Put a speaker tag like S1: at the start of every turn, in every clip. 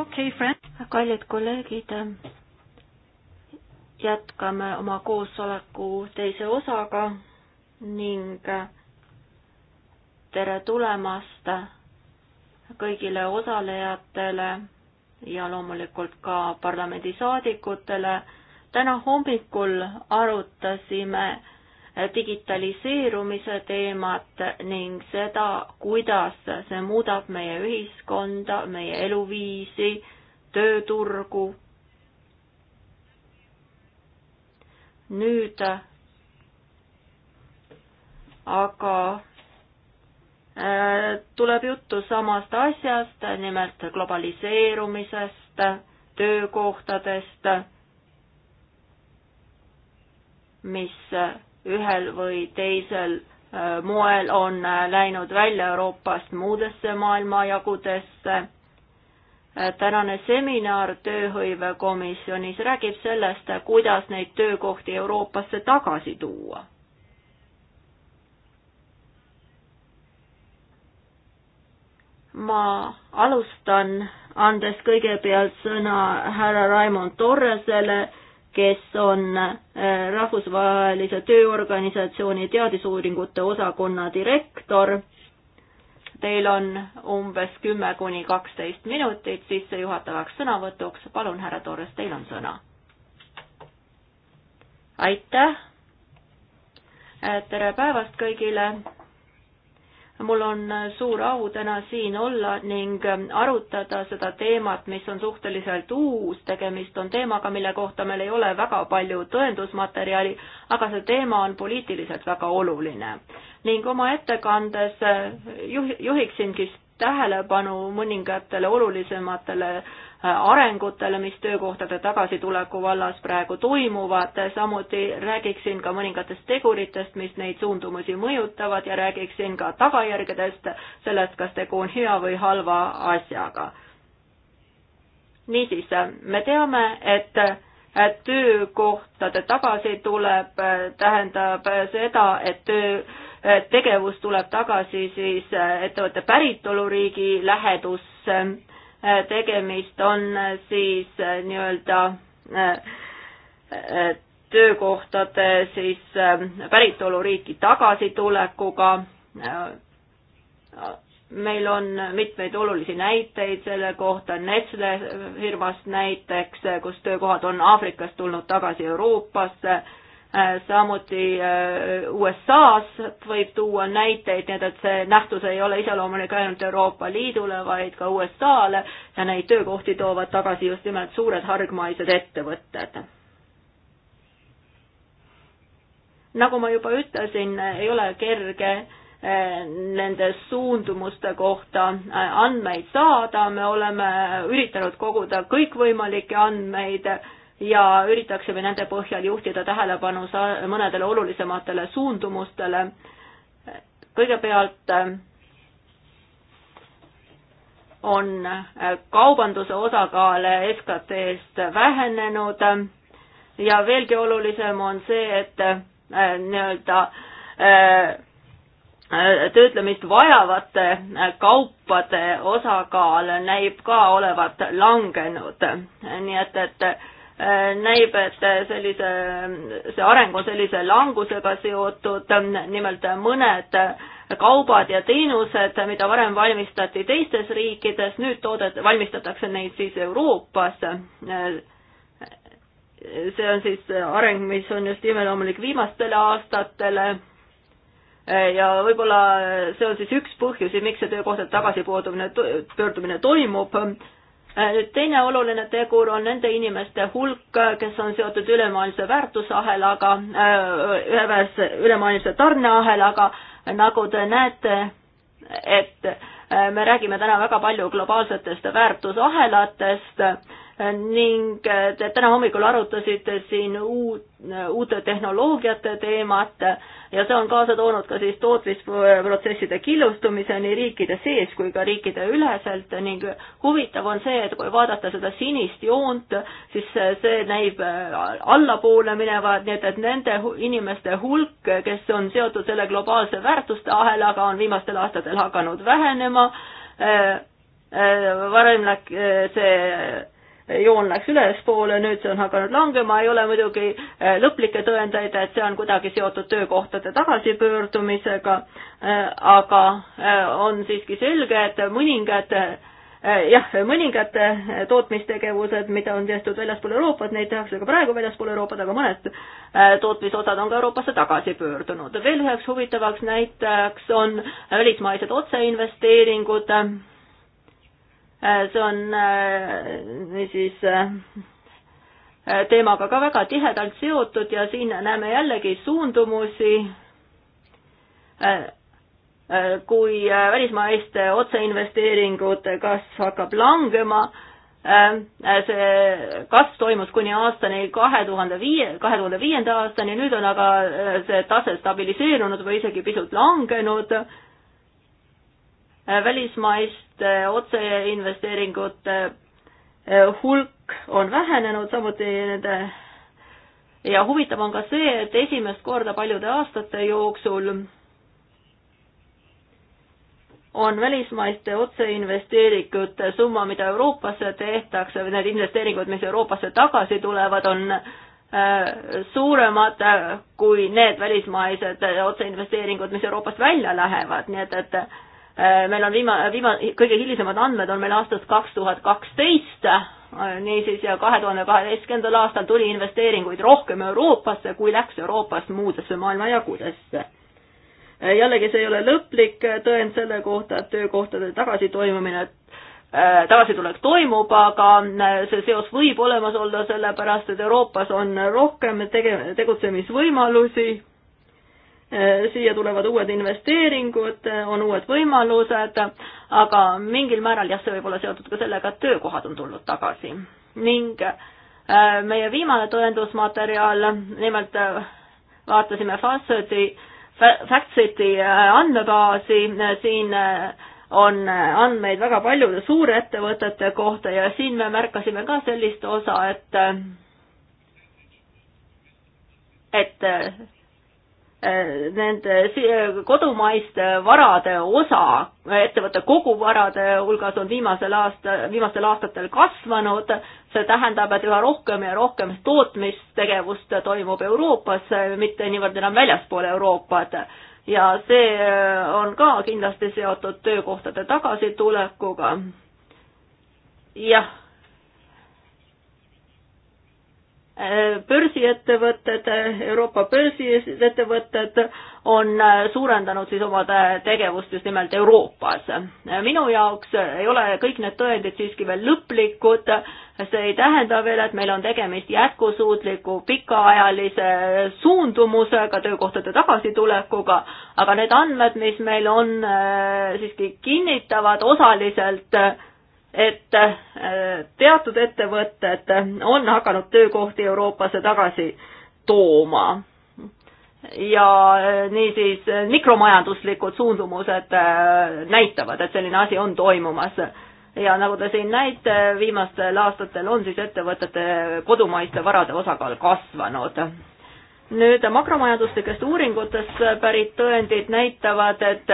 S1: okei okay,, friend. kallid kolleegid, jätkame oma koosoleku teise osaga ning tere tulemast kõigile osalejatele ja loomulikult ka parlamendisaadikutele. täna hommikul arutasime digitaliseerumise teemat ning seda, kuidas see muudab meie ühiskonda, meie eluviisi, tööturgu. nüüd aga äh, tuleb juttu samast asjast, nimelt globaliseerumisest, töökohtadest, mis ühel või teisel äh, moel on äh, läinud välja Euroopast muudesse maailmajagudesse. Äh, tänane seminar tööhõivekomisjonis räägib sellest, kuidas neid töökohti Euroopasse tagasi tuua ma alustan, andes kõigepealt sõna härra Raimond Torresele, kes on äh, Rahvusvahelise Tööorganisatsiooni teadusuuringute osakonna direktor. Teil on umbes kümme kuni kaksteist minutit sissejuhatavaks sõnavõtuks. palun, härra Torres, teil on sõna. aitäh. Äh, tere päevast kõigile mul on äh, suur au täna siin olla ning ähm, arutada seda teemat, mis on suhteliselt uus, tegemist on teemaga, mille kohta meil ei ole väga palju tõendusmaterjali, aga see teema on poliitiliselt väga oluline. ning oma ettekandes äh, juh-, juhiksingi tähelepanu mõningatele olulisematele äh, arengutele, mis töökohtade tagasituleku vallas praegu toimuvad, samuti räägiksin ka mõningatest teguritest, mis neid suundumusi mõjutavad ja räägiksin ka tagajärgedest, sellest, kas tegu on hea või halva asjaga. niisiis, me teame, et töökohtade tagasitulek äh, tähendab seda, et töö Äh, tegevus tuleb tagasi siis äh, ettevõtte päritoluriigi lähedusse, äh, tegemist on siis nii-öelda töökohtade siis päritoluriiki tagasitulekuga. meil on mitmeid olulisi näiteid selle kohta, Nestle firmast näiteks, kus töökohad on Aafrikast tulnud tagasi Euroopasse Äh, samuti äh, USA-st võib tuua näiteid, nii et, et see nähtus ei ole iseloomulik ainult Euroopa Liidule, vaid ka USA-le ja neid töökohti toovad tagasi just nimelt suured hargmaised ettevõtted. nagu ma juba ütlesin, ei ole kerge äh, nende suundumuste kohta andmeid saada, me oleme üritanud koguda kõikvõimalikke andmeid ja üritaksime nende põhjal juhtida tähelepanu mõnedele olulisematele suundumustele. kõigepealt äh, on äh, kaubanduse osakaal SKT-st vähenenud ja veelgi olulisem on see, et äh, nii-öelda töötlemist vajavate kaupade osakaal näib ka olevat langenud, nii et, et näib, et sellise, see areng on sellise langusega seotud, nimelt mõned kaubad ja teenused, mida varem valmistati teistes riikides, nüüd toodet-, valmistatakse neid siis Euroopas. see on siis areng, mis on just imeloomulik viimastele aastatele ja võib-olla see on siis üks põhjusi, miks see töökohtade tagasipöördumine, pöördumine toimub nüüd äh, teine oluline tegur on nende inimeste hulk, kes on seotud ülemaailmse väärtusahelaga, äh, ühes ülemaailmse tarneahelaga, nagu te näete, et äh, me räägime täna väga palju globaalsetest väärtusahelatest ning te täna hommikul arutasite siin uut, uute tehnoloogiate teemat ja see on kaasa toonud ka siis tootmisprotsesside killustumise nii riikide sees kui ka riikide üleselt ning huvitav on see, et kui vaadata seda sinist joont, siis see näib äh, allapoole minevat, nii et, et nende inimeste hulk, kes on seotud selle globaalse väärtuste ahelaga, on viimastel aastatel hakanud vähenema. Äh, äh, varem see joon läks ülespoole, nüüd see on hakanud langema, ei ole muidugi eh, lõplikke tõendeid, et see on kuidagi seotud töökohtade tagasipöördumisega, eh, aga eh, on siiski selge, et mõningad jah, mõningad tootmistegevused, mida on tehtud väljaspool Euroopat, neid tehakse ka praegu väljaspool Euroopat, aga mõned tootmisosad on ka Euroopasse tagasi pöördunud. veel üheks huvitavaks näiteks on välismaised otseinvesteeringud Äh, see on äh, niisiis äh, teemaga ka väga tihedalt seotud ja siin näeme jällegi suundumusi kui välismaiste otseinvesteeringud kasv hakkab langema, see kasv toimus kuni aastani kahe tuhande viie, kahe tuhande viienda aastani, nüüd on aga see tase stabiliseerunud või isegi pisut langenud. välismaist suurte otseinvesteeringute eh, hulk on vähenenud, samuti nende ja huvitav on ka see, et esimest korda paljude aastate jooksul on välismaiste otseinvesteeringute summa, mida Euroopasse tehtakse või need investeeringud, mis Euroopasse tagasi tulevad, on eh, suuremad kui need välismaised otseinvesteeringud, mis Euroopast välja lähevad, nii et, et Äh, meil on viima-, viima-, kõige hilisemad andmed on meil aastast kaks tuhat kaksteist, äh, niisiis ja kahe tuhande kaheteistkümnendal aastal tuli investeeringuid rohkem Euroopasse, kui läks Euroopast muudesse maailmajagudesse. Äh, jällegi, see ei ole lõplik tõend selle kohta, et töökohtade tagasitoimumine tagasitulek toimub, aga see seos võib olemas olla, sellepärast et Euroopas on rohkem tege-, tegutsemisvõimalusi Eh, siia tulevad uued investeeringud, eh, on uued võimalused, aga mingil määral jah, see võib olla seotud ka sellega, et töökohad on tulnud tagasi. ning eh, meie viimane tõendusmaterjal, nimelt vaatasime Faceti, Factseti andmebaasi, siin on andmeid väga paljude suurettevõtete kohta ja siin me märkasime ka sellist osa, et et nende kodumaiste varade osa ettevõtte koguvarade hulgas on viimasel aasta, viimastel aastatel kasvanud. see tähendab, et üha rohkem ja rohkem tootmistegevust toimub Euroopas, mitte niivõrd enam väljaspool Euroopat. ja see äh, on ka kindlasti seotud töökohtade tagasitulekuga. jah börsiettevõtted, Euroopa börsiettevõtted on suurendanud siis oma tegevust just nimelt Euroopas. minu jaoks ei ole kõik need tõendid siiski veel lõplikud, see ei tähenda veel, et meil on tegemist jätkusuutliku pikaajalise suundumusega, töökohtade tagasitulekuga, aga need andmed, mis meil on, äh, siiski kinnitavad osaliselt et äh, teatud ettevõtted on hakanud töökohti Euroopasse tagasi tooma. ja äh, niisiis äh, mikromajanduslikud suundumused näitavad, et selline asi on toimumas. ja nagu te siin näite, viimastel aastatel on siis ettevõtete kodumaiste varade osakaal kasvanud nüüd makromajanduslikest uuringutest pärit tõendid näitavad, et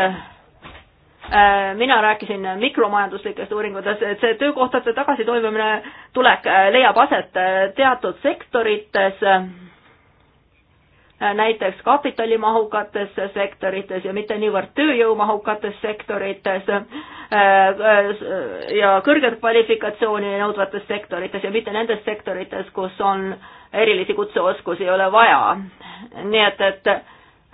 S1: Äh, mina rääkisin mikromajanduslikest uuringutest, et see töökohtade tagasitoimimine tulek äh, leiab aset äh, teatud sektorites, näiteks kapitalimahukates sektorites ja mitte niivõrd tööjõumahukates sektorites ja kõrget kvalifikatsiooni nõudvates sektorites ja mitte nendes sektorites, kus on erilisi kutseoskusi ei ole vaja. nii et, et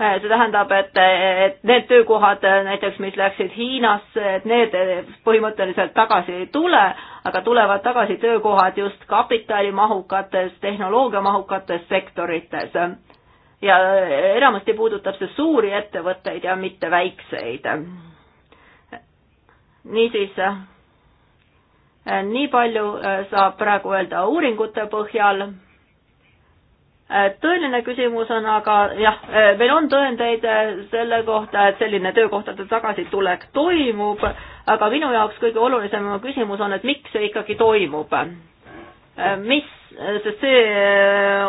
S1: Äh, see tähendab, et, et need töökohad äh, näiteks, mis läksid Hiinasse, et need äh, põhimõtteliselt tagasi ei tule, aga tulevad tagasi töökohad just kapitalimahukates, tehnoloogiamahukates sektorites. ja enamasti puudutab see suuri ettevõtteid ja mitte väikseid. niisiis, nii palju saab praegu öelda uuringute põhjal Äh, tõeline küsimus on aga jah, äh, meil on tõendeid äh, selle kohta, et selline töökohtade tagasitulek toimub, aga minu jaoks kõige olulisem küsimus on, et miks see ikkagi toimub. mis, sest see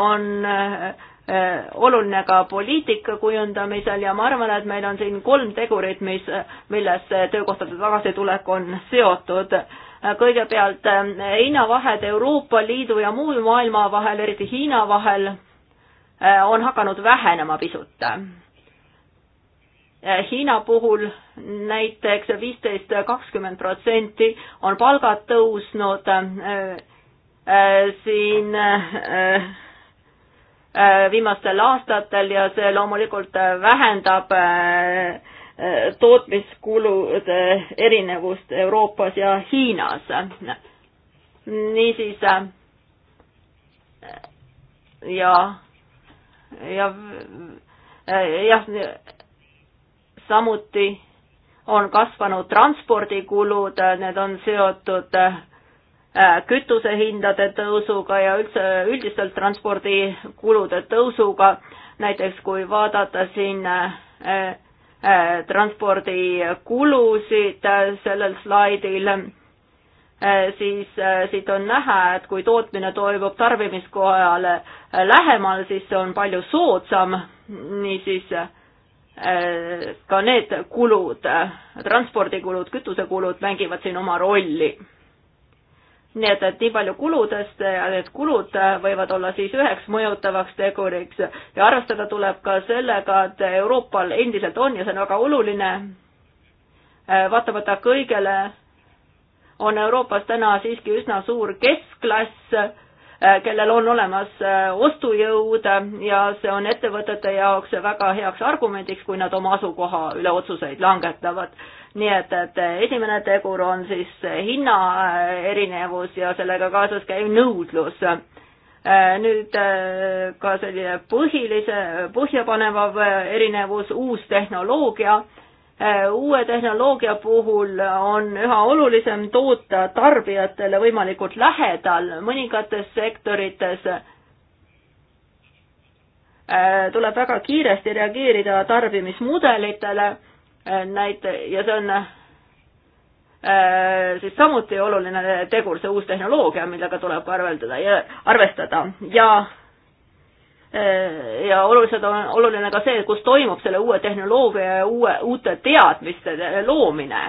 S1: on oluline ka poliitika kujundamisel ja ma arvan, et meil on siin kolm tegurit, mis, milles töökohtade tagasitulek on seotud kõigepealt hinnavahed Euroopa Liidu ja muu maailma vahel, eriti Hiina vahel Äh, on hakanud vähenema pisut. Äh, Hiina puhul näiteks viisteist, kakskümmend protsenti on palgad tõusnud äh, siin viimastel aastatel ja see loomulikult vähendab tootmiskulude erinevust Euroopas ja Hiinas. niisiis ja ja äh, jah, samuti on kasvanud transpordikulud, need on seotud äh, kütusehindade tõusuga ja üldse üldiselt transpordikulude tõusuga. näiteks kui vaadata siin äh, transpordikulusid sellel slaidil Äh, siis äh, siit on näha, et kui tootmine toimub tarbimiskohale äh, lähemal, siis see on palju soodsam, niisiis ka need kulud, transpordikulud, kütusekulud mängivad siin oma rolli. nii et, et nii palju kuludest ja need kulud võivad olla siis üheks mõjutavaks teguriks ja arvestada tuleb ka sellega, et Euroopal endiselt on ja see on väga oluline, vaatamata kõigele, on Euroopas täna siiski üsna suur keskklass, äh, kellel on olemas äh, ostujõud ja see on ettevõtete jaoks väga heaks argumendiks, kui nad oma asukoha üle otsuseid langetavad. nii et, et esimene tegur on siis hinnaerinevus äh, ja sellega kaasas käiv nõudlus. nüüd ka selline põhilise, põhjapanev erinevus, uus tehnoloogia Äh, uue tehnoloogia puhul on üha olulisem toota tarbijatele võimalikult lähedal, mõningates sektorites äh, tuleb väga kiiresti reageerida tarbimismudelitele, äh, näit- ja see on siis samuti oluline tegur, see uus tehnoloogia, millega tuleb arveldada ja arvestada ja Äh, ja olulised on, oluline ka see, kus toimub selle uue tehnoloogia ja uue, uute teadmiste loomine.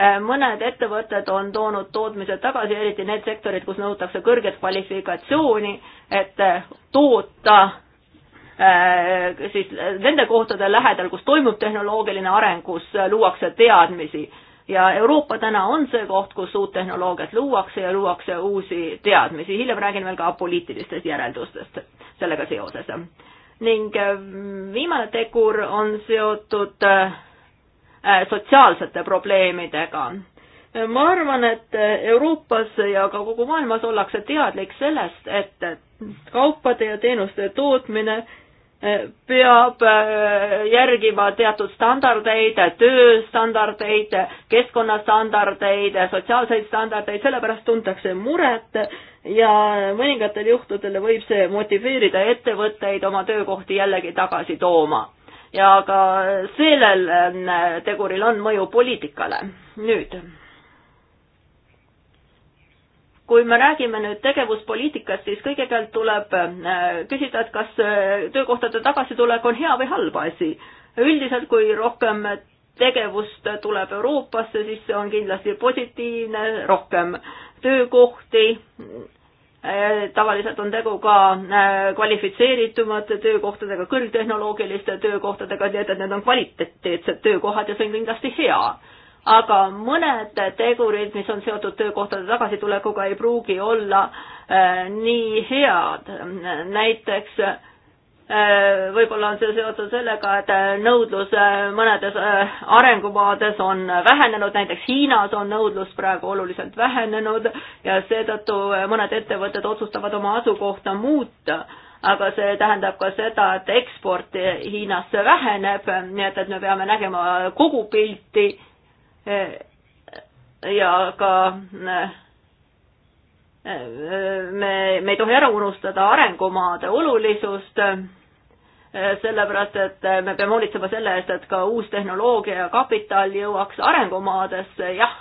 S1: Äh, mõned ettevõtted on toonud tootmise tagasi, eriti need sektorid, kus nõutakse kõrget kvalifikatsiooni, et äh, toota siis nende kohtade lähedal, kus toimub tehnoloogiline areng, kus luuakse teadmisi ja Euroopa täna on see koht, kus uut tehnoloogiat luuakse ja luuakse uusi teadmisi, hiljem räägin veel ka poliitilistest järeldustest sellega seoses. ning äh, viimane tegur on seotud äh, äh, sotsiaalsete probleemidega. ma arvan, et Euroopas ja ka kogu maailmas ollakse teadlik sellest, et kaupade ja teenuste tootmine peab äh, järgima teatud standardeid, tööstandardeid, keskkonnastandardeid, sotsiaalseid standardeid, sellepärast tuntakse muret ja mõningatel juhtudel võib see motiveerida ettevõtteid oma töökohti jällegi tagasi tooma. ja ka sellel äh, teguril on mõju poliitikale. nüüd kui me räägime nüüd tegevuspoliitikast, siis kõigepealt tuleb äh, küsida, et kas äh, töökohtade tagasitulek on hea või halb asi. üldiselt, kui rohkem tegevust tuleb Euroopasse, siis see on kindlasti positiivne, rohkem töökohti, äh, tavaliselt on tegu ka kvalifitseeritumate töökohtadega, kõrgtehnoloogiliste töökohtadega, nii et, et need on kvaliteetsed töökohad ja see on kindlasti hea aga mõned tegurid, mis on seotud töökohtade tagasitulekuga, ei pruugi olla äh, nii head. näiteks äh, võib-olla on see seotud sellega, et äh, nõudlus äh, mõnedes äh, arengumaades on vähenenud, näiteks Hiinas on nõudlus praegu oluliselt vähenenud ja seetõttu mõned ettevõtted otsustavad oma asukohta muuta aga see tähendab ka seda, et eksport Hiinasse väheneb, nii et, et me peame nägema kogu pilti Eh, ja ka eh, me, me ei tohi ära unustada arengumaade olulisust, eh, sellepärast et me peame hoolitsema selle eest, et ka uus tehnoloogia ja kapital jõuaks arengumaadesse, jah,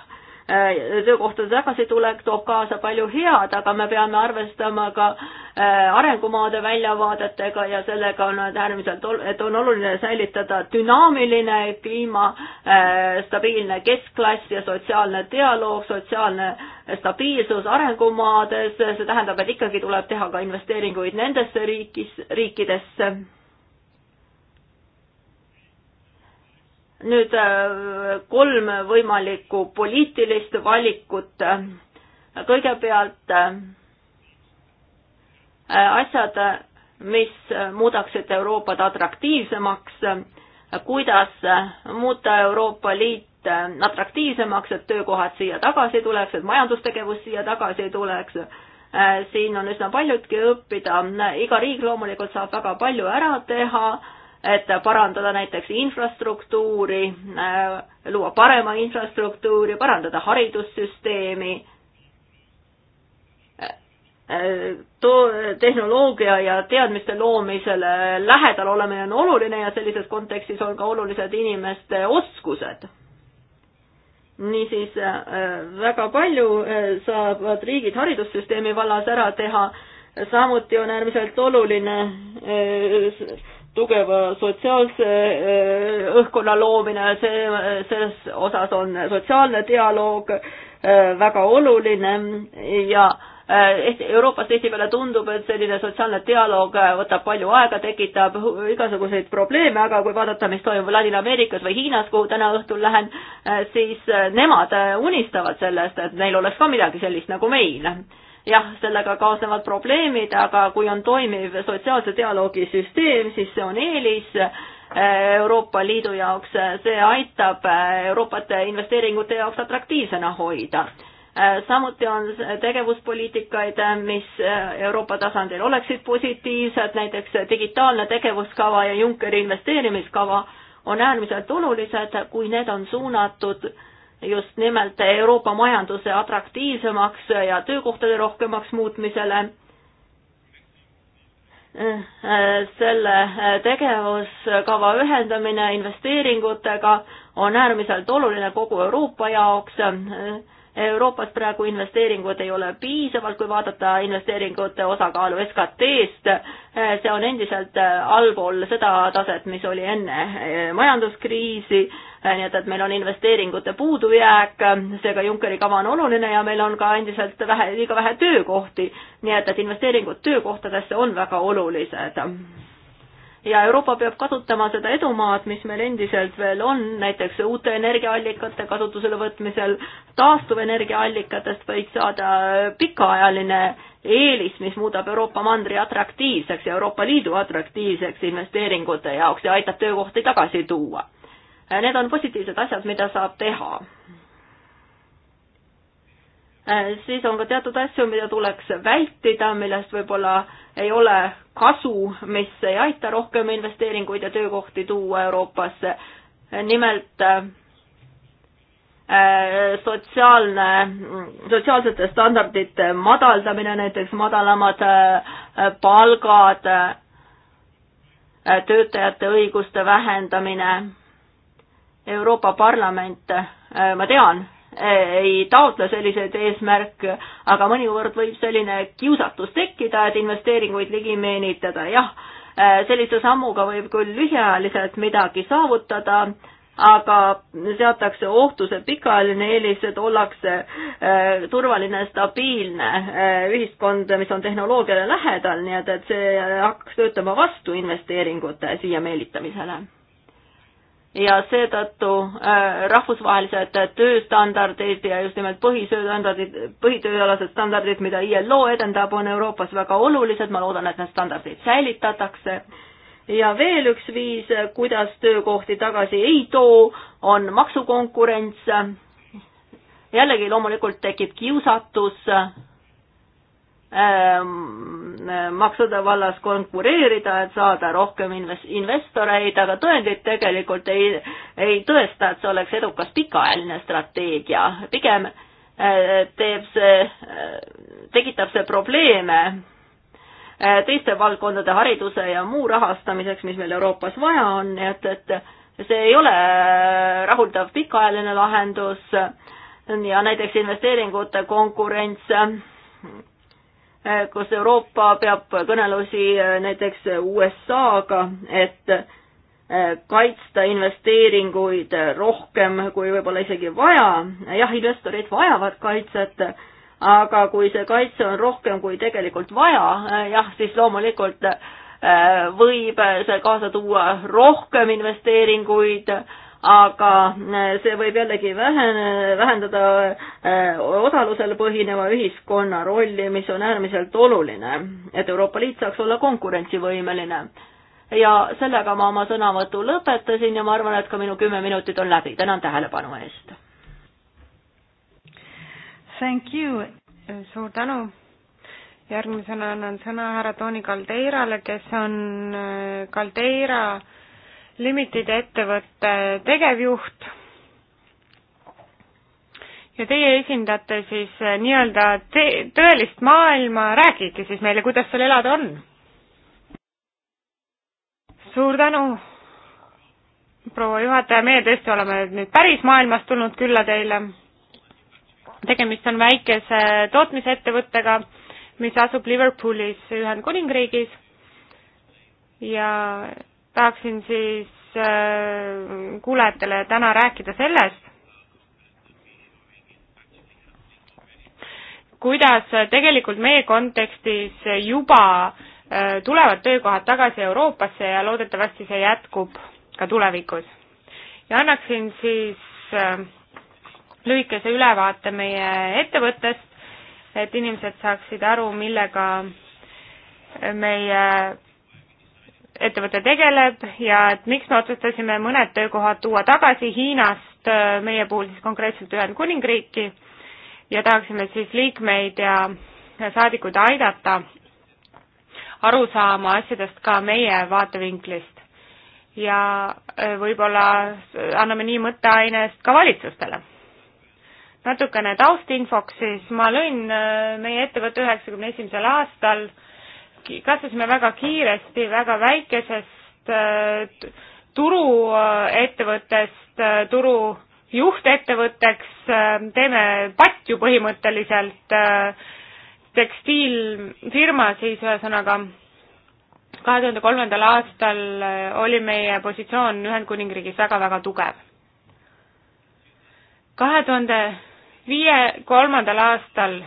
S1: Äh, töökohtade tagasitulek toob kaasa palju head, aga me peame arvestama ka äh, arengumaade väljavaadetega ja sellega on äärmiselt, et on oluline säilitada dünaamiline kliima, äh, stabiilne keskklass ja sotsiaalne dialoog, sotsiaalne stabiilsus arengumaades, see tähendab, et ikkagi tuleb teha ka investeeringuid nendesse riikis, riikidesse nüüd äh, kolm võimalikku poliitilist valikut. kõigepealt äh, asjad, mis muudaksid Euroopat atraktiivsemaks, kuidas muuta Euroopa Liit atraktiivsemaks, et töökohad siia tagasi tuleks, et majandustegevus siia tagasi tuleks äh, siin on üsna paljutki õppida, iga riik loomulikult saab väga palju ära teha et parandada näiteks infrastruktuuri, äh, luua parema infrastruktuuri, parandada haridussüsteemi, äh, to-, tehnoloogia ja teadmiste loomisele lähedal olemine on oluline ja sellises kontekstis on ka olulised inimeste oskused. niisiis äh, väga palju saavad riigid haridussüsteemi vallas ära teha, samuti on äärmiselt oluline tugeva sotsiaalse eh, õhkkonna loomine, see, selles osas on sotsiaalne dialoog eh, väga oluline ja eh, Euroopas tihtipeale tundub, et selline sotsiaalne dialoog võtab palju aega, tekitab igasuguseid probleeme, aga kui vaadata, mis toimub Ladina-Ameerikas või Hiinas, kuhu täna õhtul lähen, siis nemad unistavad sellest, et neil oleks ka midagi sellist nagu meil jah, sellega kaasnevad probleemid, aga kui on toimiv sotsiaalse dialoogi süsteem, siis see on eelis eh, Euroopa Liidu jaoks, see aitab eh, Euroopat investeeringute jaoks atraktiivsena hoida. Eh, samuti on tegevuspoliitikaid, mis Euroopa tasandil oleksid positiivsed, näiteks digitaalne tegevuskava ja Junckeri investeerimiskava on äärmiselt olulised, kui need on suunatud just nimelt Euroopa majanduse atraktiivsemaks ja töökohtade rohkemaks muutmisele. selle tegevuskava ühendamine investeeringutega on äärmiselt oluline kogu Euroopa jaoks. Euroopas praegu investeeringud ei ole piisavalt, kui vaadata investeeringute osakaalu SKT-st, see on endiselt allpool seda taset, mis oli enne majanduskriisi Äh, nii et, et meil on investeeringute puudujääk, seega Junckeri kava on oluline ja meil on ka endiselt vähe, liiga vähe töökohti, nii et, et investeeringud töökohtadesse on väga olulised. ja Euroopa peab kasutama seda edumaad, mis meil endiselt veel on, näiteks uute energiaallikate kasutusele võtmisel, taastuvenergiaallikatest võiks saada pikaajaline eelis, mis muudab Euroopa mandri atraktiivseks ja Euroopa Liidu atraktiivseks investeeringute jaoks ja aitab töökohti tagasi tuua Need on positiivsed asjad, mida saab teha. siis on ka teatud asju, mida tuleks vältida, millest võib-olla ei ole kasu, mis ei aita rohkem investeeringuid ja töökohti tuua Euroopasse. nimelt sotsiaalne, sotsiaalsete standardite madaldamine, näiteks madalamad äh, palgad, äh, töötajate õiguste vähendamine Euroopa Parlament, äh, ma tean, äh, ei taotle selliseid eesmärke, aga mõnikord võib selline kiusatus tekkida, et investeeringuid ligi meenitada, jah, äh, sellise sammuga võib küll lühiajaliselt midagi saavutada, aga seatakse ohtu see pikaajaline eelis, et ollakse äh, turvaline, stabiilne äh, ühiskond, mis on tehnoloogiale lähedal, nii et, et see hakkaks töötama vastu investeeringute siia meelitamisele ja seetõttu äh, rahvusvahelised tööstandardid ja just nimelt põhisööstandardid, põhitööalased standardid, mida ILO edendab, on Euroopas väga olulised, ma loodan, et need standardid säilitatakse. ja veel üks viis, kuidas töökohti tagasi ei too, on maksukonkurents. jällegi loomulikult tekib kiusatus Ähm, maksude vallas konkureerida, et saada rohkem inves-, investoreid, aga tõendid tegelikult ei, ei tõesta, et see oleks edukas pikaajaline strateegia, pigem äh, teeb see, äh, tekitab see probleeme äh, teiste valdkondade hariduse ja muu rahastamiseks, mis meil Euroopas vaja on, nii et, et see ei ole rahuldav pikaajaline lahendus ja näiteks investeeringute konkurents Eh, kus Euroopa peab kõnelusi eh, näiteks USA-ga, et eh, kaitsta investeeringuid rohkem, kui võib-olla isegi vaja. jah, investorid vajavad kaitset, aga kui see kaitse on rohkem, kui tegelikult vaja, jah, siis loomulikult võib see kaasa tuua rohkem investeeringuid aga äh, see võib jällegi vähene, vähendada äh, osalusel põhineva ühiskonna rolli, mis on äärmiselt oluline, et Euroopa Liit saaks olla konkurentsivõimeline. ja sellega ma oma sõnavõtu lõpetasin ja ma arvan, et ka minu kümme minutit on läbi, tänan tähelepanu
S2: eest. Thank you, suur tänu järgmisena annan sõna härra Tooni Kaldeirale, kes on Kaldeira äh, Limited ettevõtte tegevjuht ja teie esindate siis eh, nii-öelda tõelist maailma, rääkige siis meile, kuidas seal elada on. suur tänu, proua juhataja, meie tõesti oleme nüüd päris maailmast tulnud külla teile. tegemist on väikese tootmisettevõttega, mis asub Liverpoolis Ühendkuningriigis ja tahaksin siis äh, kuulajatele täna rääkida sellest, kuidas tegelikult meie kontekstis juba äh, tulevad töökohad tagasi Euroopasse ja loodetavasti see jätkub ka tulevikus. ja annaksin siis äh, lühikese ülevaate meie ettevõttest, et inimesed saaksid aru, millega meie ettevõte tegeleb ja et miks me otsustasime mõned töökohad tuua tagasi Hiinast, äh, meie puhul siis konkreetselt Ühendkuningriiki, ja tahaksime siis liikmeid ja saadikuid aidata aru saama asjadest ka meie vaatevinklist. ja äh, võib-olla anname nii mõtteainest ka valitsustele natukene taustinfoks, siis ma lõin äh, meie ettevõtte üheksakümne esimesel aastal kasvasime väga kiiresti väga väikesest äh, turuettevõttest äh, äh, turu juhtettevõtteks, teeme patju põhimõtteliselt, tekstiilfirma siis ühesõnaga. kahe tuhande kolmandal aastal oli meie positsioon Ühendkuningriigis väga-väga tugev. kahe tuhande viie, kolmandal aastal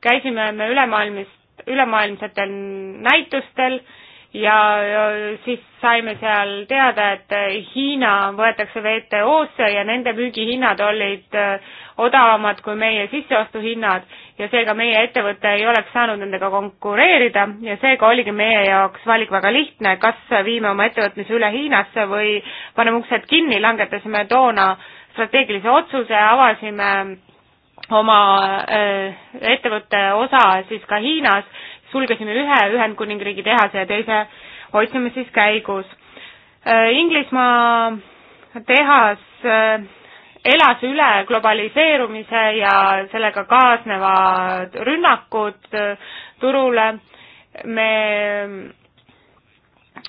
S2: käisime me ülemaailmist ülemaailmsetel näitustel ja siis saime seal teada, et Hiina võetakse WTO-sse ja nende müügihinnad olid äh, odavamad kui meie sisseostuhinnad ja seega meie ettevõte ei oleks saanud nendega konkureerida ja seega oligi meie jaoks valik väga lihtne, kas viime oma ettevõtmise üle Hiinasse või paneme uksed kinni, langetasime toona strateegilise otsuse, avasime oma äh, ettevõtte osa siis ka Hiinas, sulgesime ühe Ühendkuningriigi tehase ja teise hoidsime siis käigus. Äh, Inglismaa tehas äh, elas üle globaliseerumise ja sellega kaasnevad rünnakud turule, me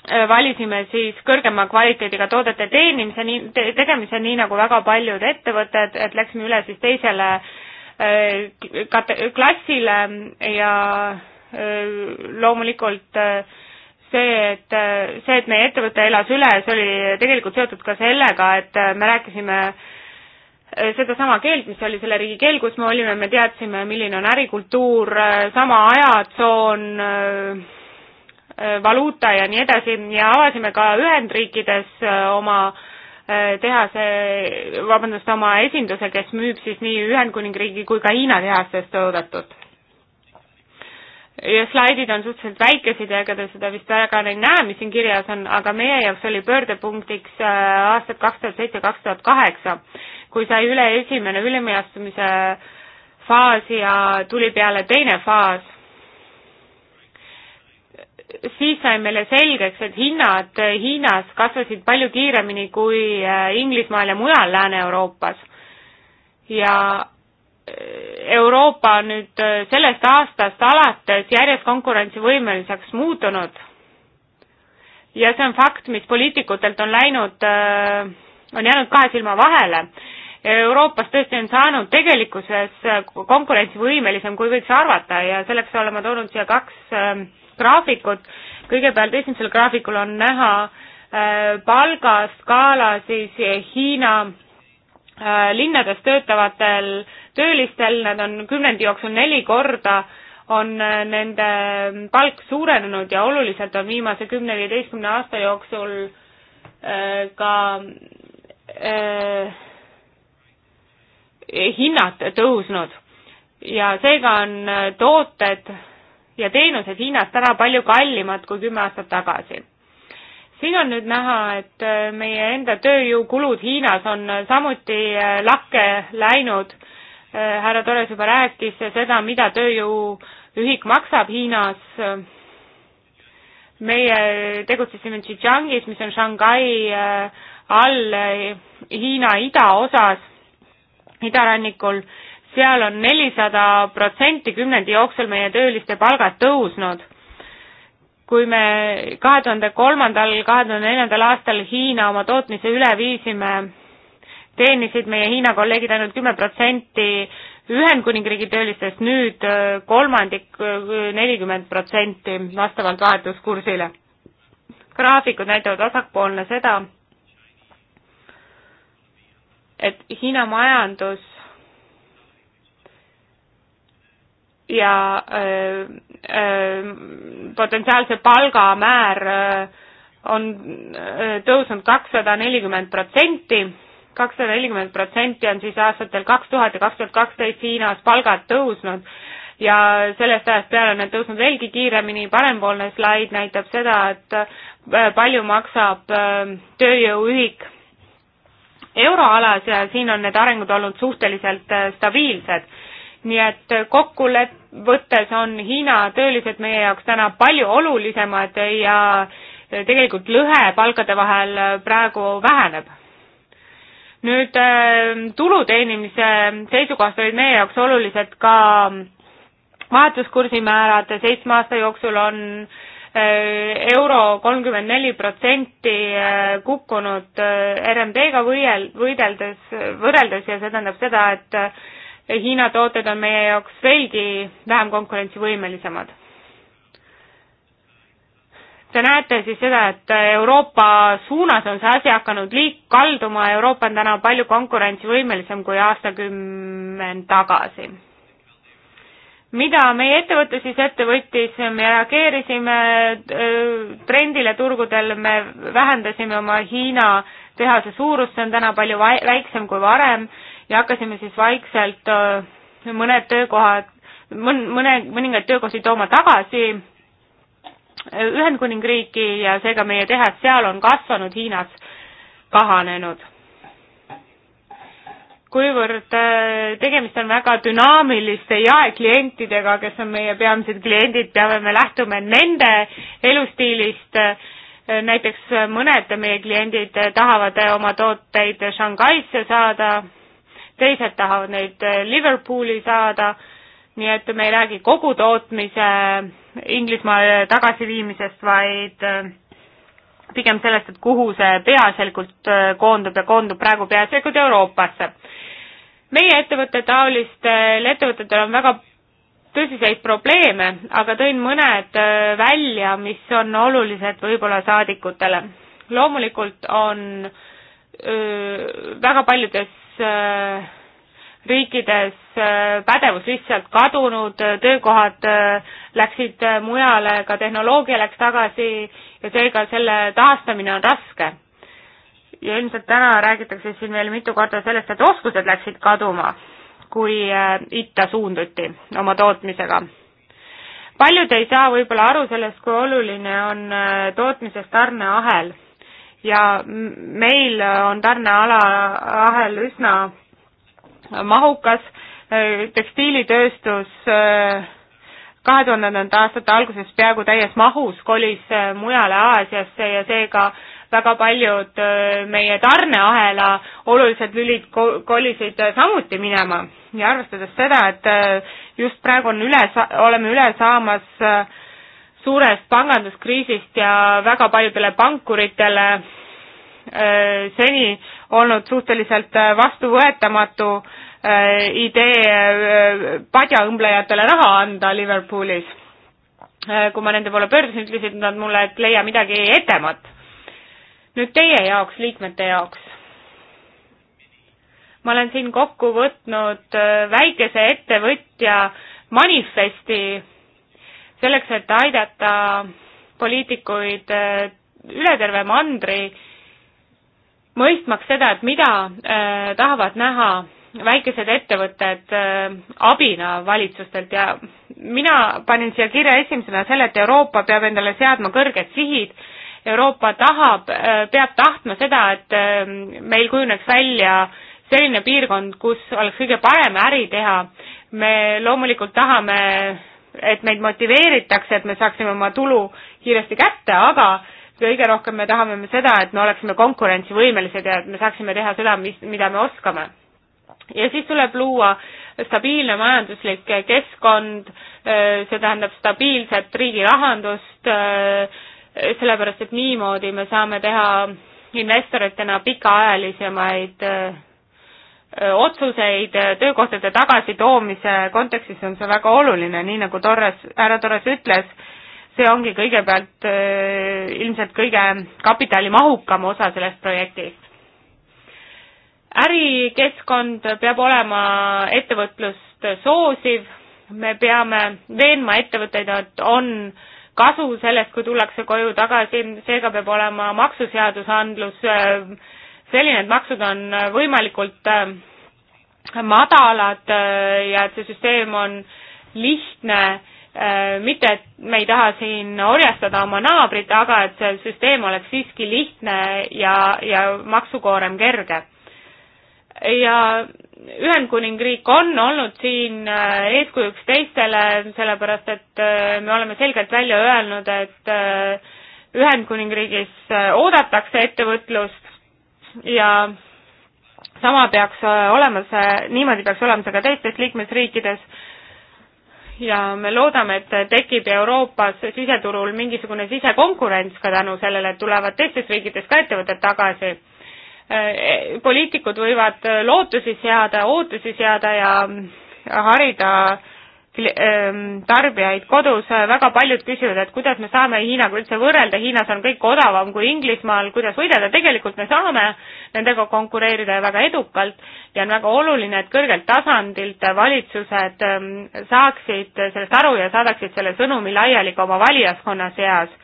S2: Äh, valisime siis kõrgema kvaliteediga toodete teenimise, nii, tegemise, nii nagu väga paljud ettevõtted, et läksime üle siis teisele äh, kate-, klassile ja äh, loomulikult see, et see, et meie ettevõte elas üle, see oli tegelikult seotud ka sellega, et me rääkisime sedasama keelt, mis oli selle riigi keel, kus me olime, me teadsime, milline on ärikultuur, sama ajatsoon, Äh, valuuta ja nii edasi ja avasime ka Ühendriikides äh, oma äh, tehase, vabandust, oma esinduse, kes müüb siis nii Ühendkuningriigi kui ka Hiina tehastest toodetud. ja slaidid on suhteliselt väikesed ja ega te seda vist väga ei näe, mis siin kirjas on, aga meie jaoks oli pöördepunktiks aastad kaks tuhat seitse, kaks tuhat kaheksa, kui sai üle esimene ülemjastumise faas ja tuli peale teine faas siis sai meile selgeks, et hinnad Hiinas kasvasid palju kiiremini kui äh, Inglismaal ja mujal Lääne-Euroopas. ja äh, Euroopa on nüüd äh, sellest aastast alates järjest konkurentsivõimeliseks muutunud. ja see on fakt, mis poliitikutelt on läinud, on jäänud kahe silma vahele. Euroopas tõesti on saanud tegelikkuses konkurentsivõimelisem, kui võiks arvata ja selleks olen ma toonud siia kaks graafikut. kõigepealt esimesel graafikul on näha äh, palgaskaala siis Hiina äh, linnades töötavatel töölistel, nad on kümnendi jooksul neli korda on äh, nende palk suurenenud ja oluliselt on viimase kümne-viieteistkümne aasta jooksul ka äh, hinnad tõusnud ja seega on tooted ja teenused Hiinas täna palju kallimad kui kümme aastat tagasi. siin on nüüd näha, et äh, meie enda tööjõukulud Hiinas on äh, samuti äh, lakke läinud, härra Torres juba rääkis seda, mida tööjõuühik maksab Hiinas, meie tegutsesime Xinjiangis, mis on Shanghai all Hiina idaosas, idarannikul seal on nelisada protsenti kümnendi jooksul meie tööliste palgad tõusnud. kui me kahe tuhande kolmandal, kahe tuhande neljandal aastal Hiina oma tootmise üle viisime, teenisid meie Hiina kolleegid ainult kümme protsenti Ühendkuningriigi töölistest, nüüd äh, kolmandik, äh, nelikümmend protsenti vastavalt vahetuskursile. graafikud näitavad vasakpoolne seda, et Hiina majandus ja öö, äh, öö, äh, potentsiaalse palgamäär öö, äh, on tõusnud kakssada nelikümmend protsenti, kakssada nelikümmend protsenti on siis aastatel kaks tuhat ja kaks tuhat kaksteist Hiinas palgad tõusnud ja sellest ajast peale on need tõusnud veelgi kiiremini, parempoolne slaid näitab seda, et palju maksab tööjõuühik euroalas ja siin on need arengud olnud suhteliselt stabiilsed nii et kokkuvõttes on Hiina töölised meie jaoks täna palju olulisemad ja tegelikult lõhe palkade vahel praegu väheneb. nüüd ähm, tulu teenimise seisukohast olid meie jaoks olulised ka vahetuskursi määrad, seitsme aasta jooksul on äh, euro kolmkümmend neli protsenti äh, kukkunud äh, RMD-ga võidel, võideldes, võrreldes ja see tähendab seda, et Hiina tooted on meie jaoks veidi vähem konkurentsivõimelisemad. Te näete siis seda, et Euroopa suunas on see asi hakanud liik-, kalduma, Euroopa on täna palju konkurentsivõimelisem kui aastakümmend tagasi mida meie ettevõte siis ette võttis, me reageerisime äh, trendile turgudel, me vähendasime oma Hiina tehase suurust, see on täna palju väiksem kui varem, ja hakkasime siis vaikselt äh, mõned töökohad, mõn-, mõne, mõningaid töökohti tooma tagasi äh, Ühendkuningriiki ja seega meie tehas seal on kasvanud, Hiinas kahanenud. kuivõrd äh, tegemist on väga dünaamiliste jaeklientidega, kes on meie peamised kliendid, peame me lähtuma nende elustiilist, näiteks mõned meie kliendid tahavad oma tooteid Shanghai'sse saada, teised tahavad neid eh, Liverpooli saada, nii et me ei räägi kogu tootmise eh, Inglismaale tagasiviimisest, vaid eh, pigem sellest, et kuhu see peaasjalikult koondub ja koondub praegu peaasjalikult Euroopasse. meie ettevõtte taolistel ettevõtetel on väga tõsiseid probleeme, aga tõin mõned välja, mis on olulised võib-olla saadikutele. loomulikult on öö, väga paljudes Äh, riikides äh, pädevus lihtsalt kadunud, äh, töökohad läksid mujale, ka tehnoloogia läks tagasi ja seega selle taastamine on raske. ja ilmselt täna räägitakse siin veel mitu korda sellest, et oskused läksid kaduma, kui itta suunduti oma tootmisega. paljud ei saa võib-olla aru sellest, kui oluline on tootmises tarneahel ja meil on tarneala ahel üsna mahukas, tekstiilitööstus eh, kahe tuhandendate aastate alguses peaaegu täies mahus kolis eh, mujale Aasiasse ja seega väga paljud eh, meie tarneahela olulised lülid kolisid samuti minema ja arvestades seda, et just praegu on üle, oleme üle saamas äh, suurest panganduskriisist ja väga paljudele pankuritele äh, seni olnud suhteliselt äh, vastuvõetamatu äh, idee padjaõmblejatele raha anda Liverpoolis. kui ma nende poole pöördusin, ütlesid nad mulle, et leia midagi etemat. nüüd teie jaoks, liikmete jaoks. ma olen siin kokku võtnud väikese ettevõtja manifesti selleks, et aidata poliitikuid äh, üle terve mandri, mõistmaks seda, et mida äh, tahavad näha väikesed ettevõtted äh, abina valitsustelt ja mina panin siia kirja esimesena selle, et Euroopa peab endale seadma kõrged sihid, Euroopa tahab äh,, peab tahtma seda, et äh, meil kujuneks välja selline piirkond, kus oleks kõige parem äri teha, me loomulikult tahame et meid motiveeritakse, et me saaksime oma tulu kiiresti kätte, aga kõige rohkem me tahame me seda, et me oleksime konkurentsivõimelised ja et me saaksime teha seda, mis, mida me oskame. ja siis tuleb luua stabiilne majanduslik keskkond, see tähendab stabiilset riigi rahandust, sellepärast et niimoodi me saame teha investoritena pikaajalisemaid otsuseid töökohtade tagasitoomise kontekstis on see väga oluline, nii nagu Torres, härra Torres ütles, see ongi kõigepealt ilmselt kõige kapitalimahukam osa sellest projektist. ärikeskkond peab olema ettevõtlust soosiv, me peame veenma ettevõtteid, et on kasu sellest, kui tullakse koju tagasi, seega peab olema maksuseadusandlus äh, selline, et maksud on äh, võimalikult äh, madalad äh, ja et see süsteem on lihtne, mitte et me ei taha siin orjastada oma naabrit, aga et see süsteem oleks siiski lihtne ja, ja maksukoorem kerge. ja Ühendkuningriik on olnud siin eeskujuks teistele, sellepärast et me oleme selgelt välja öelnud, et Ühendkuningriigis oodatakse ettevõtlust, ja sama peaks äh, olema see, niimoodi peaks olema see ka teistes liikmesriikides ja me loodame, et tekib Euroopas siseturul mingisugune sisekonkurents ka tänu sellele, et tulevad teistest riikidest ka ettevõtted tagasi. Äh, poliitikud võivad lootusi seada, ootusi seada ja harida äh, Ähm, tarbijaid kodus, äh, väga paljud küsivad, et kuidas me saame Hiinaga üldse võrrelda, Hiinas on kõik odavam kui Inglismaal, kuidas võidelda, tegelikult me saame nendega konkureerida ja väga edukalt ja on väga oluline, et kõrgelt tasandilt valitsused ähm, saaksid sellest aru ja saadaksid selle sõnumi laiali ka oma valijaskonna seas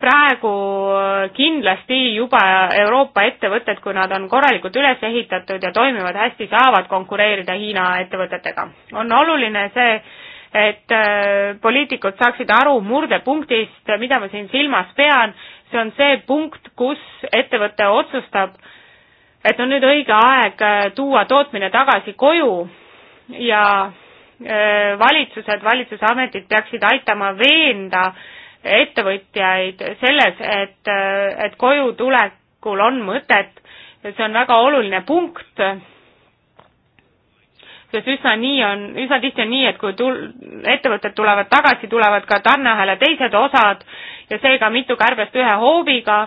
S2: praegu kindlasti juba Euroopa ettevõtted, kui nad on korralikult üles ehitatud ja toimivad hästi, saavad konkureerida Hiina ettevõtetega. on oluline see, et äh, poliitikud saaksid aru murdepunktist, mida ma siin silmas pean, see on see punkt, kus ettevõte otsustab, et on nüüd õige aeg äh, tuua tootmine tagasi koju ja äh, valitsused, valitsusametid peaksid aitama veenda äh, ettevõtjaid selles, et, et koju tulekul on mõtet, see on väga oluline punkt, sest üsna nii on, üsna tihti on nii, et kui tul-, ettevõtted tulevad tagasi, tulevad ka tarneahela teised osad ja seega mitu kärbest ühe hoobiga,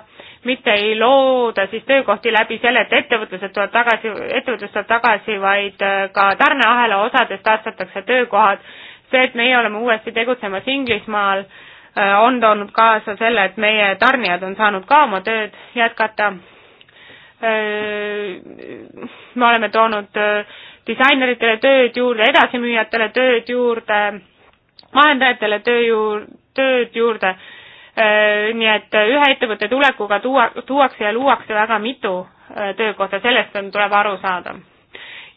S2: mitte ei looda siis töökohti läbi selle, et ettevõtlused tulevad tagasi, ettevõtlus tuleb tagasi, vaid äh, ka tarneahela osades taastatakse töökohad. see, et meie oleme uuesti tegutsemas Inglismaal äh,, Äh, on toonud kaasa selle, et meie tarnijad on saanud ka oma tööd jätkata. Äh, me oleme toonud äh, disaineritele tööd juurde, edasimüüjatele tööd juurde, vahendajatele töö juur-, tööd juurde. nii et ühe ettevõtte tulekuga tuua, tuuakse ja luuakse väga mitu töökohta, sellest on, tuleb aru saada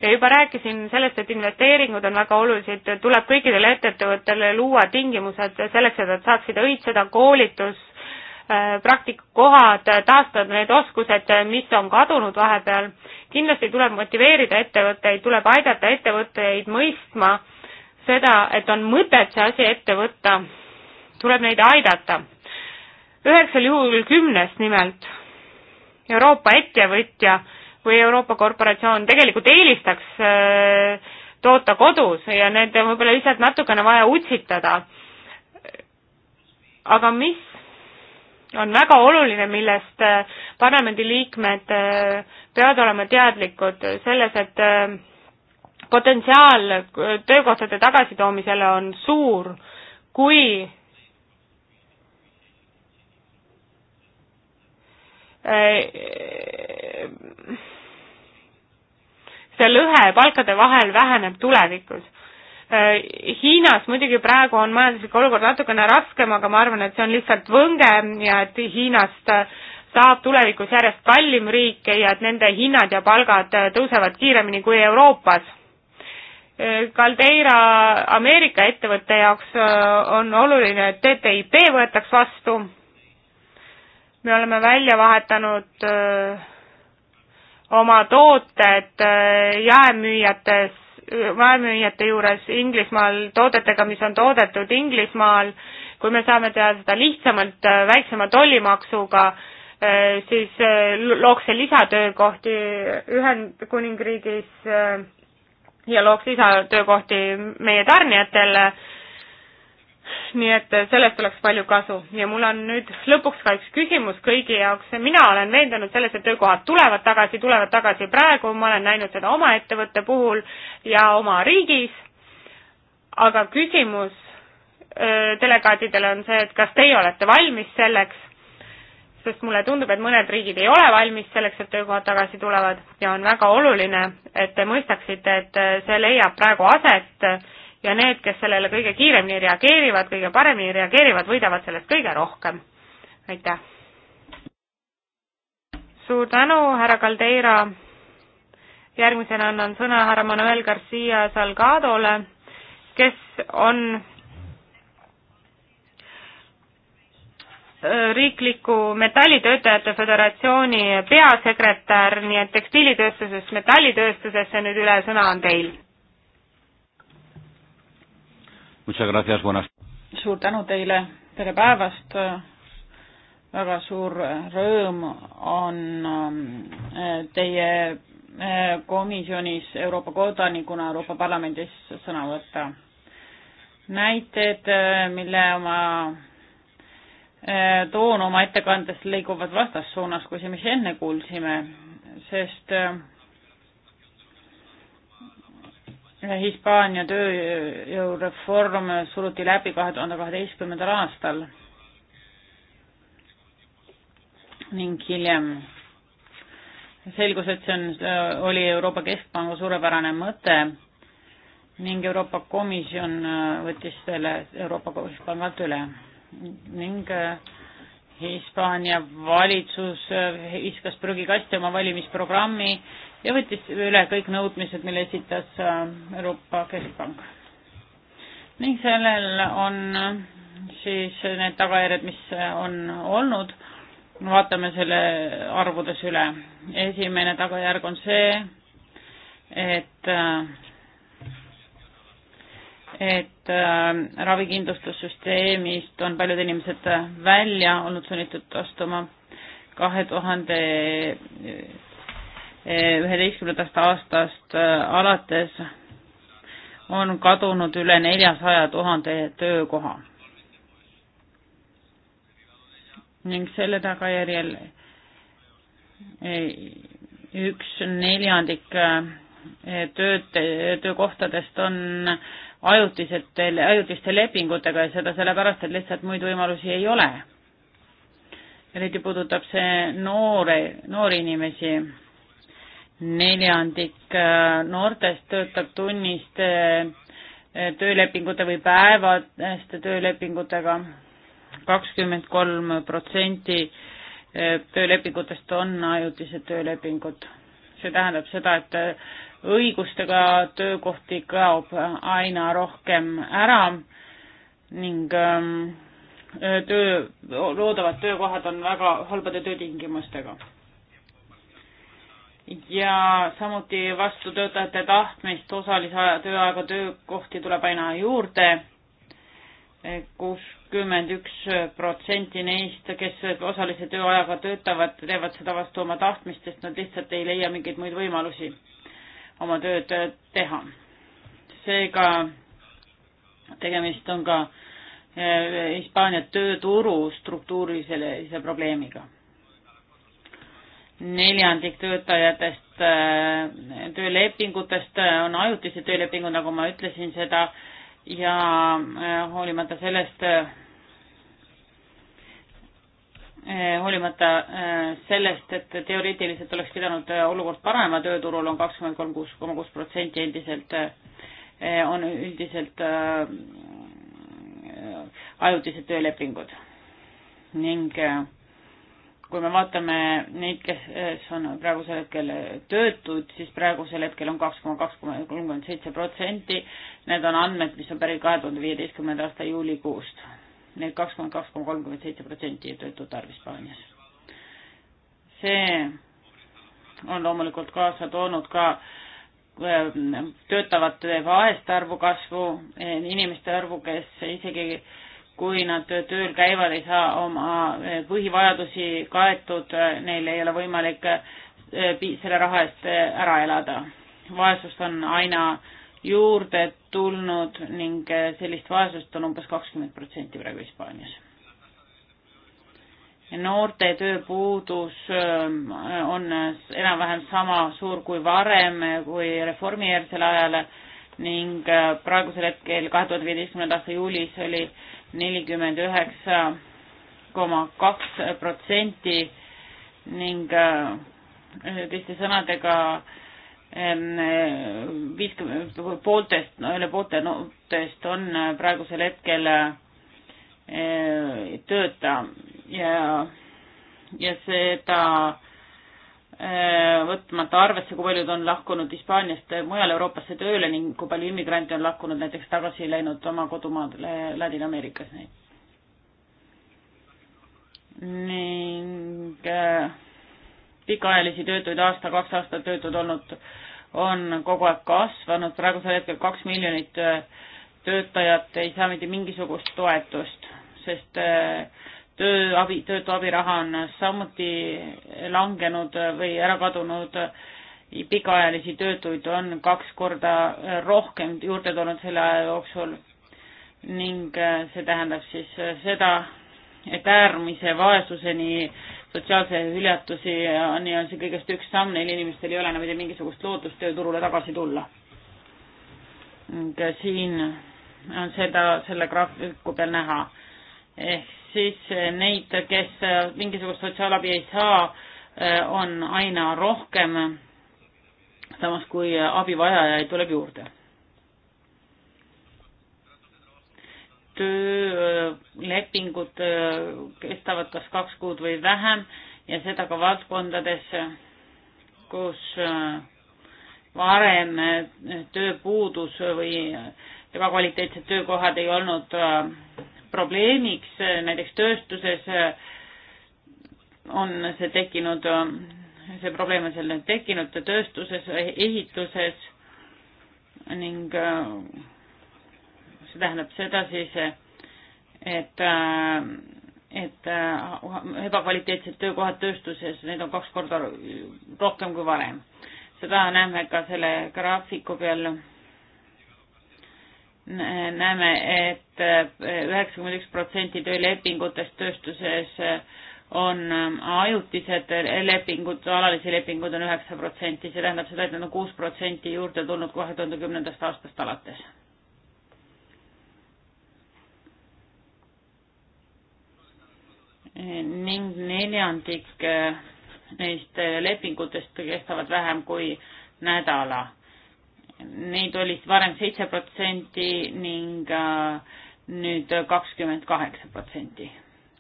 S2: ja juba rääkisin sellest, et investeeringud on väga olulised, tuleb kõikidele ettevõttele luua tingimused selleks, et nad saaksid õitseda koolitus, äh, praktikakohad, taastada need oskused, mis on kadunud vahepeal. kindlasti tuleb motiveerida ettevõtteid, tuleb aidata ettevõtteid mõistma seda, et on mõtet see asi ette võtta, tuleb neid aidata. üheksal juhul kümnest nimelt Euroopa ettevõtja kui Euroopa korporatsioon tegelikult eelistaks äh, toota kodus ja need võib-olla lihtsalt natukene vaja utsitada. aga mis on väga oluline, millest äh, parlamendiliikmed äh, peavad olema teadlikud selles, et potentsiaal töökohtade tagasitoomisele on suur, kui see lõhe palkade vahel väheneb tulevikus. Äh, Hiinas muidugi praegu on majanduslik olukord natukene raskem, aga ma arvan, et see on lihtsalt võnge ja et Hiinast äh, saab tulevikus järjest kallim riik ja et nende hinnad ja palgad äh, tõusevad kiiremini kui Euroopas. Caldeira Ameerika ettevõtte jaoks on oluline, et TTIP võetaks vastu. me oleme välja vahetanud öö, oma tooted äh, jaemüüjates, jaemüüjate juures Inglismaal toodetega, mis on toodetud Inglismaal, kui me saame teha seda lihtsamalt, äh, väiksema tollimaksuga, äh, siis looks see lisatöökohti Ühendkuningriigis ja looks lisatöökohti meie tarnijatele nii et eh, sellest oleks palju kasu ja mul on nüüd lõpuks ka üks küsimus kõigi jaoks. mina olen veendunud selles, et töökohad tulevad tagasi, tulevad tagasi praegu, ma olen näinud seda oma ettevõtte puhul ja oma riigis. aga küsimus öö, eh, delegaatidele on see, et kas teie olete valmis selleks, sest mulle tundub, et mõned riigid ei ole valmis selleks, et töökohad tagasi tulevad ja on väga oluline, et te mõistaksite, et eh, see leiab praegu aset ja need, kes sellele kõige kiiremini reageerivad, kõige paremini reageerivad, võidavad sellest kõige rohkem. aitäh! suur tänu, härra Caldeira! järgmisena annan sõna härra Manuel Garcia Salgadole, kes on äh, riikliku metallitöötajate föderatsiooni peasekretär, nii et tekstiilitööstusest metallitööstusesse nüüd üle sõna on teil.
S3: Muchas gracias, buenas. suur tänu teile, tere päevast. väga suur äh, rõõm on ähm, teie äh, komisjonis Euroopa kodanikuna Euroopa Parlamendis sõna võtta. näited, äh, mille ma toon oma ettekandes, liiguvad vastassuunas kui see, mis enne kuulsime, sest Hispaania tööjõureform suruti läbi kahe tuhande kaheteistkümnendal aastal ning hiljem selgus, et see on, oli Euroopa Keskpanga suurepärane mõte ning Euroopa Komisjon äh, võttis selle Euroopa Keskpangalt üle ning äh, Hispaania valitsus viskas äh, prügikasti oma valimisprogrammi ja võttis üle kõik nõudmised, mille esitas äh, Euroopa Keskpank. ning sellel on äh, siis need tagajärjed, mis äh, on olnud, vaatame selle arvudes üle. esimene tagajärg on see, et et äh, ravikindlustussüsteemist on paljud inimesed välja olnud sunnitud astuma kahe tuhande üheteistkümnendast aastast äh, alates on kadunud üle neljasaja tuhande töökoha. ning selle tagajärjel äh, üks neljandik äh, tööd, töökohtadest on ajutisete, ajutiste lepingutega ja seda sellepärast, et lihtsalt muid võimalusi ei ole. eriti puudutab see noore, noori inimesi neljandik äh, noortest töötab tunniste äh, töölepingute või päevaste töölepingutega, kakskümmend kolm protsenti äh, töölepingutest on ajutised töölepingud. see tähendab seda, et õigustega töökohti kaob aina rohkem ära ning ähm, töö, loodavad töökohad on väga halbade töötingimustega ja samuti vastu töötajate tahtmist osalise tööaega töökohti tuleb aina juurde. kuuskümmend üks protsenti neist, kes osalise tööajaga töötavad, teevad seda vastu oma tahtmist, sest nad lihtsalt ei leia mingeid muid võimalusi oma tööd teha. seega tegemist on ka eh, Hispaania tööturu struktuurilisele probleemiga neljandik töötajatest äh, töölepingutest äh, on ajutised töölepingud, nagu ma ütlesin seda ja äh, hoolimata sellest, hoolimata sellest, et teoreetiliselt oleks pidanud olukord parema tööturul on, on kakskümmend kolm kuus koma kuus protsenti endiselt, on üldiselt ajutised töölepingud ning äh, kui me vaatame neid, kes on praegusel hetkel töötud, siis praegusel hetkel on kaks koma kaks koma kolmkümmend seitse protsenti. Need on andmed, mis on pärit kahe tuhande viieteistkümnenda aasta juulikuust. Need kaks koma kaks koma kolmkümmend seitse protsenti töötute arv Hispaanias. see on loomulikult kaasa toonud ka ähm, töötavate vaeste arvu kasvu, inimeste arvu, kes isegi kui nad tööl käivad, ei saa oma eh, põhivajadusi kaetud, eh, neil ei ole võimalik eh, selle raha eest ära elada. vaesust on aina juurde tulnud ning sellist vaesust on umbes kakskümmend protsenti praegu Hispaanias. noorte tööpuudus on enam-vähem sama suur kui varem, kui reformijärgsel ajal ning praegusel hetkel, kahe tuhande viieteistkümnenda aasta juulis oli nelikümmend üheksa koma kaks protsenti ning äh, teiste sõnadega ähm, viiskümmend pooltest, no üle poolte noortest on äh, praegusel hetkel äh, tööta ja, ja seda Äh, võtmata arvesse, kui paljud on lahkunud Hispaaniast mujale Euroopasse tööle ning kui palju immigrante on lahkunud näiteks tagasi läinud oma kodumaadele Ladina-Ameerikas. ning äh, pikaajalisi töötuid aasta, kaks aastat töötud olnud on kogu aeg kasvanud, praegusel hetkel kaks miljonit äh, töötajat ei saa mitte mingisugust toetust, sest äh, tööabi, töötu abiraha on samuti langenud või ära kadunud, pikaajalisi töötuid on kaks korda rohkem juurde tulnud selle aja jooksul ning äh, see tähendab siis äh, seda, et äärmise vaesuseni sotsiaalse hüljatusi on ja see kõigest üks samm, neil inimestel ei ole enam mitte mingisugust lootust tööturule tagasi tulla. ning äh, siin on seda selle graafiku peal näha ehk siis eh, neid, kes eh, mingisugust sotsiaalabi ei saa, eh, on aina rohkem, samas kui abivajajaid tuleb juurde. töölepingud kestavad kas kaks kuud või vähem ja seda ka valdkondades, kus varem tööpuudus või ebakvaliteetsed töökohad ei olnud probleemiks äh, näiteks tööstuses äh, on see tekkinud, äh, see probleem on seal tekkinud tööstuses, ehituses ning see tähendab seda siis, et, et ebakvaliteetsed töökohad tööstuses, need on kaks korda rohkem kui varem. seda näeme ka selle graafiku peal näeme et, et eh, üheksakümmend üks protsenti töölepingutest tööstuses eh, on eh, ajutised lepingud, alalisi lepingud on üheksa protsenti, see tähendab seda, et nad on kuus protsenti juurde tulnud kahe tuhande kümnendast aastast alates. ning neljandik neist lepingutest kestavad vähem kui nädala neid oli varem seitse protsenti ning äh, nüüd kakskümmend kaheksa protsenti,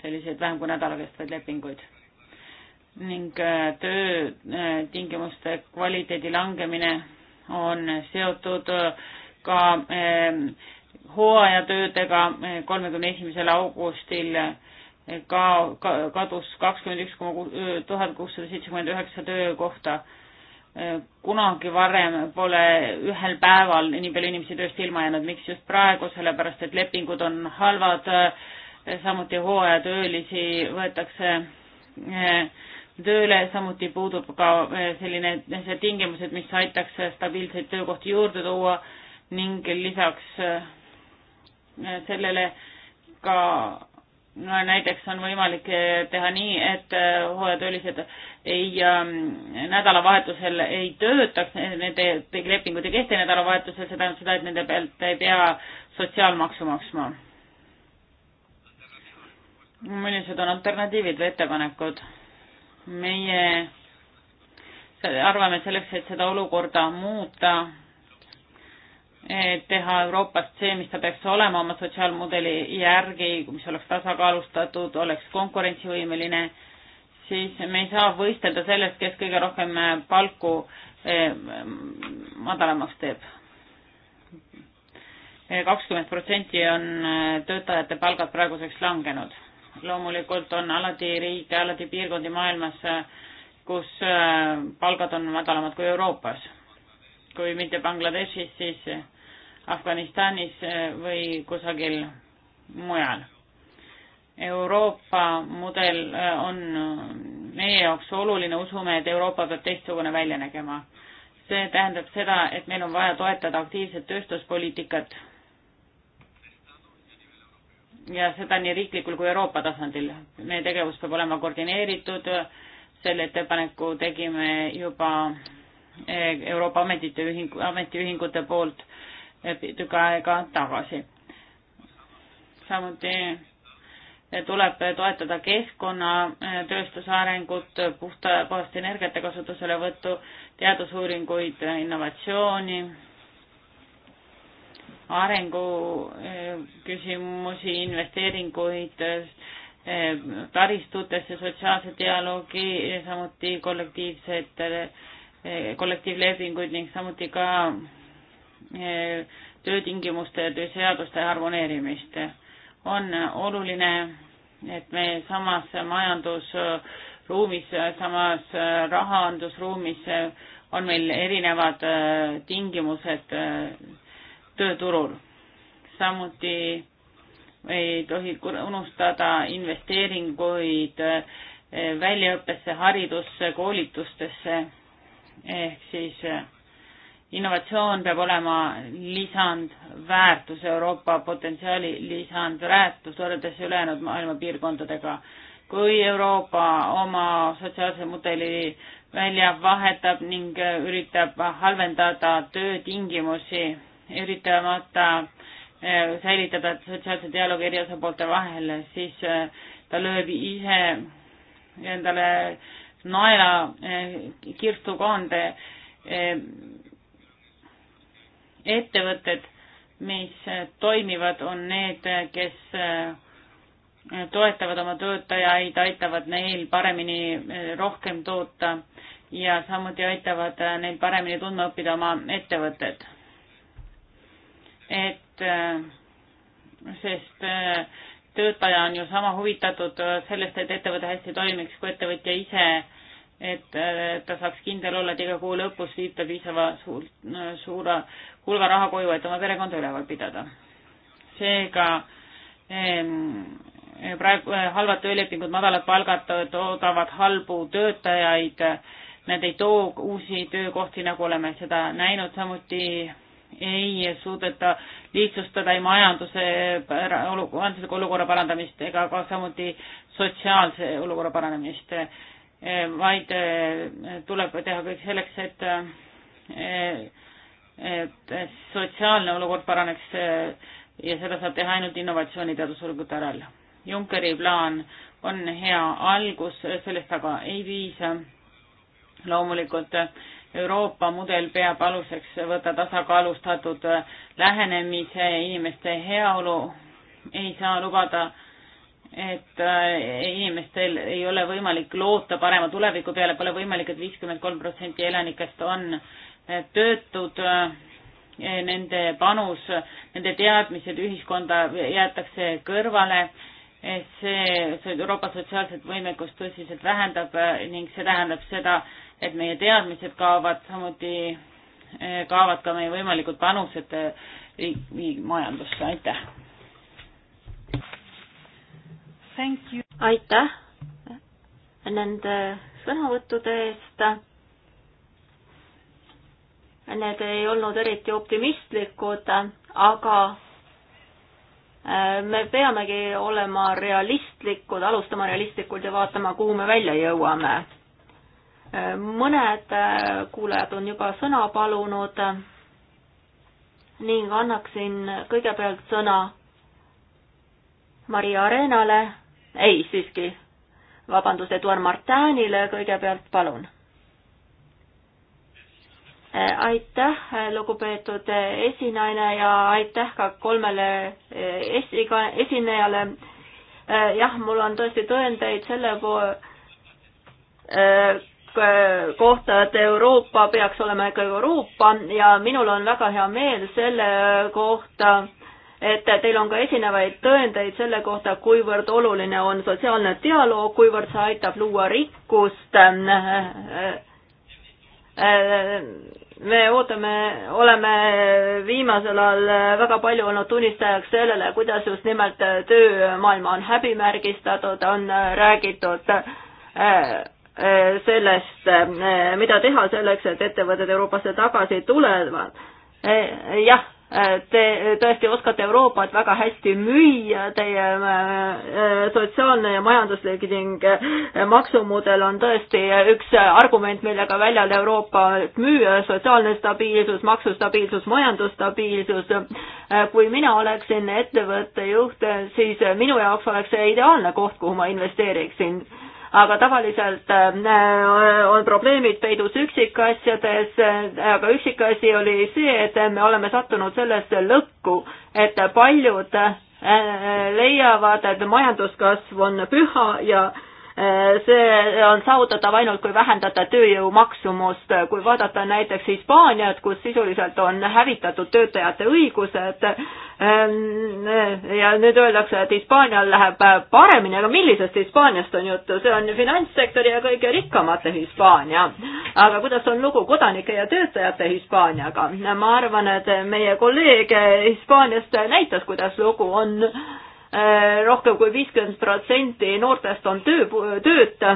S3: selliseid vähem kui nädala kestvaid lepinguid. ning äh, töötingimuste kvaliteedi langemine on seotud äh, ka hooajatöödega kolmekümne esimesel augustil ka, ka kadus kakskümmend üks koma tuhat kuussada seitsekümmend üheksa töökohta kunagi varem pole ühel päeval nii palju inimesi tööst ilma jäänud, miks just praegu, sellepärast et lepingud on halvad, samuti hooajatöölisi võetakse eh, tööle, samuti puudub ka eh, selline, see tingimused, mis aitaks stabiilseid töökohti juurde tuua ning lisaks eh, sellele ka no näiteks on võimalik eh, teha nii, et eh, hooajatöölised ei ähm,, nädalavahetusel ei töötaks, eh, nende lepingud ei kehti nädalavahetusel, see tähendab seda, et nende pealt ei pea sotsiaalmaksu maksma. millised on alternatiivid või ettepanekud? meie arvame selleks, et seda olukorda muuta teha Euroopast see, mis ta peaks olema oma sotsiaalmudeli järgi, mis oleks tasakaalustatud, oleks konkurentsivõimeline, siis me ei saa võistelda selles, kes kõige rohkem äh, palku äh, madalamaks teeb. kakskümmend protsenti on äh, töötajate palgad praeguseks langenud. loomulikult on alati riike, alati piirkondi maailmas, kus palgad on madalamad kui Euroopas. kui mitte Bangladeshis, siis Afganistanis äh, või kusagil mujal. Euroopa mudel äh, on äh, meie jaoks oluline, usume, et Euroopa peab teistsugune välja nägema. see tähendab seda, et meil on vaja toetada aktiivset tööstuspoliitikat ja seda nii riiklikul kui Euroopa tasandil. meie tegevus peab olema koordineeritud, selle ettepaneku tegime juba Euroopa Ametite Ühing, Ametiühingute poolt tükk aega tagasi. samuti tuleb toetada keskkonnatööstuse arengut, puhta, puhaste energiate kasutuselevõttu, teadusuuringuid, innovatsiooni, arenguküsimusi, eh, investeeringuid eh, taristutesse, sotsiaalse dialoogi, samuti kollektiivsed, eh, kollektiivlepinguid ning samuti ka Eh, töötingimuste ja seaduste harmoneerimist. on oluline, et me samas majandusruumis, samas eh, rahandusruumis eh, on meil erinevad tingimused tööturul. samuti ei tohi unustada investeeringuid väljaõppesse, haridusse, koolitustesse ehk siis innovatsioon peab olema lisandväärtus, Euroopa potentsiaali lisandväärtus võrreldes ülejäänud maailma piirkondadega. kui Euroopa oma sotsiaalse mudeli välja vahetab ning üritab halvendada töötingimusi, üritamata eh, säilitada sotsiaalse dialoogi eri osapoolte vahel, siis eh, ta lööb ise endale naela eh, kirstukoonde ettevõtted, mis toimivad, on need, kes eh, toetavad oma töötajaid, aitavad neil paremini eh, rohkem toota ja samuti aitavad eh, neil paremini tundma õppida oma ettevõtted. et sest töötaja on ju sama huvitatud sellest, et ettevõte hästi toimiks, kui ettevõtja ise et äh, ta saaks kindel olla, et iga kuu lõpus viib ta piisava suur, äh, suure hulga raha koju, et oma perekonda üleval pidada. seega ehm, praegu äh, halvad töölepingud, madalad palgad toodavad halbu töötajaid, nad ei too uusi töökohti, nagu oleme seda näinud, samuti ei suudeta lihtsustada ei majanduse olu, majandusliku olukorra parandamist ega ka samuti sotsiaalse olukorra paranemist. Eh, vaid eh, tuleb teha kõik selleks, et, eh, et sotsiaalne olukord paraneks ja seda saab teha ainult innovatsiooni teadusuuringute alal. Junckeri plaan on hea algus, sellest aga ei piisa. loomulikult Euroopa mudel peab aluseks võtta tasakaalustatud lähenemise inimeste heaolu, ei saa lubada äh, et äh, inimestel ei ole võimalik loota parema tuleviku peale, pole võimalik et, et viiskümmend kolm protsenti elanikest on äh, töötud. Äh, nende panus, nende teadmised ühiskonda jäetakse kõrvale. see Euroopa sotsiaalset võimekust tõsiselt vähendab ning see tähendab seda, et meie teadmised kaovad, samuti kaovad ka meie võimalikud panused riigi majandusse. aitäh! aitäh
S1: nende sõnavõttude eest. Need ei olnud eriti optimistlikud, aga äh, me peamegi olema realistlikud, alustama realistlikult ja vaatama, kuhu me välja jõuame. Äh, mõned äh, kuulajad on juba sõna palunud ning annaksin kõigepealt sõna Maria Arenale ei, siiski. vabandust, Eduard Martinile kõigepealt, palun. Äh, aitäh, äh, lugupeetud äh, esinaine ja aitäh ka kolmele esi-, esinejale. jah, mul on tõesti tõendeid selle po-, kohta, et Euroopa peaks olema ikka Euroopa ja minul on väga hea meel selle kohta, et teil on ka esinevaid tõendeid selle kohta, kuivõrd oluline on sotsiaalne dialoog, kuivõrd see aitab luua rikkust. me ootame, oleme viimasel ajal väga palju olnud tunnistajaks sellele, kuidas just nimelt töömaailma on häbimärgistatud, on räägitud eh, sellest, eh, mida teha selleks, et ettevõtted Euroopasse tagasi tulevad. Eh, jah Äh, te tõesti oskate Euroopat väga hästi müüa, teie äh, äh, sotsiaalne ja majanduslik ning maksumudel on tõesti üks argument, millega väljal Euroopat müüa, sotsiaalne stabiilsus, maksustabiilsus, majandusstabiilsus. kui mina oleksin ettevõtte juht, siis minu jaoks oleks see ideaalne koht, kuhu ma investeeriksin aga tavaliselt äh, on probleemid peidus üksikasjades, äh, aga üksikasi oli see, et me oleme sattunud sellesse lõkku, et paljud äh, leiavad, et majanduskasv on püha ja see on saavutatav ainult, kui vähendada tööjõu maksumust. kui vaadata näiteks Hispaaniat, kus sisuliselt on hävitatud töötajate õigused ähm, ja nüüd öeldakse, et Hispaanial läheb paremini, aga millisest Hispaaniast on juttu, see on ju finantssektori ja kõige rikkamate Hispaania. aga kuidas on lugu kodanike ja töötajate Hispaaniaga? ma arvan, et meie kolleeg Hispaaniast näitas, kuidas lugu on Äh, rohkem kui viiskümmend protsenti noortest on töö, tööta.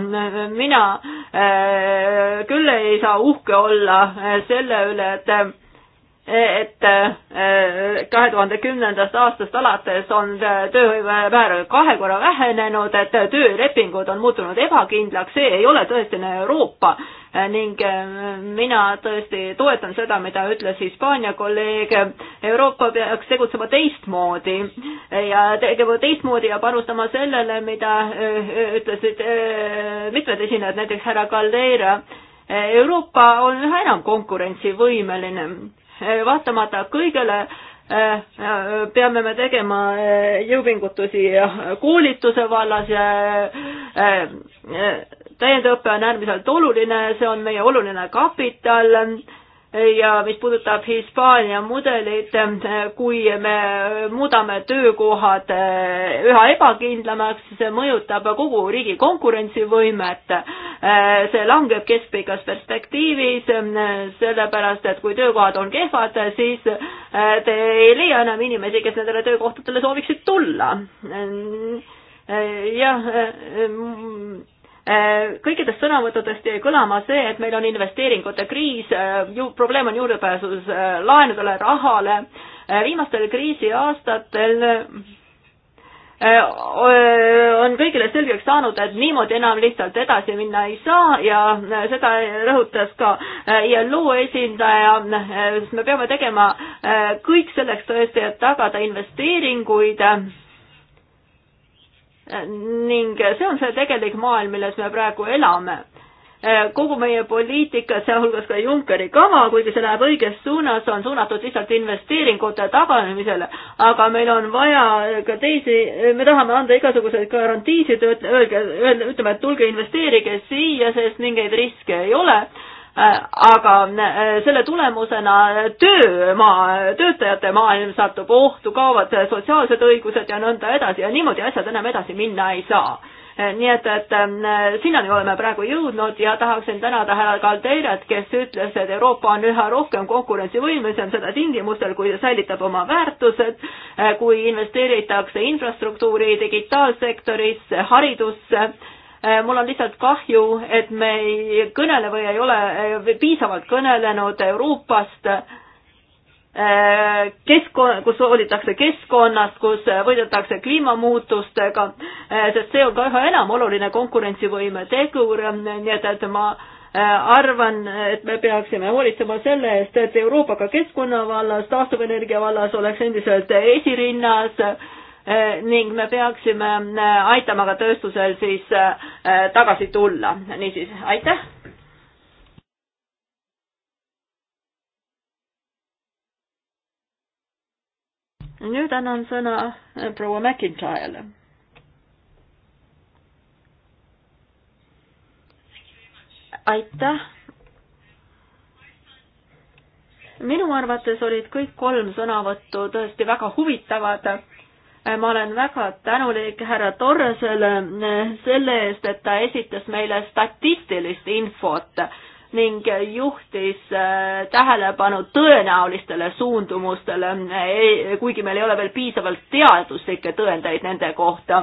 S1: mina äh, küll ei saa uhke olla äh, selle üle, et et eh, kahe tuhande kümnendast aastast alates on eh, tööhõive määr kahe korra vähenenud, et töölepingud on muutunud ebakindlaks, see ei ole tõestine Euroopa eh, ning mina tõesti toetan seda, mida ütles Hispaania kolleeg, Euroopa peaks tegutsema teistmoodi ja tegema teistmoodi ja panustama sellele, mida ütlesid mitmed esinejad, näiteks härra Caldeira Euroopa on üha enam konkurentsivõimeline Eh, vaatamata kõigele eh, eh, peame me tegema jõupingutusi koolituse vallas ja täiendõpe on äärmiselt oluline, see on meie oluline kapital ja mis puudutab Hispaania mudelit, kui me muudame töökohad eh, üha ebakindlamaks, siis see mõjutab kogu riigi konkurentsivõimet. Eh, see langeb keskpikas perspektiivis, eh, sellepärast et kui töökohad on kehvad, siis te ei leia enam inimesi, kes nendele töökohtadele sooviksid tulla. jah mm, Äh, kõikidest sõnavõttudest jäi kõlama see, et meil on investeeringute kriis, äh, ju probleem on juurdepääsus äh, laenudele, rahale. viimastel kriisiaastatel on kõigile selgeks saanud, et niimoodi enam lihtsalt edasi minna ei saa ja seda rõhutas ka ILO esindaja, sest me peame tegema kõik selleks tõesti, et tagada investeeringuid ning see on see tegelik maailm, milles me praegu elame. Eh, kogu meie poliitika, sealhulgas ka Junckeri kava, kuigi see läheb õiges suunas, on suunatud lihtsalt investeeringute taganemisele, aga meil on vaja ka teisi, me tahame anda igasuguseid garantiisid, öelge, ütleme, et tulge investeerige siia, sest mingeid riske ei ole Äh, aga äh, selle tulemusena töömaa, töötajate maailm satub ohtu, kaovad sotsiaalsed õigused ja nõnda edasi ja niimoodi asjad enam edasi minna ei saa äh, nii et, et sinnani oleme praegu jõudnud ja tahaksin tänada härra Caldeirat, kes ütles, et Euroopa on üha rohkem konkurentsivõimelisem seda tingimustel, kui säilitab oma väärtused, kui investeeritakse infrastruktuuri, digitaalsektorisse, haridusse Äh, mul on lihtsalt kahju, et me ei kõnele või ei ole äh, piisavalt kõnelenud Euroopast, äh, keskkon-, kus hoolitakse keskkonnast, kus võidetakse kliimamuutustega, sest see on ka üha enam oluline konkurentsivõime tegur, nii et, et ma arvan, et me peaksime hoolitsema selle eest, et Euroopa ka keskkonna vallas, taastuvenergia vallas oleks endiselt esirinnas Eh, ning me peaksime eh, aitama ka tööstusel siis eh, tagasi tulla. niisiis, aitäh! nüüd annan sõna proua McIntyre'le. aitäh! minu arvates olid kõik kolm sõnavõttu tõesti väga huvitavad ma olen väga tänulik härra Torresele eh, selle eest, et ta esitas meile statistilist infot ning juhtis eh, tähelepanu tõenäolistele suundumustele, eh, e-, kuigi meil ei ole veel piisavalt teaduslikke tõendeid nende kohta.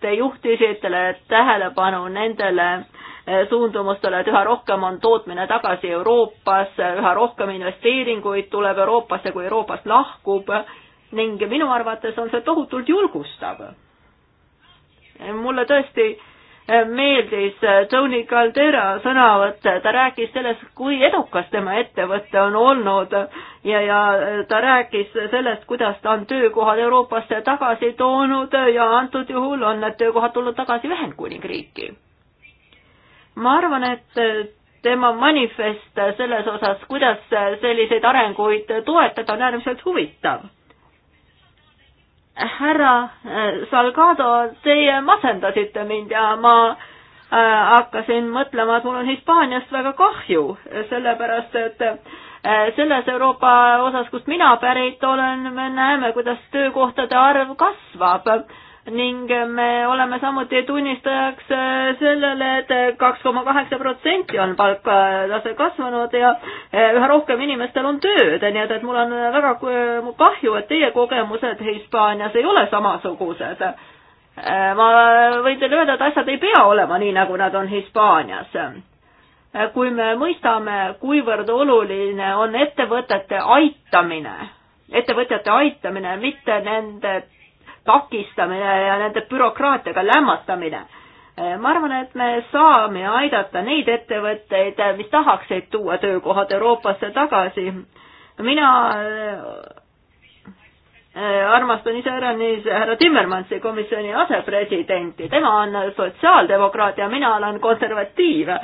S1: Te juhtisite tähelepanu nendele suundumustele, et üha rohkem on tootmine tagasi Euroopasse, üha rohkem investeeringuid tuleb Euroopasse, kui Euroopast lahkub ning minu arvates on see tohutult julgustav. mulle tõesti eh, meeldis eh, Tony Caldera sõnavõtt, ta rääkis sellest, kui edukas tema ettevõte on olnud ja, ja eh, ta rääkis sellest, kuidas ta on töökohad Euroopasse tagasi toonud ja antud juhul on need töökohad tulnud tagasi Ühendkuningriiki. ma arvan, et tema manifest selles osas, kuidas selliseid arenguid toetada, on äärmiselt huvitav härra äh, Salgado, teie masendasite mind ja ma äh, hakkasin mõtlema, et mul on Hispaaniast väga kahju, sellepärast et äh, selles Euroopa osas, kust mina pärit olen, me näeme, kuidas töökohtade arv kasvab ning me oleme samuti tunnistajaks äh, sellele et, et kaks koma kaheksa protsenti on palktase kasvanud ja äh, üha rohkem inimestel on tööd, nii et, et mul on väga kahju, et teie kogemused Hispaanias ei ole samasugused. Äh, ma võin teile öelda, et asjad ei pea olema nii, nagu nad on Hispaanias kui me mõistame, kuivõrd oluline on ettevõtete aitamine, ettevõtjate aitamine, mitte nende takistamine ja nende bürokraatiaga lämmatamine. ma arvan, et me saame aidata neid ettevõtteid, mis tahaksid tuua töökohad Euroopasse tagasi. mina äh, armastan iseäranis härra Timmermansi, komisjoni asepresidenti, tema on sotsiaaldemokraat ja mina olen konservatiiv. Äh,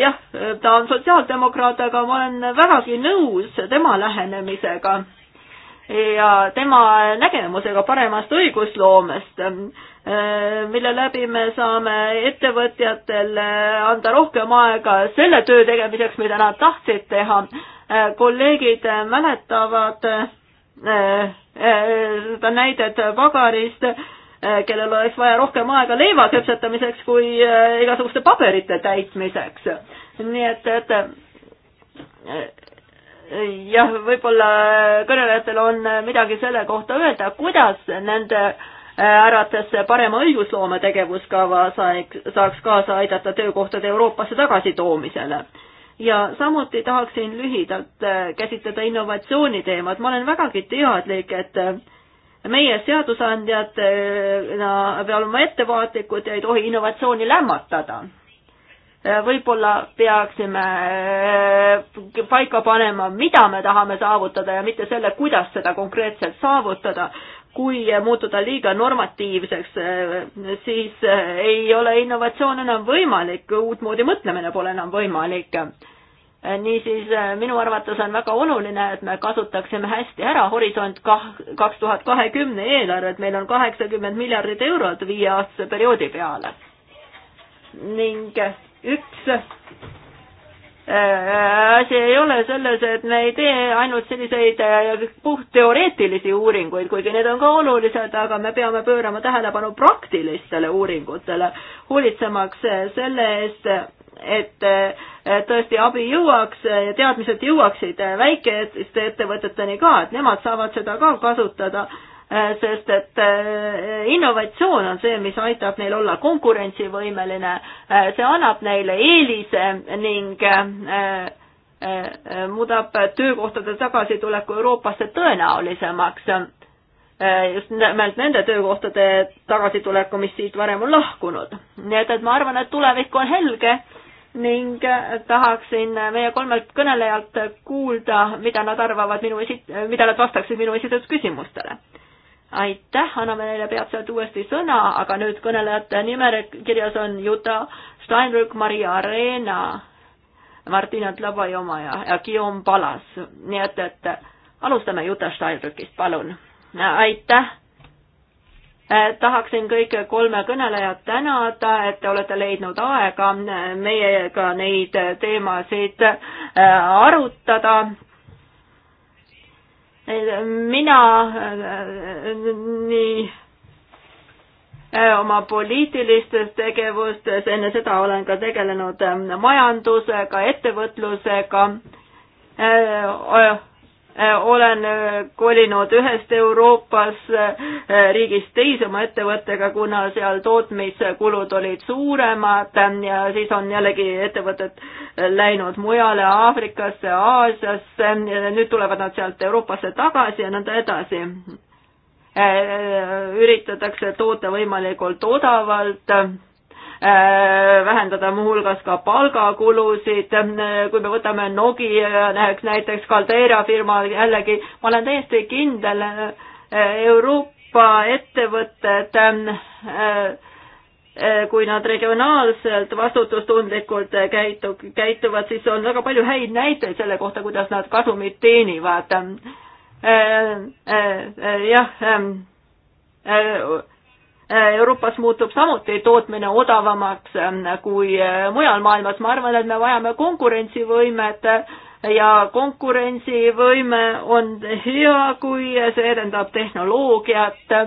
S1: jah, ta on sotsiaaldemokraat, aga ma olen vägagi nõus tema lähenemisega ja tema nägemusega paremast õigusloomest, äh, mille läbi me saame ettevõtjatele anda rohkem aega selle töö tegemiseks, mida nad tahtsid teha. Äh, kolleegid mäletavad äh, seda näidet pagarist, kellel oleks vaja rohkem aega leiva küpsetamiseks kui igasuguste paberite täitmiseks. nii et, et jah, võib-olla kõnelejatel on äh, midagi selle kohta öelda, kuidas nende äh, arvates parema õigusloome tegevuskava saaks kaasa aidata töökohtade Euroopasse tagasitoomisele. ja samuti tahaksin lühidalt äh, käsitleda innovatsiooni teemat, ma olen vägagi teadlik, et meie seadusandjatena peame olema ettevaatlikud ja ei tohi innovatsiooni lämmatada Äh, võib-olla peaksime äh, paika panema, mida me tahame saavutada ja mitte selle, kuidas seda konkreetselt saavutada. kui muutuda liiga normatiivseks, äh, siis ei ole innovatsioon enam võimalik, uutmoodi mõtlemine pole enam võimalik niisiis minu arvates on väga oluline, et me kasutaksime hästi ära Horisont kaks tuhat kahekümne eelarvet, meil on kaheksakümmend miljardit eurot viieaastase perioodi peale. ning üks äh, asi ei ole selles, et me ei tee ainult selliseid äh, puhtteoreetilisi uuringuid, kuigi need on ka olulised, aga me peame pöörama tähelepanu praktilistele uuringutele, hoolitsemaks äh, selle eest, et tõesti abi jõuaks, teadmised jõuaksid väikeeste ettevõteteni ka, et nemad saavad seda ka kasutada Äh, sest et äh, innovatsioon on see, mis aitab neil olla konkurentsivõimeline, äh, see annab neile eelise ning muudab töökohtade tagasituleku Euroopasse tõenäolisemaks. just nimelt nende töökohtade tagasituleku, mis siit varem on lahkunud. nii et, et ma arvan, et tulevik on helge ning tahaksin meie kolmelt kõnelejalt kuulda, mida nad arvavad minu esi-, mida nad vastaksid minu esitatud küsimustele aitäh, anname neile peatselt uuesti sõna, aga nüüd kõnelejate nimekirjas on Juta Steinrück, Maria Arena, Martina Tlabajoma ja, ja Guillaume Palas. nii et, et alustame Juta Steinrückist, palun. aitäh. Eh, tahaksin kõike kolme kõnelejat tänada, et te olete leidnud aega meiega neid teemasid eh, arutada Äh, mina äh, nii äh, oma poliitilistes tegevustes, enne seda olen ka tegelenud majandusega, ettevõtlusega Äh, olen äh, kolinud ühest Euroopas äh, riigist teise oma ettevõttega, kuna seal tootmiskulud olid suuremad ja siis on jällegi ettevõtted läinud mujale Aafrikasse, Aasiasse, nüüd tulevad nad sealt Euroopasse tagasi ja nõnda edasi. üritatakse toota võimalikult odavalt Äh, vähendada muuhulgas ka palgakulusid, kui me võtame Nokia äh, näiteks Caldera firma jällegi, ma olen täiesti kindel, äh, Euroopa ettevõtted kui nad regionaalselt vastutustundlikult käitu-, käituvad, siis on väga palju häid näiteid selle kohta, kuidas nad kasumit teenivad. jah Äh, Euroopas muutub samuti tootmine odavamaks ähm, kui äh, mujal maailmas, ma arvan, et me vajame konkurentsivõimet ja konkurentsivõime on hea, kui see edendab tehnoloogiat, äh,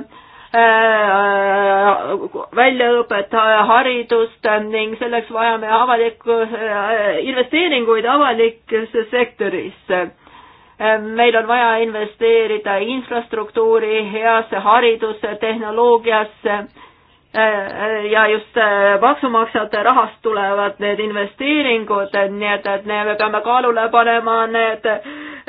S1: väljaõpet, haridust ning selleks vajame avalikku, investeeringuid avalikesse sektorisse Äh, meil on vaja investeerida infrastruktuuri, heasse haridusse, tehnoloogiasse äh, ja just äh, maksumaksjate rahast tulevad need investeeringud, nii et, et me peame kaalule panema need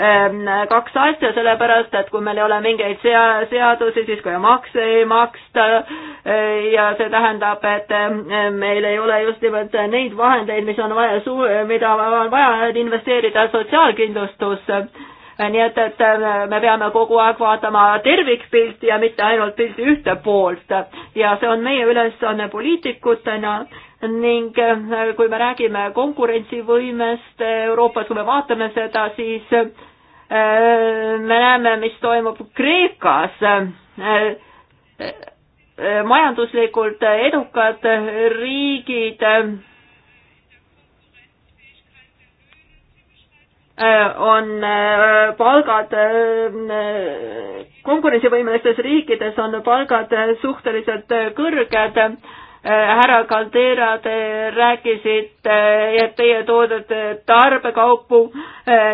S1: ähm, kaks asja, sellepärast et kui meil ei ole mingeid sea-, seadusi, siis ka makse ei maksta ja see tähendab, et meil ei ole just nimelt neid vahendeid, mis on vaja, mida on vaja investeerida sotsiaalkindlustusse nii et, et äh, me peame kogu aeg vaatama tervikpilti ja mitte ainult pildi ühte poolt ja see on meie ülesanne poliitikutena ning äh, kui me räägime konkurentsivõimest Euroopas, kui me vaatame seda, siis äh, me näeme, mis toimub Kreekas majanduslikult edukad riigid Äh, on äh, palgad äh, konkurentsivõimelistes riikides on palgad suhteliselt kõrged. härra Caldera, te rääkisite, et teie toodate tarbekaupu.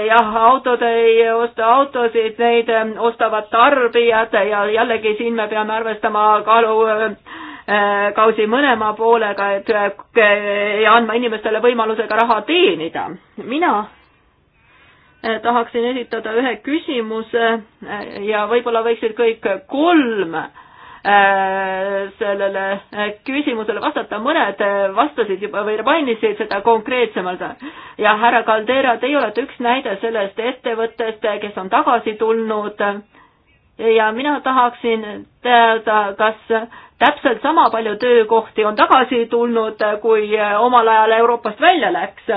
S1: jah, autod ei osta autosid, neid ostavad tarbijad ja jällegi siin me peame arvestama kaalu kausi mõlema poolega, et ja andma inimestele võimalusega raha teenida. mina tahaksin esitada ühe küsimuse äh, ja võib-olla võiksid kõik kolm äh, sellele äh, küsimusele vastata, mõned vastasid juba või mainisid seda konkreetsemalt. ja härra Caldera, teie olete üks näide sellest ettevõttest, kes on tagasi tulnud ja mina tahaksin teada, kas täpselt sama palju töökohti on tagasi tulnud, kui omal ajal Euroopast välja läks.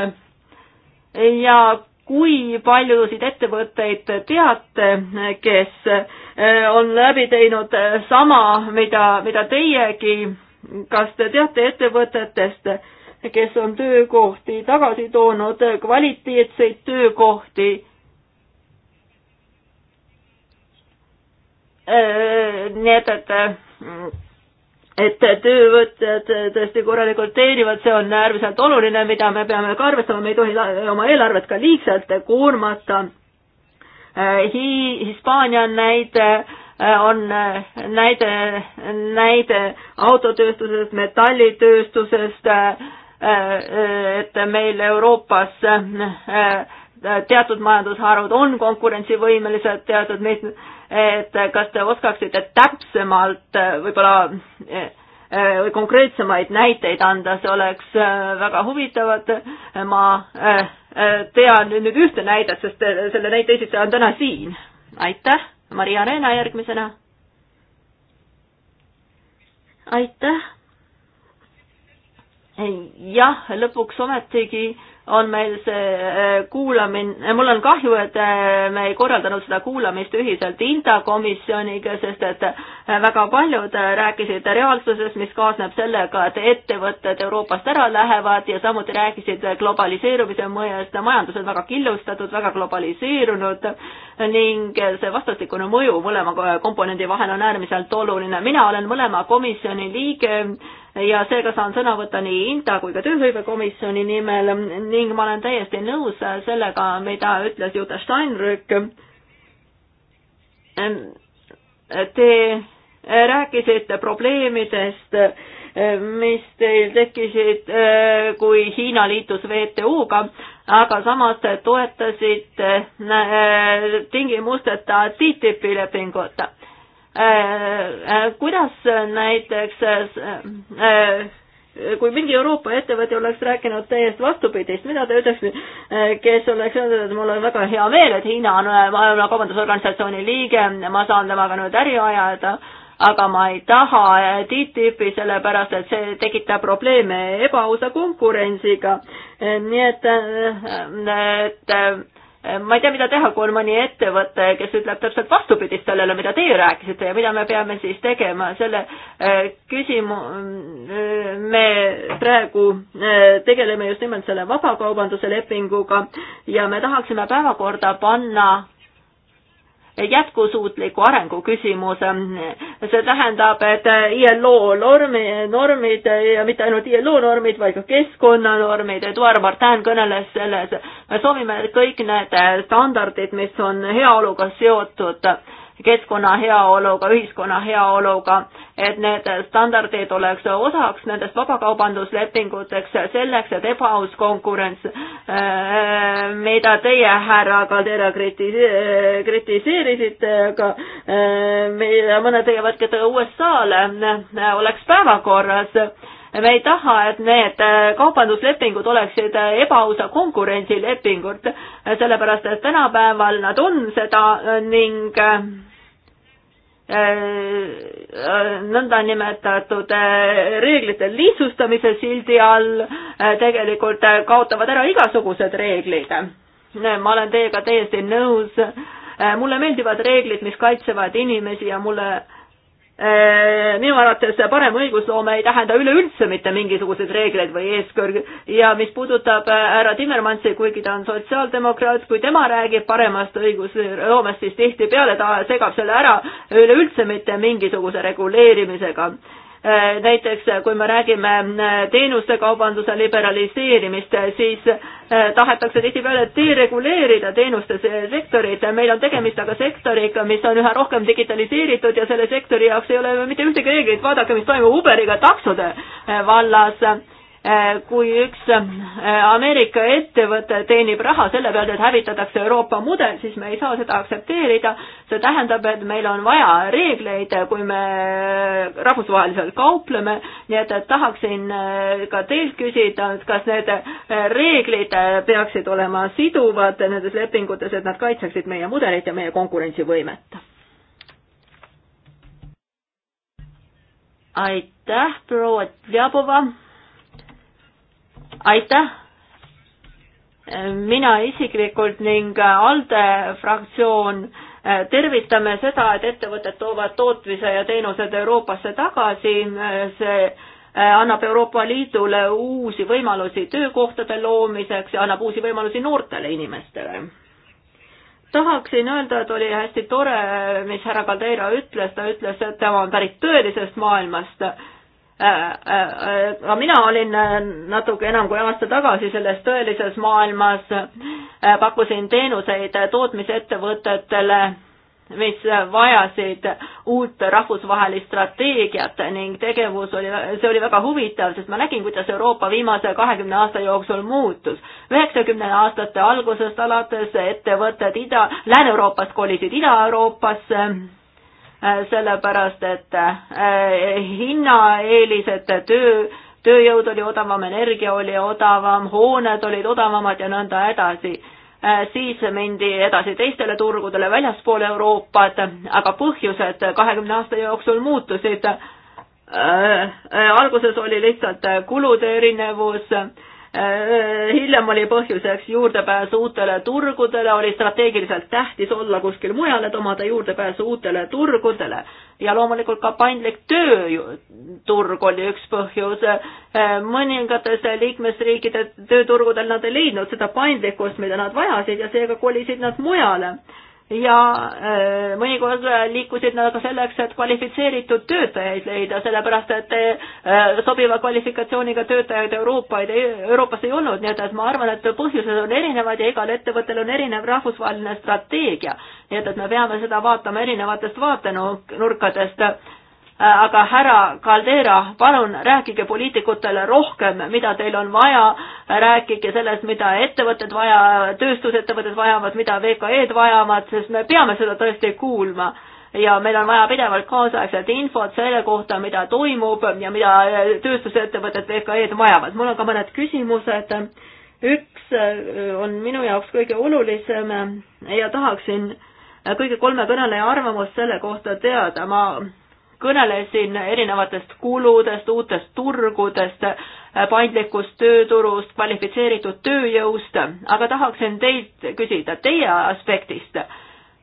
S1: ja kui paljusid ettevõtteid teate, kes eh, on läbi teinud eh, sama, mida, mida teiegi, kas te teate ettevõtetest, kes on töökohti tagasi toonud, kvaliteetseid töökohti eh, nii et, et et töövõtjad tõesti korralikult teenivad, see on äärmiselt oluline, mida me peame ka arvestama, me ei tohi oma eelarvet ka liigselt koormata. Äh, Hi-, Hispaania näide äh, on äh, näide, näide autotööstusest, metallitööstusest, et meil Euroopas teatud majandusharud on konkurentsivõimelised, teatud meid-, et kas te oskaksite täpsemalt äh, võib-olla äh, äh, või konkreetsemaid näiteid anda, see oleks väga huvitav, et ma tean nüüd ühte näidet, sest selle näite esitaja on täna siin. aitäh, Maria Reena järgmisena. aitäh. jah, lõpuks ometigi on meil see äh, kuulamine, äh, mul on kahju, et äh, me ei korraldanud seda kuulamist ühiselt Inta komisjoniga, sest et väga paljud rääkisid reaalsusest, mis kaasneb sellega, et ettevõtted Euroopast ära lähevad ja samuti rääkisid globaliseerumise mõjest, majandus on väga killustatud, väga globaliseerunud ning see vastastikune mõju mõlema komponendi vahel on äärmiselt oluline. mina olen mõlema komisjoni liige ja seega saan sõna võtta nii INTA kui ka tööhõivekomisjoni nimel ning ma olen täiesti nõus sellega, mida ütles Jutta Steinrück. Te rääkisite probleemidest, mis teil tekkisid, kui Hiina liitus WTO-ga, aga samas te toetasite äh, tingimusteta TTIP-i lepingut Äh, äh, kuidas näiteks äh, kui mingi Euroopa ettevõte oleks rääkinud täiesti vastupidist, mida te ütleksite, kes oleks öelnud, et mul on väga hea meel, et Hiina on Maailma Kaubandusorganisatsiooni liige, ma saan temaga nüüd äri ajada, aga ma ei taha TTIP-i, sellepärast et see tekitab probleeme ebaausa konkurentsiga. nii et, et ma ei tea, mida teha, kui on mõni ettevõte, kes ütleb täpselt vastupidist sellele, mida teie rääkisite ja mida me peame siis tegema, selle äh, küsimu-, äh, me praegu äh, tegeleme just nimelt selle vabakaubanduse lepinguga ja me tahaksime päevakorda panna jätkusuutliku arengu küsimus. see tähendab, et ILO normi, normid ja mitte ainult ILO normid, vaid ka keskkonnanormid, Eduard Martin kõneles selles, me soovime kõik need standardid, mis on heaoluga seotud, keskkonna heaoluga, ühiskonna heaoluga, et need standardid oleks osaks nendest vabakaubanduslepinguteks selleks, et ebaaus konkurents, äh, mida teie, härra Kaldera, kriti-, äh, kritiseerisite, aga äh, mida mõned teie võtkete USA-le, oleks päevakorras me ei taha, et need kaubanduslepingud oleksid ebaausa konkurentsilepingud, sellepärast et tänapäeval nad on seda ning Äh, äh, nõndanimetatud äh, reeglite lihtsustamise sildi all tegelikult kaotavad ära igasugused reeglid. ma olen teiega täiesti nõus. mulle meeldivad reeglid, mis kaitsevad inimesi ja mulle Äh, minu arvates parem õigusloome ei tähenda üleüldse mitte mingisuguseid reegleid või eeskõrge ja mis puudutab äh, härra Timmermansi, kuigi ta on sotsiaaldemokraat, kui tema räägib paremast õigusloomest, siis tihtipeale ta segab selle ära üleüldse mitte mingisuguse reguleerimisega Äh, näiteks äh, kui me räägime äh, teenuste kaubanduse liberaliseerimist, siis tahetakse tihtipeale dereguleerida teenuste sektorit, meil on tegemist aga sektoriga, mis on üha rohkem digitaliseeritud ja selle sektori jaoks ei ole mitte ühtegi reeglit, vaadake, mis toimub Uberiga taksode vallas Äh, kui üks äh, Ameerika ettevõte teenib raha selle pealt, et hävitatakse Euroopa mudel, siis me ei saa seda aktsepteerida. see tähendab, et meil on vaja reegleid, äh, kui me rahvusvaheliselt kaupleme, nii et, et tahaksin ka teilt küsida, et kas need reeglid peaksid olema siduvad nendes lepingutes, et nad kaitseksid meie mudelit ja meie konkurentsivõimet? aitäh, proua Tljabova aitäh! mina isiklikult ning ALDE fraktsioon äh, tervitame seda, et ettevõtted toovad tootmise ja teenused Euroopasse tagasi, see äh, annab Euroopa Liidule uusi võimalusi töökohtade loomiseks ja annab uusi võimalusi noortele inimestele. tahaksin öelda, et oli hästi tore, mis härra Caldeira ütles, ta ütles, et tema on pärit tõelisest maailmast Äh, äh, äh, ka mina olin natuke enam kui aasta tagasi selles tõelises maailmas, pakkusin teenuseid tootmisettevõtetele, mis vajasid uut rahvusvahelist strateegiat ning tegevus oli, see oli väga huvitav, sest ma nägin, kuidas Euroopa viimase kahekümne aasta jooksul muutus. üheksakümnenda aastate algusest alates ettevõtted Ida, Lääne-Euroopast kolisid Ida-Euroopasse Äh, sellepärast et äh, hinnaeelised töö, tööjõud oli odavam, energia oli odavam, hooned olid odavamad ja nõnda edasi. Äh, siis mindi edasi teistele turgudele väljaspool Euroopat, aga põhjused kahekümne aasta jooksul muutusid. alguses oli lihtsalt kulude erinevus Äh, hiljem oli põhjuseks juurdepääs uutele turgudele, oli strateegiliselt tähtis olla kuskil mujal, et omada juurdepääsu uutele turgudele ja loomulikult ka paindlik tööturg oli üks põhjus. Äh, mõningates liikmesriikide tööturgudel nad ei leidnud seda paindlikkust, mida nad vajasid ja seega kolisid nad mujale ja äh, mõnikord liikusid nad ka selleks, et kvalifitseeritud töötajaid leida, sellepärast et äh, sobiva kvalifikatsiooniga töötajaid Euroopa, Euroopas ei olnud, nii et, et ma arvan, et põhjused on erinevad ja igal ettevõttel on erinev rahvusvaheline strateegia. nii et, et me peame seda vaatama erinevatest vaatenurkadest Äh, aga härra Caldera, palun rääkige poliitikutele rohkem, mida teil on vaja, rääkige sellest, mida ettevõtted vaja, tööstusettevõtted vajavad, mida VKE-d vajavad, sest me peame seda tõesti kuulma. ja meil on vaja pidevalt kaasaegset infot selle kohta, mida toimub ja mida äh, tööstusettevõtted, VKE-d vajavad. mul on ka mõned küsimused. üks äh, on minu jaoks kõige olulisem ja tahaksin kõigi kolme kõneleja arvamust selle kohta teada. ma kõnelesin erinevatest kuludest, uutest turgudest, paindlikust tööturust, kvalifitseeritud tööjõust, aga tahaksin teilt küsida teie aspektist,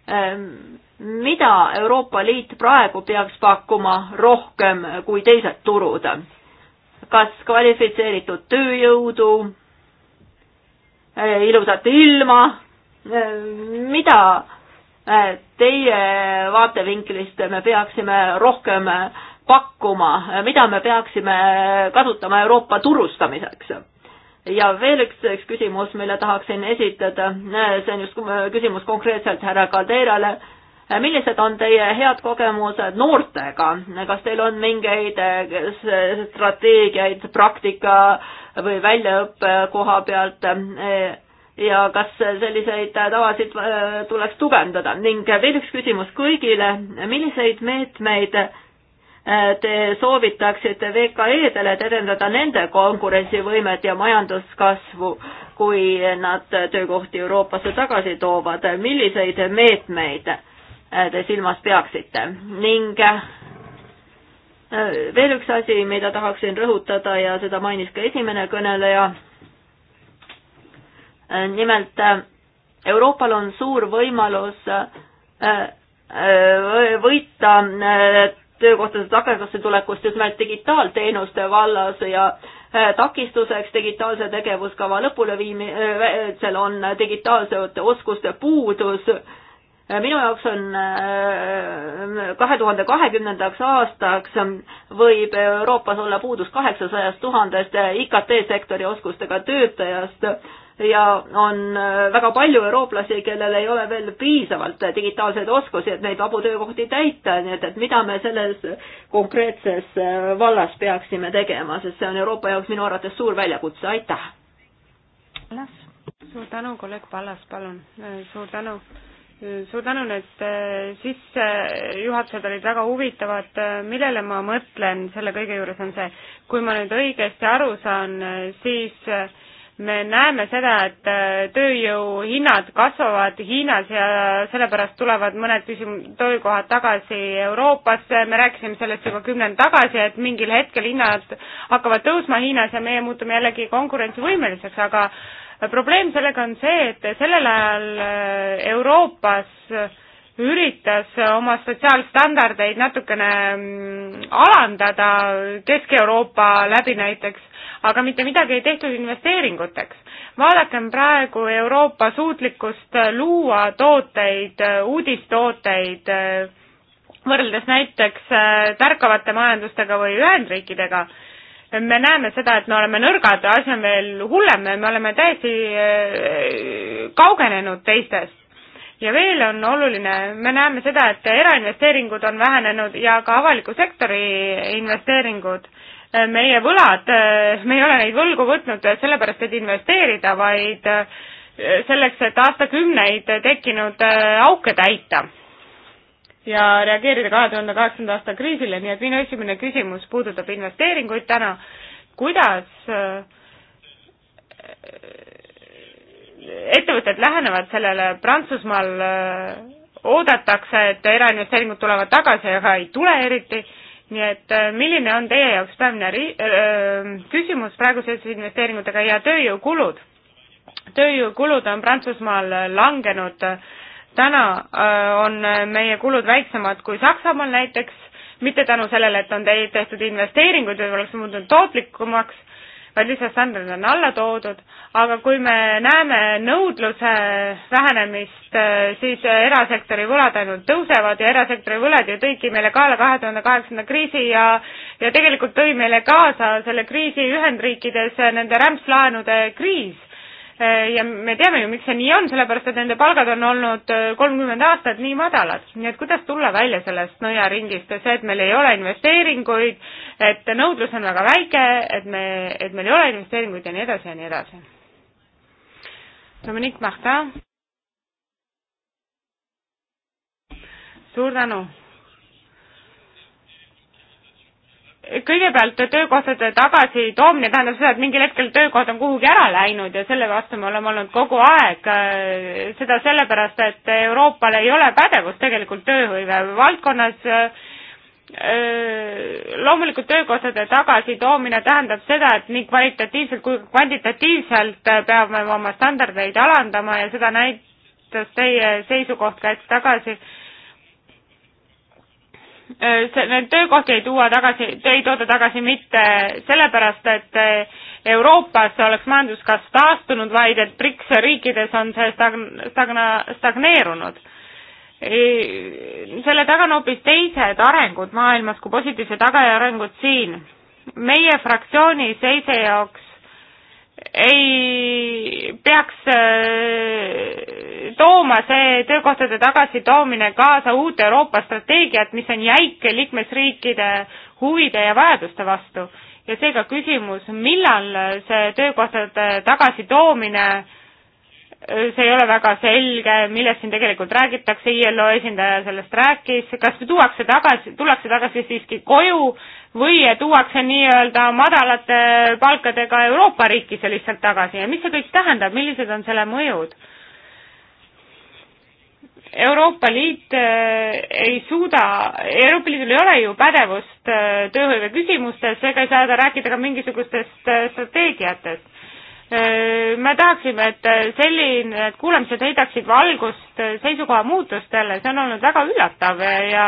S1: ehm, mida Euroopa Liit praegu peaks pakkuma rohkem kui teised turud? kas kvalifitseeritud tööjõudu, eh, ilusat ilma, ehm, mida Eh, teie vaatevinklist me peaksime rohkem eh, pakkuma, eh, mida me peaksime kasutama Euroopa turustamiseks? ja veel üks, üks küsimus, mille tahaksin esitada, see on just küsimus konkreetselt härra Kalderale. millised on teie head kogemused noortega, kas teil on mingeid strateegiaid praktika või väljaõppe koha pealt? ja kas selliseid tavasid äh, tuleks tugevdada ning veel üks küsimus kõigile, milliseid meetmeid äh, te soovitaksite VKE-dele, et edendada nende konkurentsivõimet ja majanduskasvu, kui nad töökohti Euroopasse tagasi toovad, milliseid meetmeid äh, te silmas peaksite ning veel üks asi, mida tahaksin rõhutada ja seda mainis ka esimene kõneleja Äh, nimelt äh, Euroopal on suur võimalus äh, võita töökohtade tagasi tulekust just nimelt digitaalteenuste vallas ja takistuseks digitaalse tegevuskava lõpuleviimisel on digitaalsete oskuste puudus. minu jaoks on kahe tuhande kahekümnendaks aastaks võib Euroopas olla puudus kaheksasajast tuhandest IKT-sektori oskustega töötajast ja on äh, väga palju eurooplasi, kellel ei ole veel piisavalt digitaalseid oskusi, et neid vabu töökohti täita, nii et, et mida me selles konkreetses äh, vallas peaksime tegema, sest see on Euroopa jaoks minu arvates suur väljakutse,
S2: aitäh! suur tänu, kolleeg Pallas, palun, suur tänu! suur tänu, need äh, sissejuhatused olid väga huvitavad, millele ma mõtlen selle kõige juures on see, kui ma nüüd õigesti aru saan, siis me näeme seda, et äh, tööjõuhinnad kasvavad Hiinas ja sellepärast tulevad mõned küsim-, töökohad tagasi Euroopasse, me rääkisime sellest juba kümnend tagasi, et mingil hetkel hinnad hakkavad tõusma Hiinas ja meie muutume jällegi konkurentsivõimeliseks, aga probleem sellega on see, et sellel ajal äh, Euroopas üritas oma sotsiaalstandardeid natukene mm, alandada Kesk-Euroopa läbi näiteks aga mitte midagi ei tehtud investeeringuteks. vaadakem praegu Euroopa suutlikkust luua tooteid, uudistooteid, äh, võrreldes näiteks äh, tärkavate majandustega või Ühendriikidega, me näeme seda, et me oleme nõrgad, asi on veel hullem, me oleme täiesti äh, kaugenenud teistest. ja veel on oluline, me näeme seda, et erainvesteeringud on vähenenud ja ka avaliku sektori investeeringud meie võlad, me ei ole neid võlgu võtnud sellepärast, et investeerida, vaid eh, selleks, et aastakümneid tekkinud eh, auke täita ja reageerida kahe tuhande kaheksanda aasta kriisile, nii et minu esimene küsimus puudutab investeeringuid täna. kuidas eh, ettevõtted lähenevad sellele, Prantsusmaal oodatakse, et erainvesteeringud tulevad tagasi, aga ei tule eriti nii et äh, milline on teie jaoks peamine ri-, öö, äh, äh, küsimus praegu seoses investeeringutega ja tööjõukulud? tööjõukulud on Prantsusmaal langenud, täna öö, on meie kulud väiksemad kui Saksamaal näiteks, mitte tänu sellele, et on tehtud investeeringuid, võib-olla oleks muutunud tootlikumaks, vaid lihtsalt standardid on alla toodud, aga kui me näeme nõudluse vähenemist, eh, siis eh, erasektori võlad ainult tõusevad ja erasektori võlad ju tõidki meile kaela kahe tuhande kaheksanda kriisi ja ja tegelikult tõi meile kaasa selle kriisi Ühendriikides eh, nende rämpslaenude kriis. Äh, ja me teame ju, miks see nii on, sellepärast et nende palgad on olnud äh, kolmkümmend aastat nii madalad. nii et kuidas tulla välja sellest nõiaringist ja see, et meil ei ole investeeringuid, et nõudlus on väga väike, et me, et meil ei ole investeeringuid ja nii edasi ja nii edasi. Dominique Martin. suur tänu kõigepealt töökohtade tagasitoomine tähendab seda, et mingil hetkel töökoht on kuhugi ära läinud ja selle vastu me oleme olnud kogu aeg. Äh, seda sellepärast, et Euroopal ei ole pädevust tegelikult tööhõive valdkonnas. Äh, äh, loomulikult töökohtade tagasitoomine tähendab seda, et nii kvalitatiivselt kui kvantitatiivselt peame oma standardeid alandama ja seda näitas teie seisukoht ka hetk tagasi Äh, need töökohti ei tuua tagasi, ei tooda tagasi mitte sellepärast, et äh, Euroopas oleks majanduskasv taastunud, vaid et BRICS riikides on see stagn-, stagna-, stagneerunud selle taga on hoopis teised arengud maailmas kui positiivse tagajärjengud siin. meie fraktsiooni seise jaoks ei peaks äh, tooma see töökohtade tagasitoomine kaasa uut Euroopa strateegiat, mis on jäik liikmesriikide huvide ja vajaduste vastu. ja seega küsimus, millal see töökohtade tagasitoomine see ei ole väga selge, millest siin tegelikult räägitakse, ILO esindaja sellest rääkis, kas tuuakse tagasi, tullakse tagasi siiski koju või tuuakse nii-öelda madalate palkadega Euroopa riikisse lihtsalt tagasi ja mis see kõik tähendab, millised on selle mõjud? Euroopa Liit äh, ei suuda, Euroopa Liidul ei ole ju pädevust äh, tööhõive küsimustes ega ei saa ta rääkida ka mingisugustest äh, strateegiatest Äh, me tahaksime, et äh, selline, et kuulamised heidaksid valgust äh, seisukoha muutustele, see on olnud väga üllatav ja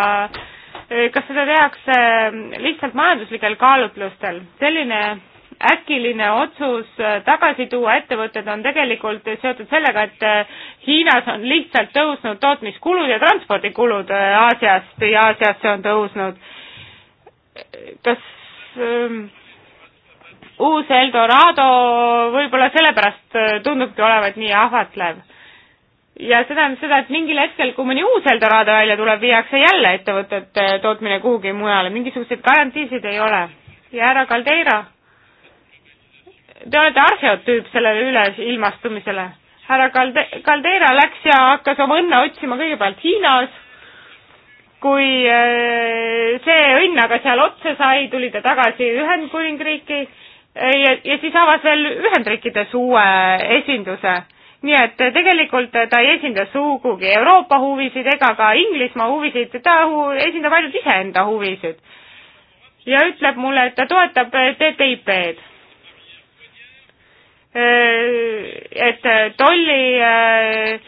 S2: kas seda tehakse lihtsalt majanduslikel kaalutlustel? selline äkiline otsus tagasi tuua ettevõtted on tegelikult seotud sellega, et Hiinas on lihtsalt tõusnud tootmiskulud ja transpordikulud Aasiast ja Aasias see on tõusnud. kas ähm, uus Eldorado võib-olla sellepärast äh, tundubki olevat nii ahvatlev. ja see tähendab seda, et mingil hetkel, kui mõni uus Eldorado välja tuleb, viiakse jälle ettevõtete tootmine kuhugi mujale, mingisuguseid garantiisid ei ole. ja härra Caldeira, te olete arheotüüp sellele üleilmastumisele. härra Calde-, Caldeira läks ja hakkas oma õnne otsima kõigepealt Hiinas kui äh, see õnn aga seal otsa sai, tuli ta tagasi Ühendkuningriiki ja, ja siis avas veel Ühendriikides uue esinduse. nii et tegelikult ta ei esinda sugugi Euroopa huvisid ega ka Inglismaa huvisid, ta esindab ainult iseenda huvisid. ja ütleb mulle, et ta toetab TTIP-d. Äh, et tolli äh,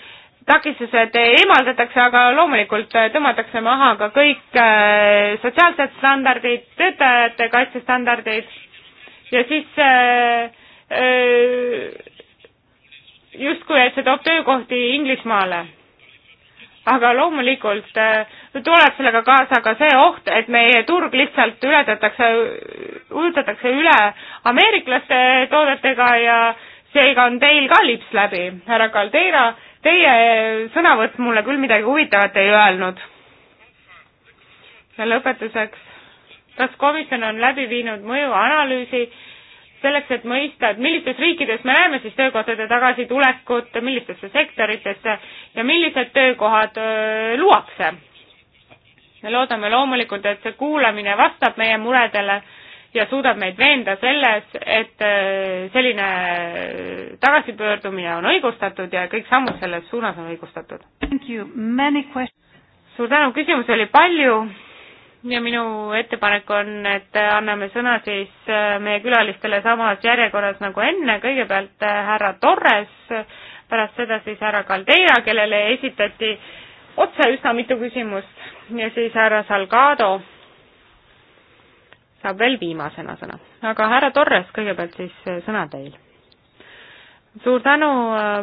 S2: takistused eemaldatakse, aga loomulikult tõmmatakse maha ka kõik äh, sotsiaalsed standardid, töötajate kaitsestandardid ja siis äh, äh, justkui, et see toob töökohti Inglismaale. aga loomulikult äh, tuleb sellega kaasa ka see oht, et meie turg lihtsalt ületatakse, ujutatakse üle ameeriklaste toodetega ja seega on teil ka lips läbi, härra Caldeira, teie sõnavõtt mulle küll midagi huvitavat ei öelnud. ja lõpetuseks kas komisjon on läbi viinud mõjuanalüüsi selleks, et mõista, et millistes riikides me näeme siis töökohtade tagasitulekut, millistesse sektoritesse ja millised töökohad öö, luuakse. me loodame loomulikult, et see kuulamine vastab meie muredele ja suudab meid veenda selles, et selline tagasipöördumine on õigustatud ja kõik sammud selles suunas on õigustatud. suur tänu, küsimusi oli palju ja minu ettepanek on, et anname sõna siis äh, meie külalistele samas järjekorras nagu enne, kõigepealt äh, härra Torres, pärast seda siis härra Caldeira, kellele esitati otse üsna mitu küsimust ja siis härra Salgado saab veel viimasena sõna. aga härra Torres, kõigepealt siis äh, sõna teil. suur tänu,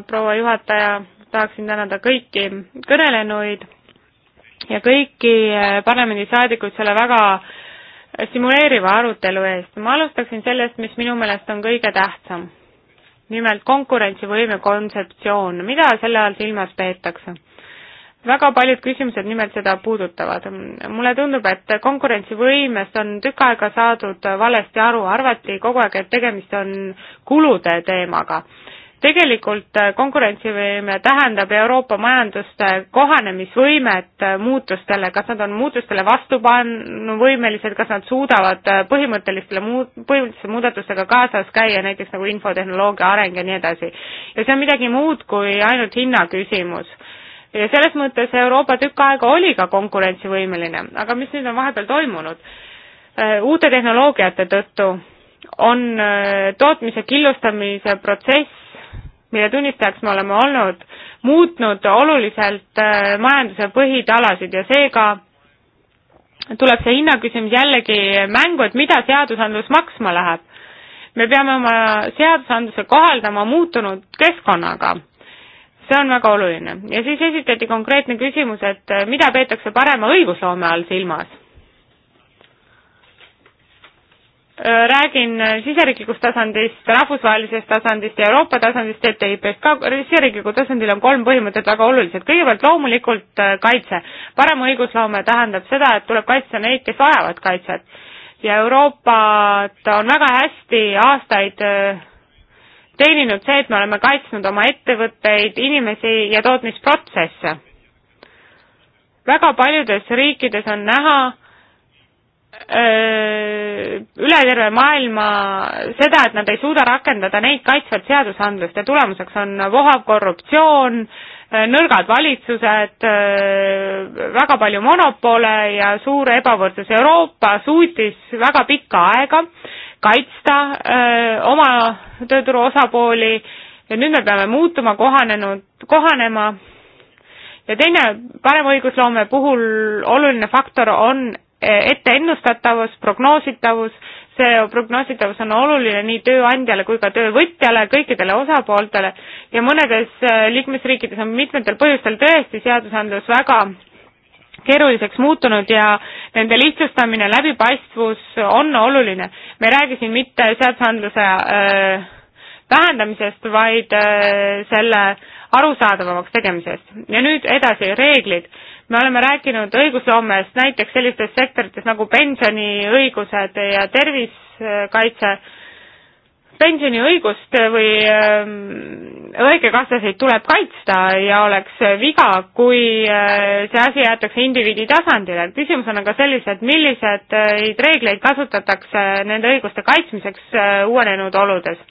S2: proua juhataja, tahaksin tänada kõiki kõnelenuid ja kõiki äh, parlamendisaadikuid selle väga stimuleeriva arutelu eest. ma alustaksin sellest, mis minu meelest on kõige tähtsam. nimelt konkurentsivõime kontseptsioon, mida selle all silmas peetakse? väga paljud küsimused nimelt seda puudutavad. mulle tundub, et konkurentsivõimest on tükk aega saadud valesti aru, arvati kogu aeg, et tegemist on kulude teemaga tegelikult äh, konkurentsivõime tähendab Euroopa majanduste kohanemisvõimet äh, muutustele, kas nad on muutustele vastupanuvõimelised, kas nad suudavad äh, põhimõttelistele muu-, põhimõtteliste muudatustega kaasas käia, näiteks nagu infotehnoloogia areng ja nii edasi. ja see on midagi muud kui ainult hinna küsimus ja selles mõttes Euroopa tükk aega oli ka konkurentsivõimeline, aga mis nüüd on vahepeal toimunud? uute tehnoloogiate tõttu on tootmise killustamise protsess mille tunnistajaks me oleme olnud, muutnud oluliselt äh, majanduse põhitalasid ja seega tuleb see hinnaküsimus jällegi mängu, et mida seadusandlus maksma läheb. me peame oma seadusandluse kohaldama muutunud keskkonnaga. see on väga oluline. ja siis esitati konkreetne küsimus, et äh, mida peetakse parema õigusloome all silmas Äh, räägin äh, siseriiklikust tasandist, rahvusvahelisest tasandist ja Euroopa tasandist, TTIP-st ka, siseriiklikul tasandil on kolm põhimõtet väga olulised, kõigepealt loomulikult äh, kaitse. parem õigusloome tähendab seda, et tuleb kaitsta neid, kes vajavad kaitset. ja Euroopat on väga hästi aastaid teeninud see, et me oleme kaitsnud oma ettevõtteid, inimesi ja tootmisprotsesse. väga paljudes riikides on näha, üle terve maailma seda, et nad ei suuda rakendada neid kaitsvat seadusandlust ja tulemuseks on vohav korruptsioon, nõrgad valitsused, väga palju monopole ja suur ebavõrdsus. Euroopa suutis väga pikka aega kaitsta öö, oma tööturu osapooli ja nüüd me peame muutuma, kohanenud, kohanema ja teine parema õigusloome puhul oluline faktor on ette ennustatavus, prognoositavus, see prognoositavus on oluline nii tööandjale kui ka töövõtjale, kõikidele osapooltele ja mõnedes äh, liikmesriikides on mitmetel põhjustel tõesti seadusandlus väga keeruliseks muutunud ja nende lihtsustamine, läbipaistvus on oluline. me ei räägi siin mitte seadusandluse äh, vähendamisest, vaid äh, selle arusaadavamaks tegemisest. ja nüüd edasi, reeglid me oleme rääkinud õigusloomest näiteks sellistes sektorites nagu pensioniõigused ja tervisekaitse, pensioniõigust või ähm, õigekassaseid tuleb kaitsta ja oleks viga, kui äh, see asi jäetakse indiviidi tasandile. küsimus on aga selles, et millised äh, reegleid kasutatakse nende õiguste kaitsmiseks äh, uuenenud oludes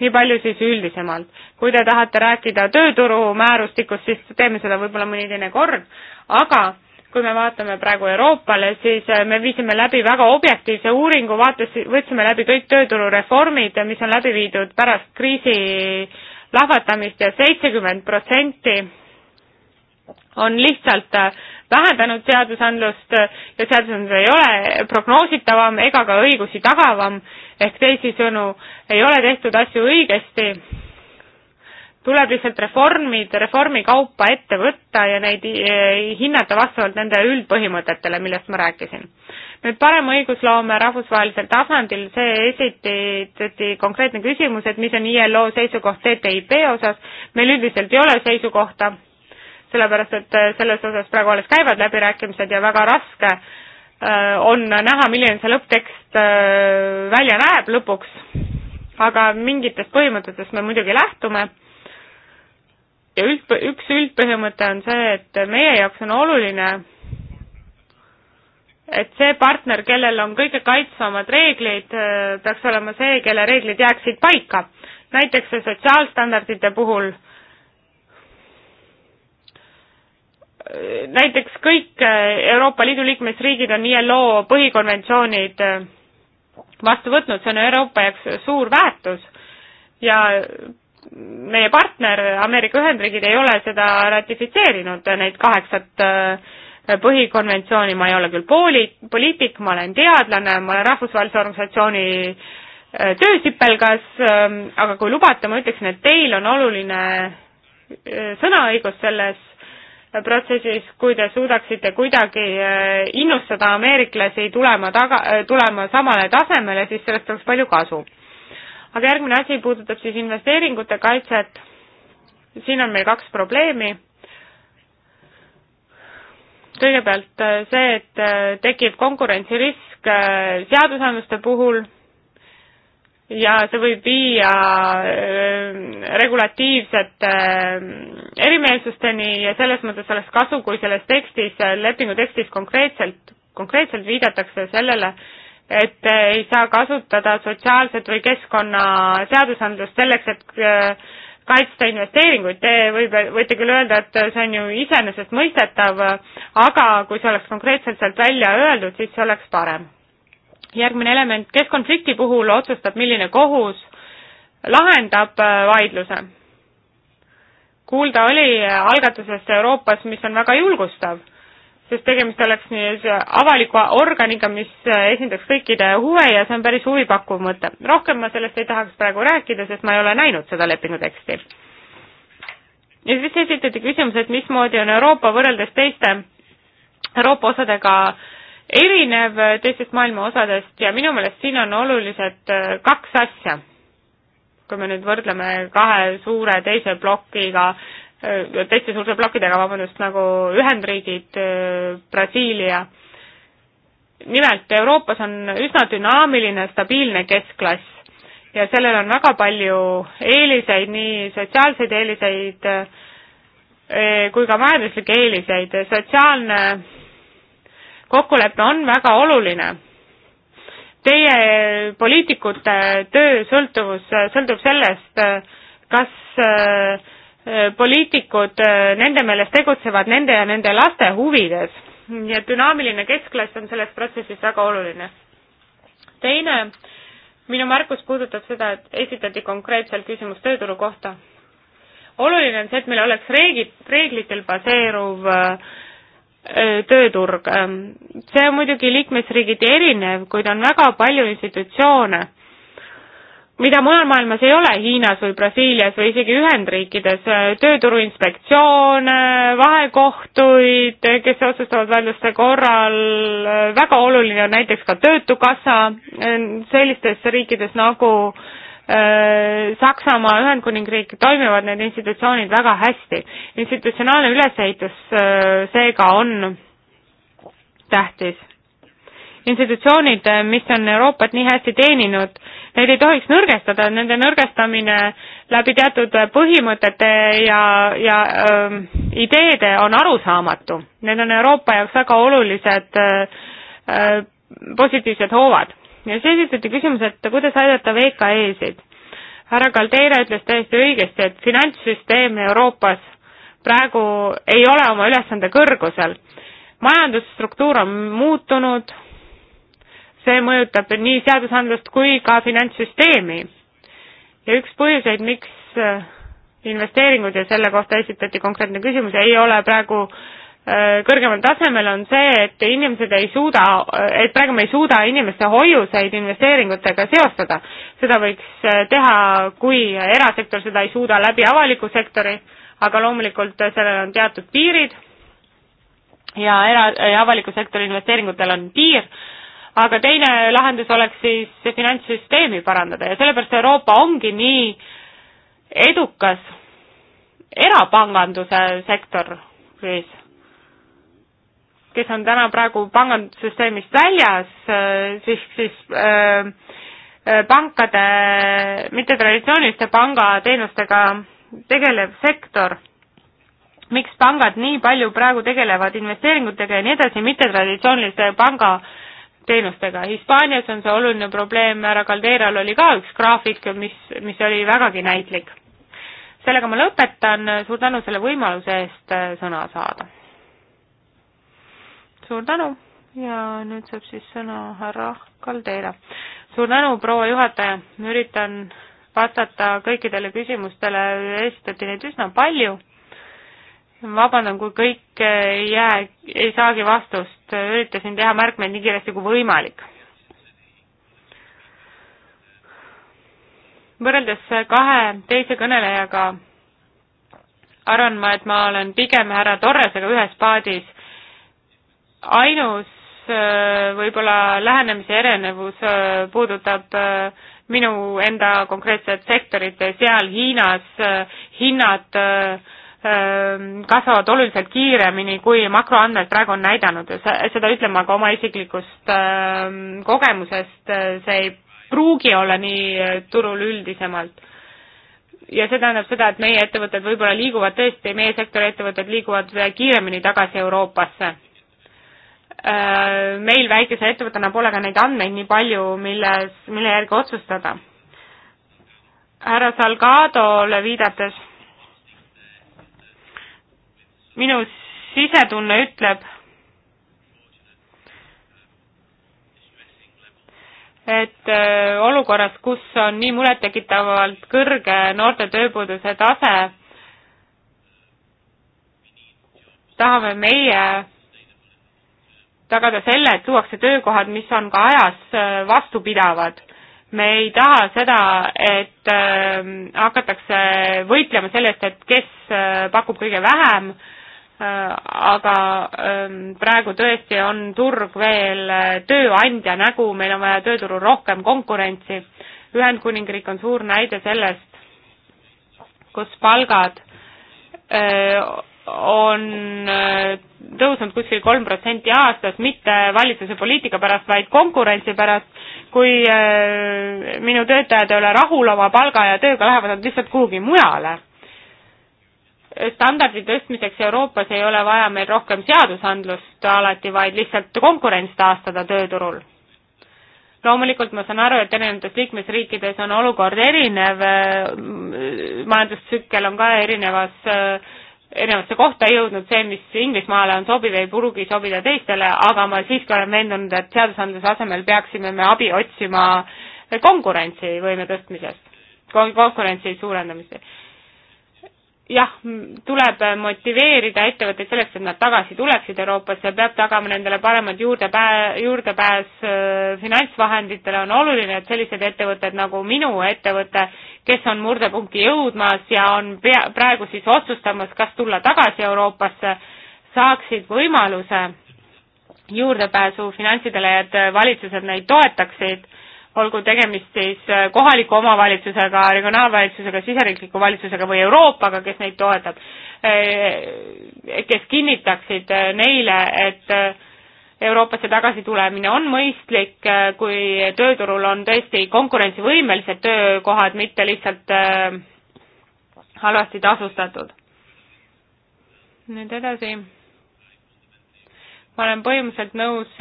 S2: nii palju siis üldisemalt. kui te tahate rääkida tööturu määrustikust, siis teeme seda võib-olla mõni teine kord, aga kui me vaatame praegu Euroopale, siis äh, me viisime läbi väga objektiivse uuringu, vaatas, võtsime läbi kõik tööturureformid, mis on läbi viidud pärast kriisi lahvatamist ja seitsekümmend protsenti on lihtsalt äh, vähendanud seadusandlust äh, ja seadusandlus ei ole prognoositavam ega ka õigusi tagavam ehk teisisõnu, ei ole tehtud asju õigesti, tuleb lihtsalt reformid, reformi kaupa ette võtta ja neid eh, hinnata vastavalt nendele üldpõhimõtetele, millest ma rääkisin. nüüd parem õigusloome rahvusvahelisel tasandil, see esitati konkreetne küsimus, et mis on ILO seisukoht TTIP osas, meil üldiselt ei ole seisukohta, sellepärast et eh, selles osas praegu alles käivad läbirääkimised ja väga raske äh, Äh, on näha, milline see lõpptekst äh, välja näeb lõpuks, aga mingitest põhimõtetest me muidugi lähtume. ja üld, üks üldpõhimõte on see, et meie jaoks on oluline, et see partner, kellel on kõige kaitsvamad reeglid, äh, peaks olema see, kelle reeglid jääksid paika. näiteks sotsiaalstandardite puhul äh, näiteks kõik eh, Euroopa Liidu liikmesriigid on ILO põhikonventsioonid eh, vastu võtnud, see on Euroopa jaoks suur väärtus ja meie partner Ameerika Ühendriigid ei ole seda ratifitseerinud, eh, neid kaheksat põhikonventsiooni, ma ei ole küll pooli, poliitik, ma olen teadlane, ma olen rahvusvahelise organisatsiooni töösipelgas, aga kui lubate, ma ütleksin, et teil on oluline sõnaõigus selles protsessis, kui te suudaksite kuidagi äh, innustada ameeriklasi tulema taga, äh, tulema samale tasemele, siis sellest oleks palju kasu. aga järgmine asi puudutab siis investeeringute kaitset. siin on meil kaks probleemi. kõigepealt äh, see, et tekib konkurentsirisk seadusandluste puhul ja see võib viia äh, regulatiivsete äh, erimeelsusteni ja selles mõttes oleks kasu, kui selles tekstis, äh, lepingu tekstis konkreetselt, konkreetselt viidatakse sellele, et ei saa kasutada sotsiaalset või keskkonnaseadusandlust selleks, et kaitsta investeeringuid, te võib, võite küll öelda, et see on ju iseenesestmõistetav, aga kui see oleks konkreetselt sealt välja öeldud, siis see oleks parem järgmine element, kes konflikti puhul otsustab, milline kohus lahendab äh, vaidluse. kuulda oli äh, algatusest Euroopas, mis on väga julgustav, sest tegemist oleks nii-öelda avaliku organiga, mis äh, esindaks kõikide huve ja see on päris huvipakkuv mõte. rohkem ma sellest ei tahaks praegu rääkida, sest ma ei ole näinud seda lepingu teksti. ja siis esitati küsimus, et mismoodi on Euroopa võrreldes teiste Euroopa osadega äh, erinev äh, teistest maailma osadest ja minu meelest siin on olulised äh, kaks asja. kui me nüüd võrdleme kahe suure teise plokiga, äh, teiste suurte plokkidega, vabandust, nagu Ühendriigid, Brasiilia, nimelt Euroopas on üsna dünaamiline, stabiilne keskklass ja sellel on väga palju eeliseid, nii sotsiaalseid eeliseid kui ka majanduslikke eeliseid. sotsiaalne kokkulepe on väga oluline. Teie poliitikute töö sõltuvus sõltub sellest, kas äh, poliitikud äh, nende meelest tegutsevad nende ja nende laste huvides ja dünaamiline keskklass on selles protsessis väga oluline. teine minu märkus puudutab seda, et esitati konkreetselt küsimus tööturu kohta. oluline on see, et meil oleks reeglid, reeglitel baseeruv äh, tööturg. see on muidugi liikmesriigiti erinev, kuid on väga palju institutsioone, mida mujal maailmas ei ole, Hiinas või Brasiilias või isegi Ühendriikides, tööturuinspektsioone, vahekohtuid, kes otsustavad vaidluste korral, väga oluline on näiteks ka Töötukassa sellistes riikides nagu äh, Saksamaa, Ühendkuningriik toimivad need institutsioonid väga hästi. institutsionaalne ülesehitus seega on tähtis. institutsioonid, mis on Euroopat nii hästi teeninud, neid ei tohiks nõrgestada, nende nõrgestamine läbi teatud põhimõtete ja, ja öö, ideede on arusaamatu. Need on Euroopa jaoks väga olulised öö, positiivsed hoovad ja siis esitati küsimus, et kuidas aidata VKE-sid. härra Caldeira ütles täiesti õigesti, et finantssüsteem Euroopas praegu ei ole oma ülesande kõrgusel. majandusstruktuur on muutunud, see mõjutab nii seadusandlust kui ka finantssüsteemi. ja üks põhjuseid, miks äh, investeeringud ja selle kohta esitati konkreetne küsimus, ei ole praegu äh, Äh, kõrgemal tasemel, on see, et inimesed ei suuda, äh, et praegu me ei suuda inimeste hoiuseid investeeringutega seostada. seda võiks äh, teha, kui erasektor seda ei suuda läbi avaliku sektori, aga loomulikult sellel on teatud piirid ja era- ja avaliku sektori investeeringutel on piir, aga teine lahendus oleks siis finantssüsteemi parandada ja sellepärast Euroopa ongi nii edukas erapanganduse sektoris kes on täna praegu pangandussüsteemist väljas, siis, siis äh, äh pankade, mittetraditsiooniliste pangateenustega tegelev sektor, miks pangad nii palju praegu tegelevad investeeringutega ja nii edasi, mittetraditsiooniliste pangateenustega. Hispaanias on see oluline probleem, härra Calderal oli ka üks graafik, mis, mis oli vägagi näitlik. sellega ma lõpetan, suur tänu selle võimaluse eest äh, sõna saada suur tänu ja nüüd saab siis sõna härra Kaldeera. suur tänu, proua juhataja, üritan vastata kõikidele küsimustele, esitati neid üsna palju. vabandan, kui kõik ei jää, ei saagi vastust, üritasin teha märkmeid nii kiiresti kui võimalik. võrreldes kahe teise kõnelejaga arvan ma, et ma olen pigem härra Torresega ühes paadis ainus äh, võib-olla lähenemise erinevus äh, puudutab äh, minu enda konkreetset sektorit, seal Hiinas hinnad ähm, kasvavad oluliselt kiiremini, kui makroandmed praegu on näidanud, seda ütlen ma ka oma isiklikust ähm, kogemusest, see ei pruugi olla nii turul üldisemalt. ja see tähendab seda, et meie ettevõtted võib-olla liiguvad tõesti, meie sektori ettevõtted liiguvad kiiremini tagasi Euroopasse Äh, meil väikese ettevõttena pole ka neid andmeid nii palju, milles, mille järgi otsustada. härra Salgadole viidates, minu sisetunne ütleb, et äh, olukorras, kus on nii murettekitavalt kõrge noorte tööpuuduse tase, tahame meie tagada selle, et luuakse töökohad, mis on ka ajas äh, vastupidavad. me ei taha seda, et äh, hakatakse võitlema selle eest, et kes äh, pakub kõige vähem äh,, aga äh, praegu tõesti on turg veel äh, tööandja nägu, meil on vaja tööturul rohkem konkurentsi. Ühendkuningriik on suur näide sellest, kus palgad öö, äh, on äh, tõusnud kuskil kolm protsenti aastas, mitte valitsuse poliitika pärast, vaid konkurentsi pärast. kui äh, minu töötajad ei ole rahul oma palga ja tööga, lähevad nad lihtsalt kuhugi mujale. standardi tõstmiseks Euroopas ei ole vaja meil rohkem seadusandlust alati, vaid lihtsalt konkurents taastada tööturul loomulikult ma saan aru, et erinevates liikmesriikides on olukord erinev, äh, majandustsükkel on ka erinevas äh, erinevasse kohta jõudnud, see, mis Inglismaale on sobiv, ei pruugi sobida teistele, aga ma siiski olen veendunud, et seadusandluse asemel peaksime me abi otsima konkurentsivõime tõstmisest, konkurentsi suurendamisest jah, tuleb motiveerida ettevõtteid selleks, et nad tagasi tuleksid Euroopasse ja peab tagama nendele paremad juurdepää-, juurdepääs äh, finantsvahenditele, on oluline, et sellised ettevõtted nagu minu ettevõte, kes on murdepunkti jõudmas ja on pea, praegu siis otsustamas, kas tulla tagasi Euroopasse, saaksid võimaluse juurdepääsu finantsidele ja et valitsused neid toetaksid olgu tegemist siis äh, kohaliku omavalitsusega, regionaalvalitsusega, siseriikliku valitsusega või Euroopaga, kes neid toetab, äh, kes kinnitaksid äh, neile, et Euroopasse tagasi tulemine on mõistlik, kui tööturul on tõesti konkurentsivõimelised töökohad, mitte lihtsalt halvasti tasustatud. nüüd edasi. ma olen põhimõtteliselt nõus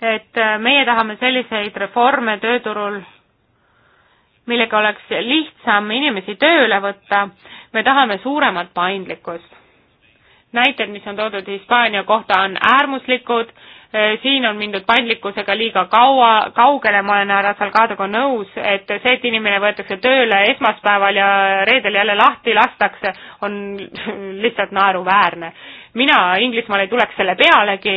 S2: et äh, meie tahame selliseid reforme tööturul, millega oleks lihtsam inimesi tööle võtta, me tahame suuremat paindlikkust. näited, mis on toodud Hispaania kohta, on äärmuslikud Äh, siin on mindud paindlikkusega liiga kaua, kaugele, ma olen härra Salgadoga nõus, et see, et inimene võetakse tööle esmaspäeval ja reedel jälle lahti lastakse, on lihtsalt naeruväärne. mina Inglismaal ei tuleks selle pealegi,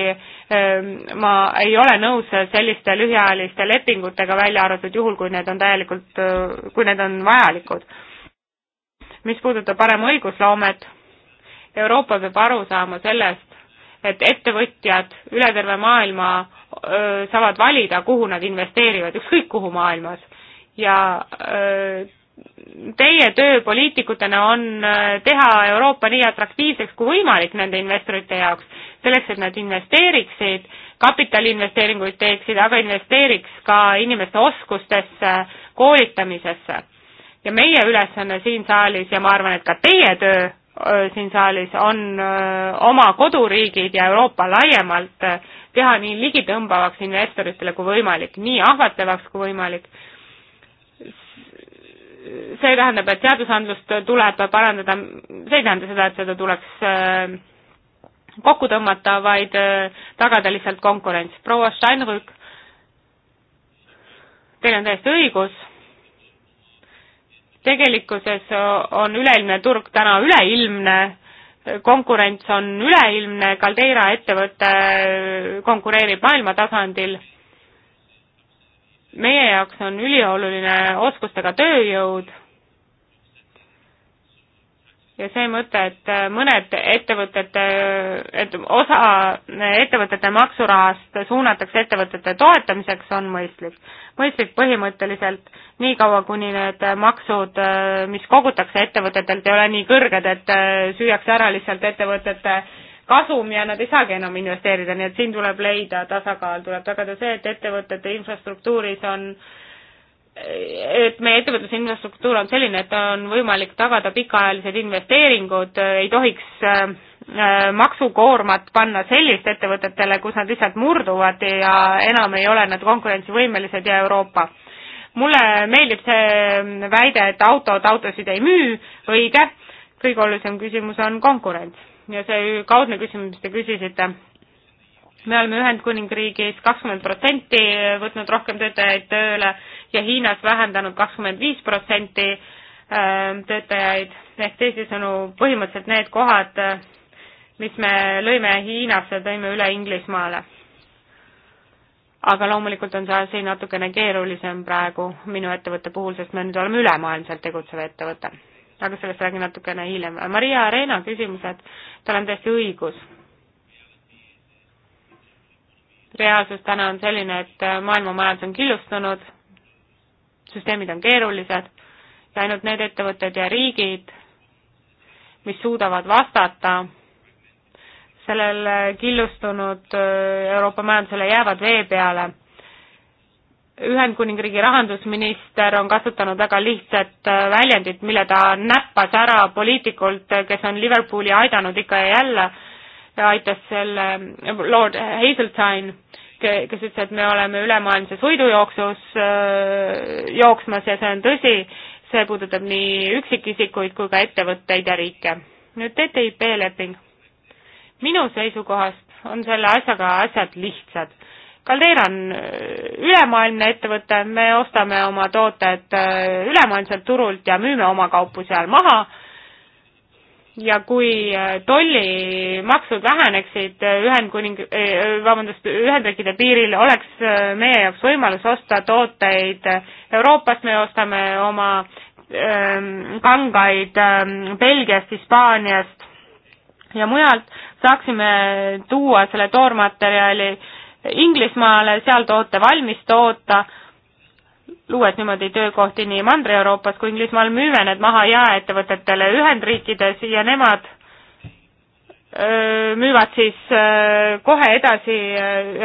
S2: ähm, ma ei ole nõus selliste lühiajaliste lepingutega, välja arvatud juhul, kui need on täielikult, äh, kui need on vajalikud. mis puudutab parema õigusloomet, Euroopa peab aru saama sellest, et ettevõtjad üle terve maailma öö, saavad valida, kuhu nad investeerivad, ükskõik kuhu maailmas. ja öö, teie töö poliitikutena on teha Euroopa nii atraktiivseks kui võimalik nende investorite jaoks, selleks, et nad investeeriksid, kapitaliinvesteeringuid teeksid, aga investeeriks ka inimeste oskustesse, koolitamisesse. ja meie ülesanne siin saalis ja ma arvan, et ka teie töö siin saalis on oma koduriigid ja Euroopa laiemalt teha nii ligitõmbavaks investoritele kui võimalik, nii ahvatlevaks kui võimalik. see tähendab, et seadusandlust tuleb parandada, see ei tähenda seda, et seda tuleks kokku tõmmata, vaid tagada lihtsalt konkurents. proua Steinrück, teil on täiesti õigus tegelikkuses on üleilmne turg täna üleilmne, konkurents on üleilmne, Caldeira ettevõte konkureerib maailma tasandil. meie jaoks on ülioluline oskustega tööjõud ja see mõte, et mõned ettevõtete, et osa ettevõtete maksurahast suunatakse ettevõtete toetamiseks, on mõistlik. mõistlik põhimõtteliselt niikaua, kuni need äh, maksud, äh, mis kogutakse ettevõtetelt, ei ole nii kõrged, et äh, süüakse ära lihtsalt ettevõtete kasum ja nad ei saagi enam investeerida, nii et siin tuleb leida tasakaal, tuleb tagada see, et ettevõtete infrastruktuuris on et meie ettevõtluse infrastruktuur on selline, et on võimalik tagada pikaajalised investeeringud, ei tohiks maksukoormat panna sellist ettevõtetele, kus nad lihtsalt murduvad ja enam ei ole nad konkurentsivõimelised ja Euroopa mulle meeldib see mm, väide, et autod autosid ei müü, õige, kõige olulisem küsimus on konkurents ja see kaudne küsimus, mis te küsisite, me oleme Ühendkuningriigis kakskümmend protsenti võtnud rohkem töötajaid tööle ja Hiinas vähendanud kakskümmend viis protsenti ähm, töötajaid, ehk teisisõnu, põhimõtteliselt need kohad, äh, mis me lõime Hiinasse, tõime üle Inglismaale aga loomulikult on see asi natukene keerulisem praegu minu ettevõtte puhul, sest me nüüd oleme ülemaailmselt tegutsev ettevõte. aga sellest räägin natukene hiljem. Maria Arena küsimused, tal on täiesti õigus. reaalsus täna on selline, et maailmamajandus on killustunud, süsteemid on keerulised ja ainult need ettevõtted ja riigid, mis suudavad vastata sellel killustunud äh, Euroopa majandusele jäävad vee peale. Ühendkuningriigi rahandusminister on kasutanud väga lihtsat äh, väljendit, mille ta näppas ära poliitikult, äh, kes on Liverpooli aidanud ikka ja jälle, aitas selle Lord Hazeltine, kes ütles, et me oleme ülemaailmses võidujooksus jooksmas ja see on tõsi, see puudutab nii üksikisikuid kui ka ettevõtteid ja riike. nüüd TTIP leping minu seisukohast on selle asjaga asjad lihtsad. Caldera on äh, ülemaailmne ettevõte, me ostame oma tooted äh, ülemaailmselt turult ja müüme oma kaupu seal maha ja kui äh, tollimaksud väheneksid Ühendkuning-, vabandust, Ühendriikide piiril, oleks meie jaoks võimalus osta tooteid Euroopast, me ostame oma ähm, kangaid ähm, Belgiast, Hispaaniast ja mujalt, saaksime tuua selle toormaterjali Inglismaale, seal toote valmis toota, luues niimoodi töökohti nii Mandri-Euroopas kui Inglismaal, müüme need maha jaeettevõtetele Ühendriikides ja nemad müüvad siis kohe edasi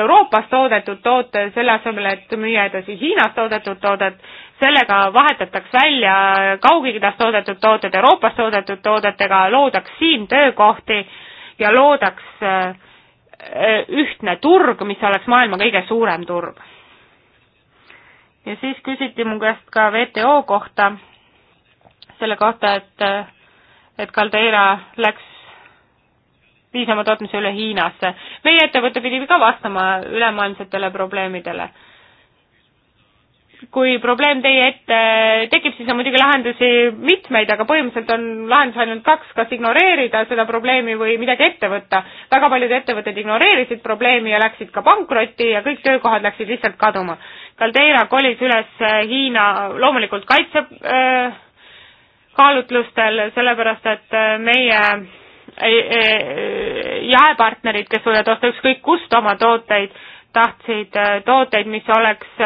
S2: Euroopas toodetud toote, selle asemel, et müüa edasi Hiinas toodetud toodet, sellega vahetataks välja Kaug-Idas toodetud tooted Euroopas toodetud toodetega, loodaks siin töökohti ja loodaks äh, ühtne turg, mis oleks maailma kõige suurem turg. ja siis küsiti mu käest ka WTO kohta, selle kohta, et, et Caldeira läks viis oma tootmise üle Hiinasse. meie ettevõte pidi ka vastama ülemaailmsetele probleemidele kui probleem teie ette tekib, siis on muidugi lahendusi mitmeid, aga põhimõtteliselt on lahendus ainult kaks, kas ignoreerida seda probleemi või midagi ette võtta. väga paljud ettevõtted ignoreerisid probleemi ja läksid ka pankrotti ja kõik töökohad läksid lihtsalt kaduma. Caldeira kolis üles äh, Hiina loomulikult kaitse äh, kaalutlustel, sellepärast et äh, meie jaepartnerid, kes võivad osta ükskõik kust oma tooteid, tahtsid tooteid, mis oleks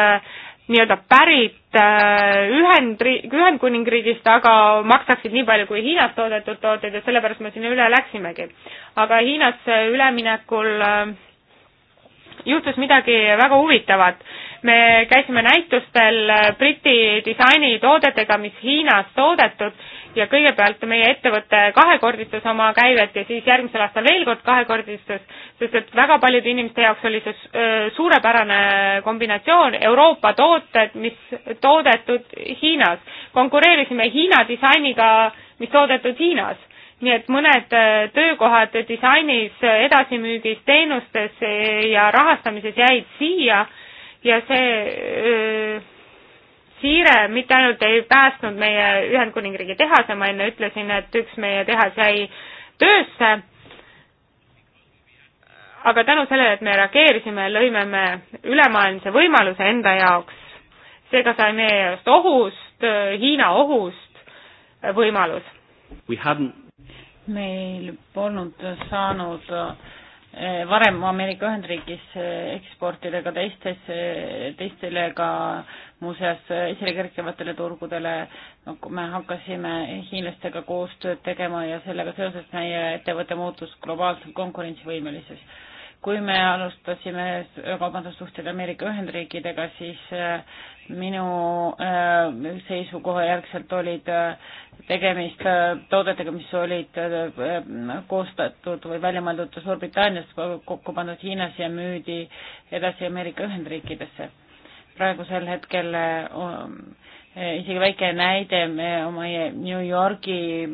S2: nii-öelda pärit äh, Ühendri-, Ühendkuningriigist, aga maksaksid nii palju kui Hiinas toodetud tooted ja sellepärast me sinna üle läksimegi. aga Hiinasse äh, üleminekul äh, juhtus midagi väga huvitavat. me käisime näitustel Briti disainitoodetega, mis Hiinas toodetud ja kõigepealt meie ettevõte kahekordistas oma käivet ja siis järgmisel aastal veel kord kahekordistas, sest et väga paljude inimeste jaoks oli see suurepärane kombinatsioon Euroopa tooted, mis toodetud Hiinas. konkureerisime Hiina disainiga, mis toodetud Hiinas. nii et mõned töökohad disainis, edasimüügis, teenustes e, ja rahastamises jäid siia ja see öö, siire mitte ainult ei päästnud meie Ühendkuningriigi tehase, ma enne ütlesin, et üks meie tehas jäi töösse, aga tänu sellele, et me reageerisime, lõime me ülemaailmse võimaluse enda jaoks. seega sai meie jaoks ohust, Hiina ohust võimalus.
S3: meil polnud saanud Eh, varem Ameerika Ühendriigis eh, eksportida ka teistes, eh, teistele ka muuseas esile kerkivatele turgudele no,. me hakkasime hiinlastega koostööd tegema ja sellega seoses meie ettevõte muutus globaalselt konkurentsivõimeliseks kui me alustasime kaubandussuhteid Ameerika Ühendriikidega, siis äh, minu äh, seisukoha järgselt olid äh, tegemist toodetega, mis olid koostatud või välja mõeldud Suurbritannias, kokku pandud Hiinas ja müüdi edasi Ameerika Ühendriikidesse. praegusel hetkel isegi väike näide me oma New Yorgi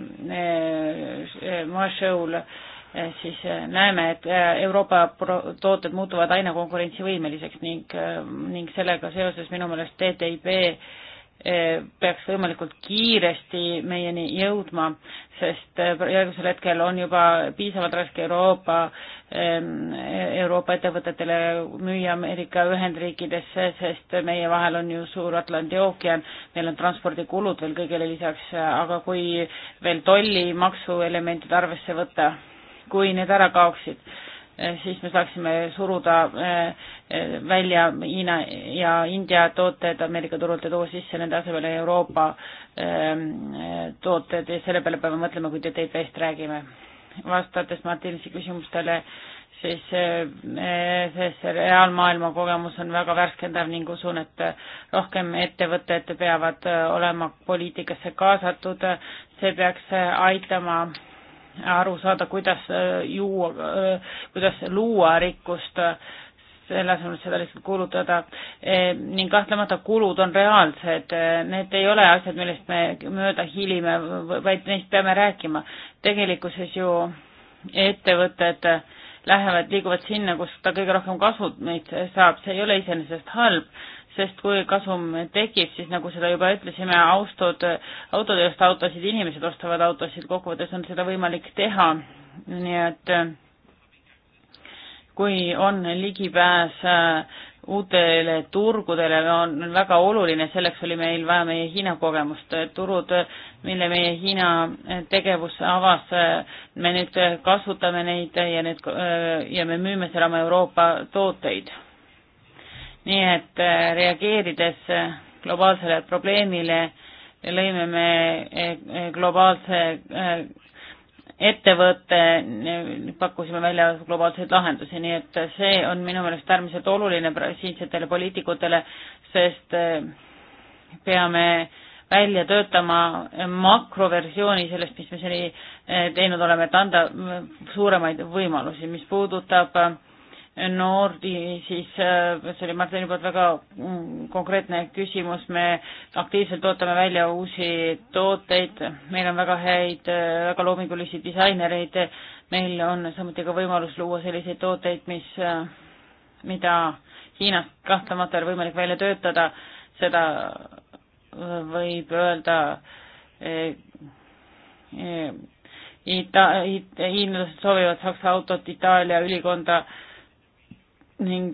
S3: moeshow'l äh, Eh, siis eh, näeme, et eh, Euroopa tooted muutuvad aina konkurentsivõimeliseks ning, ning sellega seoses minu meelest TTIP peaks võimalikult kiiresti meieni jõudma, sest praegusel hetkel on juba piisavalt raske Euroopa, Euroopa ettevõtetele müüa Ameerika Ühendriikidesse, sest meie vahel on ju suur Atlandi ookean, meil on transpordikulud veel kõigele lisaks, aga kui veel tollimaksuelementid arvesse võtta, kui need ära kaoksid, eh, siis me saaksime suruda eh, eh, välja Hiina ja India tooted Ameerika turult ja tuua sisse nende asemele Euroopa ehm, tooted ja selle peale peame mõtlema, kui TTIP-st räägime. vastates Martinisi küsimustele, siis see reaalmaailma kogemus on väga värskendav ning usun, et rohkem ettevõtted peavad olema poliitikasse kaasatud, see peaks aitama aru saada, kuidas äh, juua, äh, kuidas luua rikkust, äh, selle asemel, et seda lihtsalt kulutada ning kahtlemata kulud on reaalsed, need ei ole asjad, millest me mööda hiilime, vaid neist peame rääkima. tegelikkuses ju ettevõtted lähevad, liiguvad sinna, kus ta kõige rohkem kasu neid saab, see ei ole iseenesest halb sest kui kasum tekib, siis nagu seda juba ütlesime, austud autotööst autosid, inimesed ostavad autosid, kokkuvõttes on seda võimalik teha, nii et kui on ligipääs äh, uutele turgudele on väga oluline, selleks oli meil vaja meie Hiina kogemust, turud, mille meie Hiina tegevus avas, me nüüd kasutame neid ja need äh, ja me müüme seal oma Euroopa tooteid nii et äh, reageerides äh, globaalsele probleemile lõime me äh, globaalse ettevõtte, pakkusime välja globaalseid lahendusi, nii et see on minu meelest äärmiselt oluline siinsetele poliitikutele, sest peame välja töötama makroversiooni sellest, mis me seni teinud oleme, et anda suuremaid võimalusi, mis puudutab äh, noorti, siis äh, see oli Martini poolt väga mm, konkreetne küsimus, me aktiivselt ootame välja uusi tooteid, meil on väga häid, äh, väga loomingulisi disainereid, meil on samuti ka võimalus luua selliseid tooteid, mis, äh, mida Hiinas kahtlemata ei ole võimalik välja töötada, seda võib öelda Ita-, hiinlased soovivad Saksa autot, Itaalia ülikonda äh, ning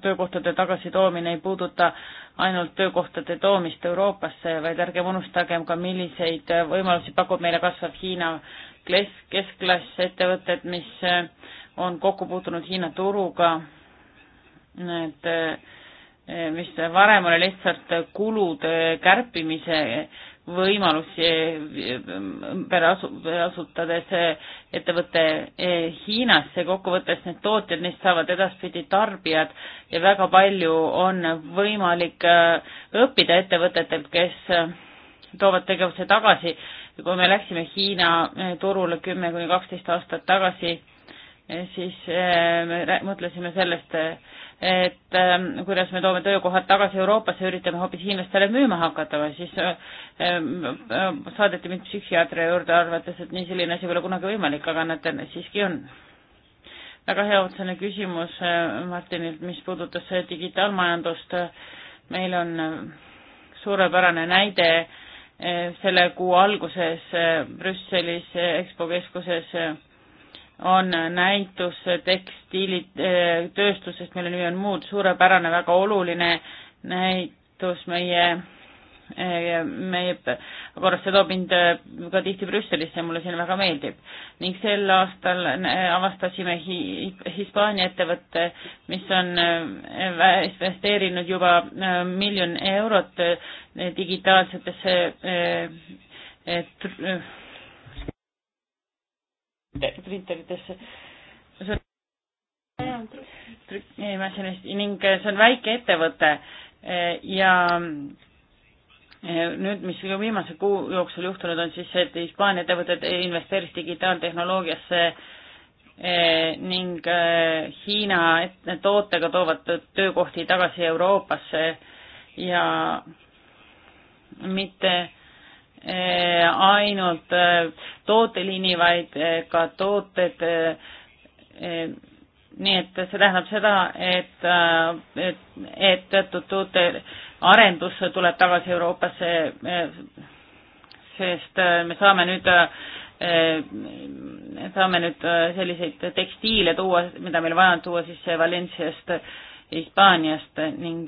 S3: töökohtade tagasitoomine ei puuduta ainult töökohtade toomist Euroopasse, vaid ärgem unustagem ka, milliseid võimalusi pakub meile kasvav Hiina keskklass, ettevõtted, mis on kokku puutunud Hiina turuga, need, mis varem oli lihtsalt kulude kärpimise võimalusi asutades eh, ettevõte eh, Hiinasse, kokkuvõttes need tootjad, neist saavad edaspidi tarbijad ja väga palju on võimalik eh, õppida ettevõtetelt, kes toovad tegevuse tagasi. kui me läksime Hiina turule kümme kuni kaksteist aastat tagasi, siis me mõtlesime sellest, et ähm, kuidas me toome töökohad tagasi Euroopasse ja üritame hoopis hiinlastele müüma hakata või siis äh, ähm, äh, saadeti mind psühhiaatri juurde, arvates, et nii selline asi pole kunagi võimalik, aga näete, siiski on. väga hea otsene küsimus äh, Martinilt, mis puudutas digitaalmajandust. meil on suurepärane näide selle kuu alguses Brüsselis EXPO keskuses on näitus tekstiilitööstusest, eh, mille nimi on Mood, suurepärane, väga oluline näitus meie eh, meie korras, see toob mind eh, ka tihti Brüsselisse, mulle siin väga meeldib. ning sel aastal avastasime hi-, Hispaania ettevõtte, mis on investeerinud juba miljon eurot digitaalsetesse printeritesse. trükimasinast ning see on väike ettevõte e, ja e, nüüd, mis viimase kuu jooksul juhtunud on, siis see, et Hispaania ettevõtted investeeris digitaaltehnoloogiasse e, ning Hiina tootega toovad töökohti tagasi Euroopasse ja mitte Eh, ainult eh, tooteliini, vaid eh, ka tooted. nii et see tähendab seda, et, et, et teatud toote arendus tuleb tagasi Euroopasse, sest me saame nüüd saame nüüd selliseid tekstiile tuua, mida meil vaja on tuua sisse Valensiast, Hispaaniast ning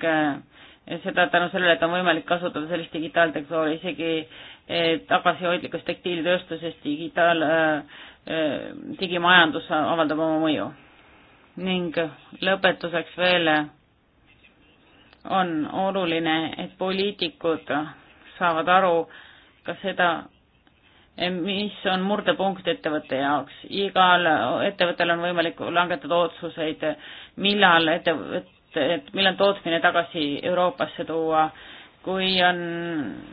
S3: seda tänu sellele, et on võimalik kasutada sellist digitaalteksooli isegi äh, E, tagasihoidlikust tekstiilitööstusest digitaal, e, e, digimajandus avaldab oma mõju. ning lõpetuseks veel on oluline, et poliitikud saavad aru ka seda, mis on murdepunkt ettevõtte jaoks. igal ettevõttel on võimalik langetada otsuseid, millal ettevõte, et millal tootmine tagasi Euroopasse tuua äh, kui on,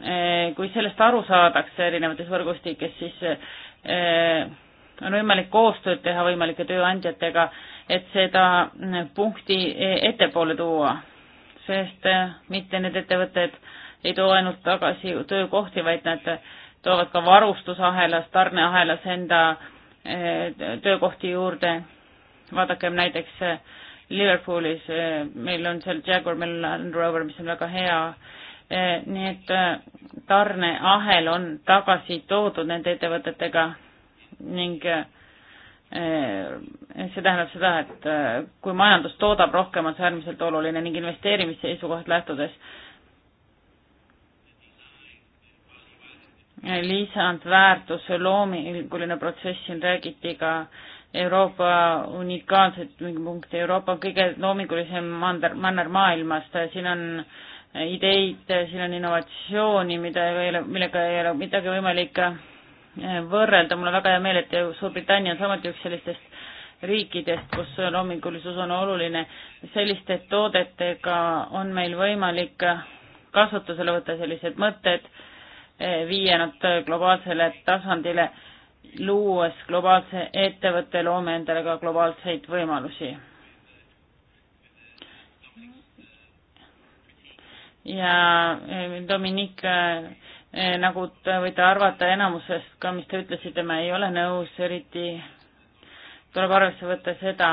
S3: eh, kui sellest aru saadakse erinevates võrgustikes, siis eh, on võimalik koostööd teha võimalike tööandjatega, et seda eh, punkti ettepoole tuua, sest mitte need ettevõtted ei too ainult tagasi töökohti, vaid nad toovad ka varustusahelas, tarneahelas enda töökohti juurde. vaadakem näiteks Liverpoolis, meil on seal Jaguar, meil on Land Rover, mis on väga hea Eh, nii et eh, tarneahel on tagasi toodud nende ettevõtetega ning eh, see tähendab seda, et kui majandus toodab rohkem, on see äärmiselt oluline ning investeerimise seisukohast lähtudes lisandväärtuse loominguline protsess, siin räägiti ka Euroopa unikaalset mingi punkti, Euroopa on kõige loomingulisem manner maailmast, siin on äh, ideid, siin on innovatsiooni, mida ei ole, millega ei ole midagi võimalik eh, võrrelda, mul on väga hea meel, et Suurbritannia on samuti üks sellistest riikidest, kus loomingulisus on oluline. selliste toodetega on meil võimalik kasutusele võtta sellised mõtted, eh, viia nad globaalsele tasandile, luues globaalse ettevõtte, loome endale ka globaalseid võimalusi ja eh, Dominik, eh, eh, nagu te võite arvata enamusest ka, mis te ütlesite, me ei ole nõus, eriti tuleb arvesse võtta seda,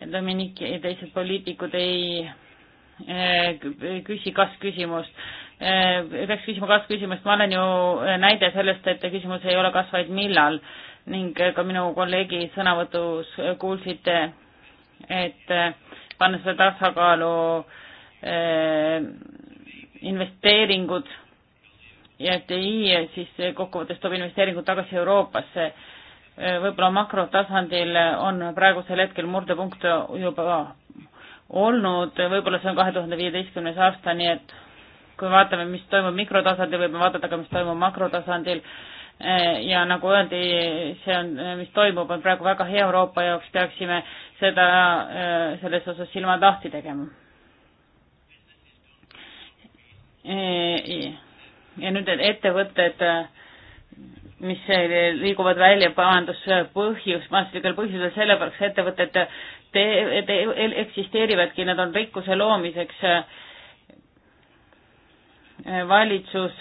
S3: et Dominik ja teised poliitikud ei küsi kas-küsimust. peaks küsima kas-küsimust, ma olen ju näide sellest, et küsimus ei ole kas, vaid millal ning ka minu kolleegi sõnavõtus kuulsite, et panna seda tasakaalu investeeringud ja et ei, siis kokkuvõttes toob investeeringud tagasi Euroopasse. võib-olla makrotasandil on praegusel hetkel murdepunkt juba olnud, võib-olla see on kahe tuhande viieteistkümnes aasta, nii et kui vaatame, mis toimub mikrotasandil, võime vaadata ka, mis toimub makrotasandil ja nagu öeldi, see on, mis toimub, on praegu väga hea Euroopa jaoks, peaksime seda, selles osas silmad lahti tegema ja nüüd need ettevõtted, mis liiguvad välja majanduspõhjus, majanduslikel põhjusel, sellepärast ettevõtted te, te, eksisteerivadki, nad on rikkuse loomiseks. valitsus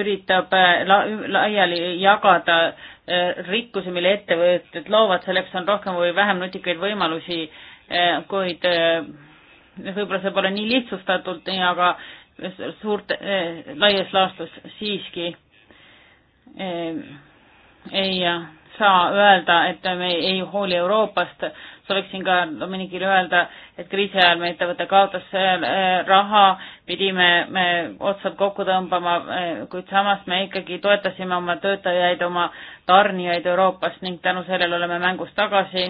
S3: üritab la, laiali jagada rikkusi, mille ettevõtted loovad, selleks on rohkem või vähem nutikaid võimalusi, kuid võib-olla see pole nii lihtsustatult, aga suurt eh,, laias laastus siiski eh, ei saa öelda, et me ei hooli Euroopast, sooviksin ka Dominikile öelda, et kriisi ajal meie ettevõte kaotas eh, raha, pidime me otsad kokku tõmbama, eh, kuid samas me ikkagi toetasime oma töötajaid, oma tarnijaid Euroopast ning tänu sellele oleme mängus tagasi,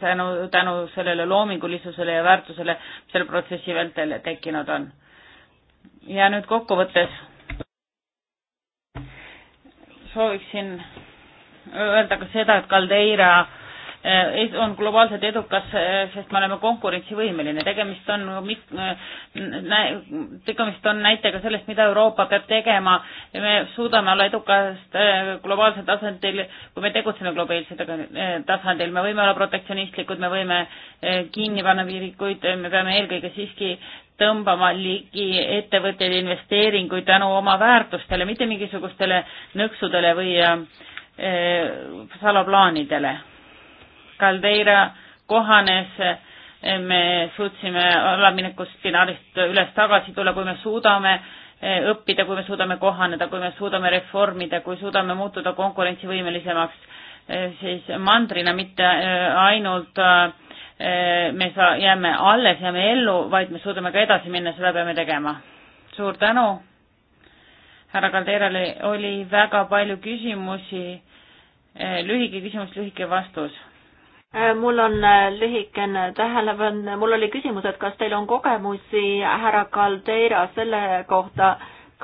S3: tänu, tänu sellele loomingulisusele ja väärtusele, mis selle protsessi vältel tekkinud on ja nüüd kokkuvõttes sooviksin öelda ka seda, et Caldeira Eh, on globaalselt edukas, eh, sest me oleme konkurentsivõimeline, tegemist on mit-, eh, tegemist on näitega sellest, mida Euroopa peab tegema ja me suudame olla edukad globaalsel tasandil, kui me tegutseme globaalsel tasandil, me võime olla protektsionistlikud, me võime kinni panna piirikuid, me peame eelkõige siiski tõmbama ligi ettevõtteid ja investeeringuid tänu oma väärtustele, mitte mingisugustele nõksudele või salaplaanidele Caldeira kohanes, me suutsime allaminekust finaalist üles tagasi tulla, kui me suudame eh, õppida, kui me suudame kohaneda, kui me suudame reformida, kui suudame muutuda konkurentsivõimelisemaks, eh, siis mandrina mitte eh, ainult me saa-, jääme alles, jääme ellu, vaid me suudame ka edasi minna, seda peame tegema. suur tänu, härra Kalderale oli väga palju küsimusi, lühike küsimus, lühike vastus Äh, mul on
S1: äh, lühikene tähelepanu, äh, mul oli küsimus, et kas teil on kogemusi, härra Caldeira, selle kohta,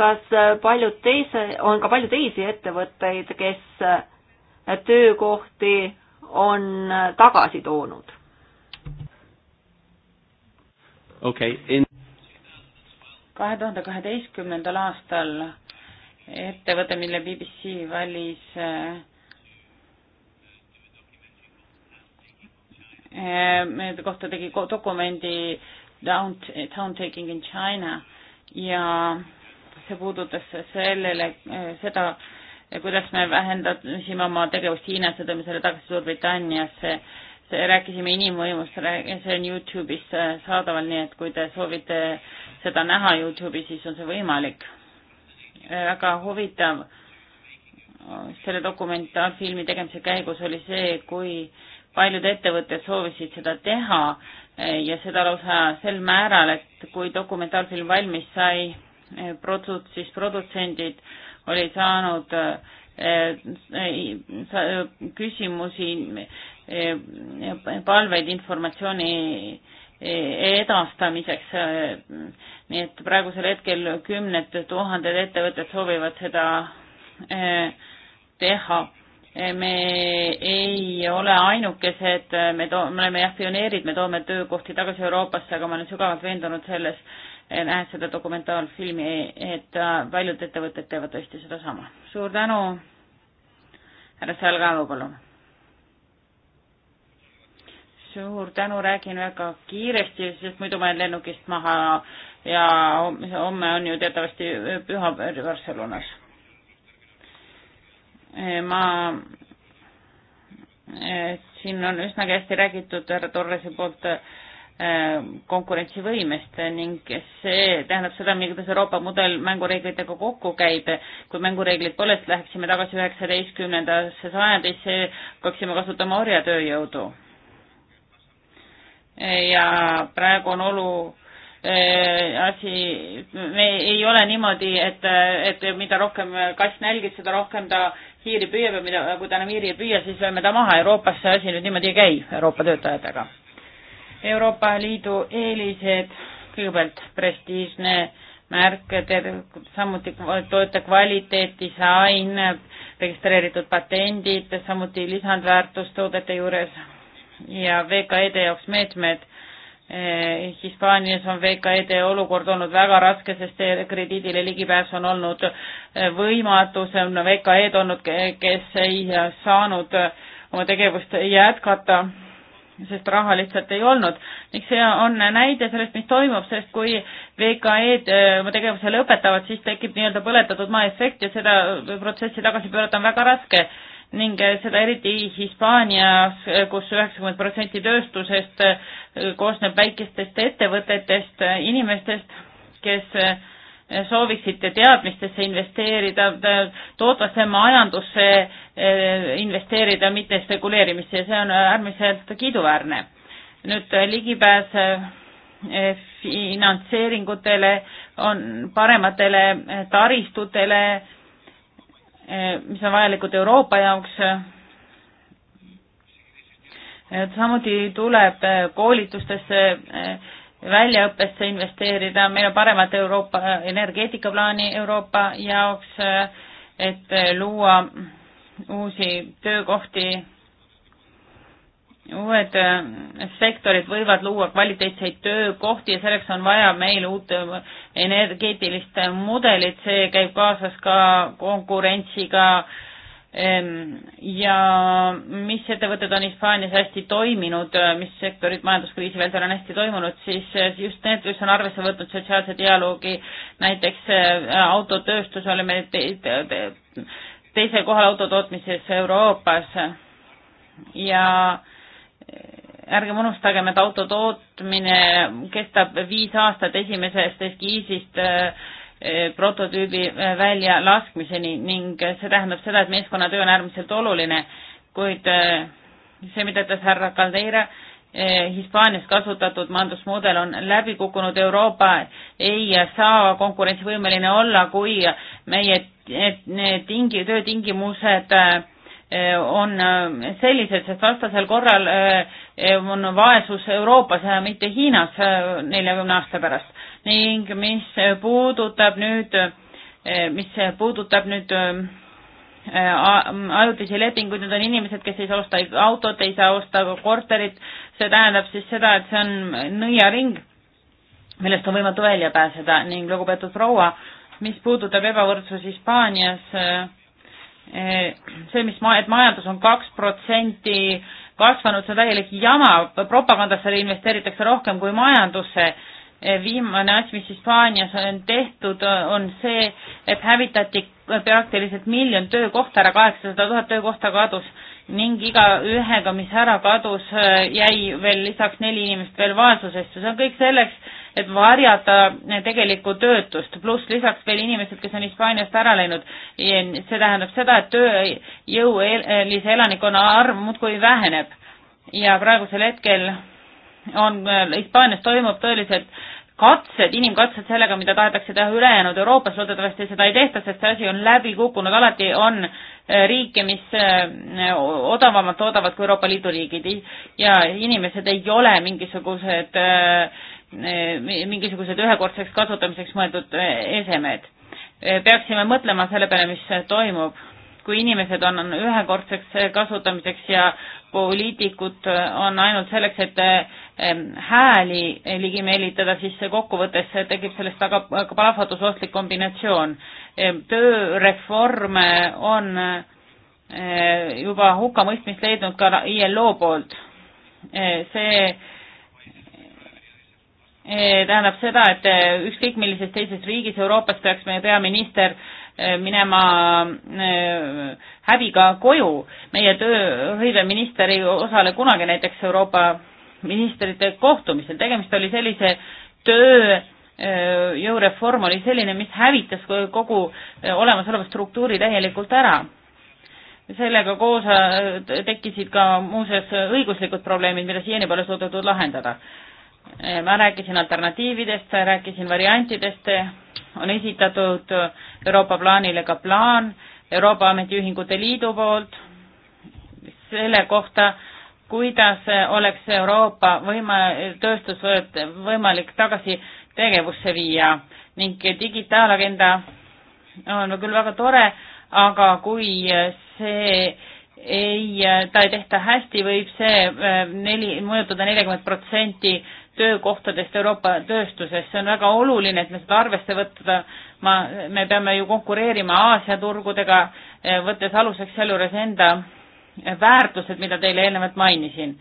S1: kas paljud teise, on ka palju teisi ettevõtteid, kes töökohti on tagasi
S3: toonud?
S2: okei okay, in....
S3: kahe tuhande kaheteistkümnendal aastal ettevõte, mille BBC valis äh, Eh, kohta tegi dokumendi Down, Down Taking in China ja see puudutas sellele, eh, seda, kuidas me vähendasime oma tegevust Hiinas ja tõime selle tagasi Suurbritanniasse. rääkisime inimvõimust, see on Youtube'is eh, saadaval, nii et kui te soovite seda näha Youtube'is, siis on see võimalik. väga huvitav selle dokumentaalfilmi tegemise käigus oli see, kui äh, paljud ettevõtted soovisid seda teha eh, ja seda lausa sel määral, et kui dokumentaalfilm valmis sai, eh, produt-, siis produtsendid olid saanud eh, küsimusi, palveid informatsiooni edastamiseks. nii et praegusel hetkel kümned tuhanded ettevõtted soovivad seda teha me ei ole ainukesed, me too-, me oleme jah, pioneerid, me toome töökohti tagasi Euroopasse, aga ma olen sügavalt veendunud selles, nähes seda dokumentaalfilmi, et paljud ettevõtted teevad tõesti sedasama. suur tänu, härra Salgalu, palun. suur tänu, räägin väga kiiresti, sest muidu ma jään lennukist maha ja homme on ju teatavasti püha Barcelonas Eh, ma, eh, siin on üsnagi hästi räägitud härra Torresi poolt eh, konkurentsivõimest ning see tähendab seda, kuidas Euroopa mudel mängureeglitega kokku käib. kui mängureeglid pole, siis läheksime tagasi üheksateistkümnendasse sajandisse, hakkaksime kasutama orjatööjõudu. ja praegu on olu asi, me ei ole niimoodi, et, et mida rohkem kass nälgib, seda rohkem ta hiiri püüab ja mida, kui ta enam hiiri ei püüa, siis lööme ta maha. Euroopas see asi nüüd niimoodi ei käi Euroopa töötajatega. Euroopa Liidu eelised, kõigepealt prestiižne märk, samuti toote kvaliteet, disain, registreeritud patendid, samuti lisandväärtus toodete juures ja VKE-de jaoks meetmed Eh, Hispaanias on VKE-de olukord olnud väga raske, sest krediidile ligipääs on olnud eh, võimatu, see on VKE-d olnud, kes ei saanud eh, oma tegevust jätkata, sest raha lihtsalt ei olnud. ning see on näide sellest, mis toimub, sest kui VKE-d oma tegevuse lõpetavad, siis tekib nii-öelda põletatud maa efekt ja seda protsessi tagasi pöörata on väga raske ning seda eriti Hispaanias kus, kus üheksakümmend protsenti tööstusest eh, koosneb väikestest ettevõtetest, inimestest, kes eh, sooviksid teadmistesse investeerida, tootvasse majandusse eh, investeerida, mitte spekuleerimisse ja see on äärmiselt kiiduväärne. nüüd ligipääs finantseeringutele on parematele taristutele mis on vajalikud Euroopa jaoks. samuti tuleb koolitustesse, väljaõppesse investeerida, meil on paremat Euroopa energeetikaplaani Euroopa jaoks, et luua uusi töökohti uued äh, sektorid võivad luua kvaliteetseid töökohti ja selleks on vaja meil uut äh, energeetilist äh, mudelit, see käib kaasas ka konkurentsiga ähm, ja mis ettevõtted on Hispaanias hästi toiminud, mis sektorid majanduskriisi vältel on hästi toimunud, siis just need, kes on arvesse võtnud sotsiaalse dialoogi, näiteks autotööstus oli meil te te te teisel kohal autotootmises Euroopas ja äh, ärgem unustagem, et auto tootmine kestab viis aastat esimesest eskiisist äh, äh, prototüübi äh, väljalaskmiseni ning see tähendab seda, et meeskonnatöö on äärmiselt oluline, kuid see, mida ütles härra Caldeira, Hispaanias kasutatud majandusmudel on läbi kukkunud, Euroopa ei saa konkurentsivõimeline olla, kui meie tingi, töötingimused äh, Äh, on äh, sellised, sest vastasel korral äh, on vaesus Euroopas ja mitte Hiinas neljakümne aasta pärast. ning mis puudutab nüüd, mis puudutab nüüd ajutisi lepinguid, need on inimesed, kes ei saa osta autot, ei saa osta korterit, see tähendab siis seda, et see on nõiaring, millest on võimatu välja pääseda ning lugupeetud proua, mis puudutab ebavõrdsust Hispaanias äh,, Eh, see, mis ma, et majandus on kaks protsenti kasvanud, see on täielik jama, propagandasse investeeritakse rohkem kui majandusse. Eh, viimane asi, mis Hispaanias on tehtud, on see, et hävitati praktiliselt miljon töökohta ära, kaheksasada tuhat töökohta kadus ning igaühega, mis ära kadus, eh, jäi veel lisaks neli inimest veel vaesusesse, see on kõik selleks, et varjata tegelikku töötust, pluss lisaks veel inimesed, kes on Hispaaniast ära läinud. see tähendab seda, et tööjõulise elanikkonna arv muudkui väheneb ja praegusel hetkel on, äh, Hispaanias toimub tõeliselt katsed, inimkatsed sellega, mida tahetakse teha ülejäänud Euroopas, loodetavasti seda ei tehta, sest see asi on läbi kukkunud, alati on äh, riike, mis äh, odavamalt toodavad kui Euroopa Liidu riigid ja inimesed ei ole mingisugused äh, Eh, mingisugused ühekordseks kasutamiseks mõeldud eh, esemed. Eh, peaksime mõtlema selle peale, mis toimub, kui inimesed on ühekordseks kasutamiseks ja poliitikud on ainult selleks, et hääli ligi meelitada, siis kokkuvõttes tekib sellest väga plahvatusohtlik kombinatsioon. tööreform on juba hukkamõistmist leidnud ka ILO poolt. see Eh, tähendab seda, et eh, ükskõik millises teises riigis Euroopas peaks meie peaminister eh, minema häbiga koju. meie tööhõiveminister ei osale kunagi näiteks Euroopa ministrite kohtumisel, tegemist oli sellise tööjõureform oli selline, mis hävitas kogu olemasoleva struktuuri täielikult ära sellega koos tekkisid ka muuseas õiguslikud probleemid, mida siiani pole suudetud lahendada. Eh, ma rääkisin alternatiividest, rääkisin variantidest, on esitatud Euroopa plaanile ka plaan Euroopa Ametiühingute Liidu poolt selle kohta, kuidas oleks Euroopa võima-, tööstus võimalik tagasi tegevusse viia ning digitaalagenda on küll väga tore, aga kui see ei, ta ei tehta hästi, võib see eh, neli, mõjutada nelikümmend protsenti töökohtadest Euroopa tööstuses, see on väga oluline, et me seda arvesse võtta, ma, me peame ju konkureerima Aasia turgudega, eh, võttes aluseks sealjuures enda väärtused, mida teile eelnevalt mainisin.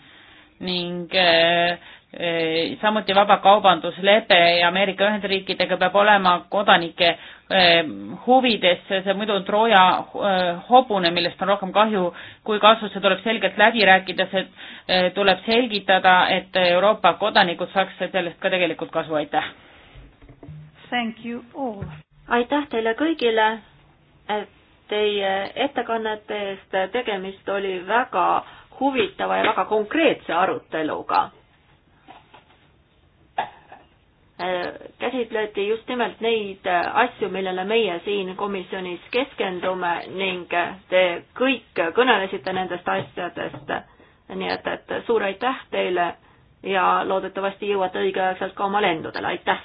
S3: ning eh, samuti vabakaubanduslepe Ameerika Ühendriikidega peab olema kodanike huvides, see muidu on Trooja hobune, millest on rohkem kahju kui kasu, see tuleb selgelt läbi rääkida, see tuleb selgitada, et Euroopa kodanikud saaks sellest ka tegelikult kasu, aitäh!
S1: aitäh teile kõigile teie ettekannete eest, tegemist oli väga huvitava ja väga konkreetse aruteluga käsitleti just nimelt neid äh, asju, millele meie siin komisjonis keskendume ning äh, te kõik kõnelesite nendest asjadest. nii et, et suur aitäh teile ja loodetavasti jõuate õigeaegselt ka oma lendudele, aitäh!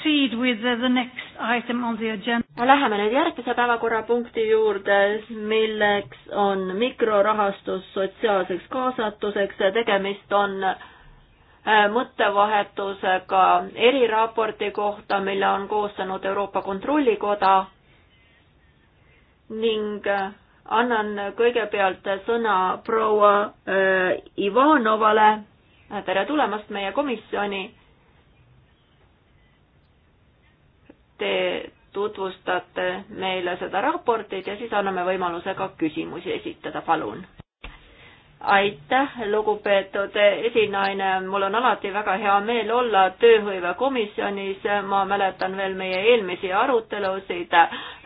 S1: Proceed with uh, the next Läheme nüüd järgmise päevakorrapunkti juurde, milleks on mikrorahastus sotsiaalseks kaasatuseks. tegemist on äh, mõttevahetusega eriraporti kohta, mille on koostanud Euroopa Kontrollikoda ning äh, annan kõigepealt sõna proua äh, Ivanovale. tere tulemast meie komisjoni te tutvustate meile seda raportit ja siis anname võimaluse ka küsimusi esitada, palun. aitäh, lugupeetud esinaine, mul on alati väga hea meel olla tööhõivekomisjonis, ma mäletan veel meie eelmisi arutelusid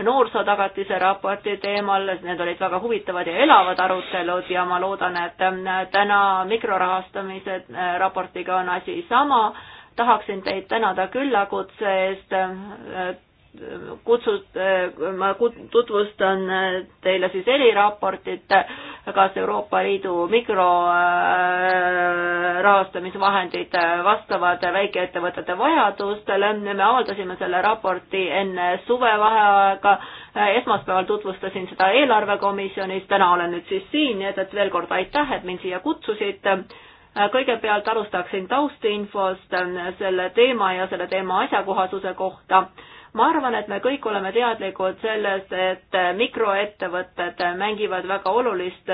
S1: noorsootagatise raporti teemal, need olid väga huvitavad ja elavad arutelud ja ma loodan, et täna mikrorahastamise raportiga on asi sama tahaksin teid tänada küllakutse eest. kutsud, ma tutvustan teile siis eriraportit, kas Euroopa Liidu mikrorahastamisvahendid vastavad väikeettevõtete vajadustele. me avaldasime selle raporti enne suvevaheaega. esmaspäeval tutvustasin seda eelarvekomisjonis, täna olen nüüd siis siin, nii et, et veel kord aitäh, et mind siia kutsusite Äh, kõigepealt alustaksin taustinfost äh, selle teema ja selle teema asjakohasuse kohta. ma arvan, et me kõik oleme teadlikud sellest, et äh, mikroettevõtted mängivad väga olulist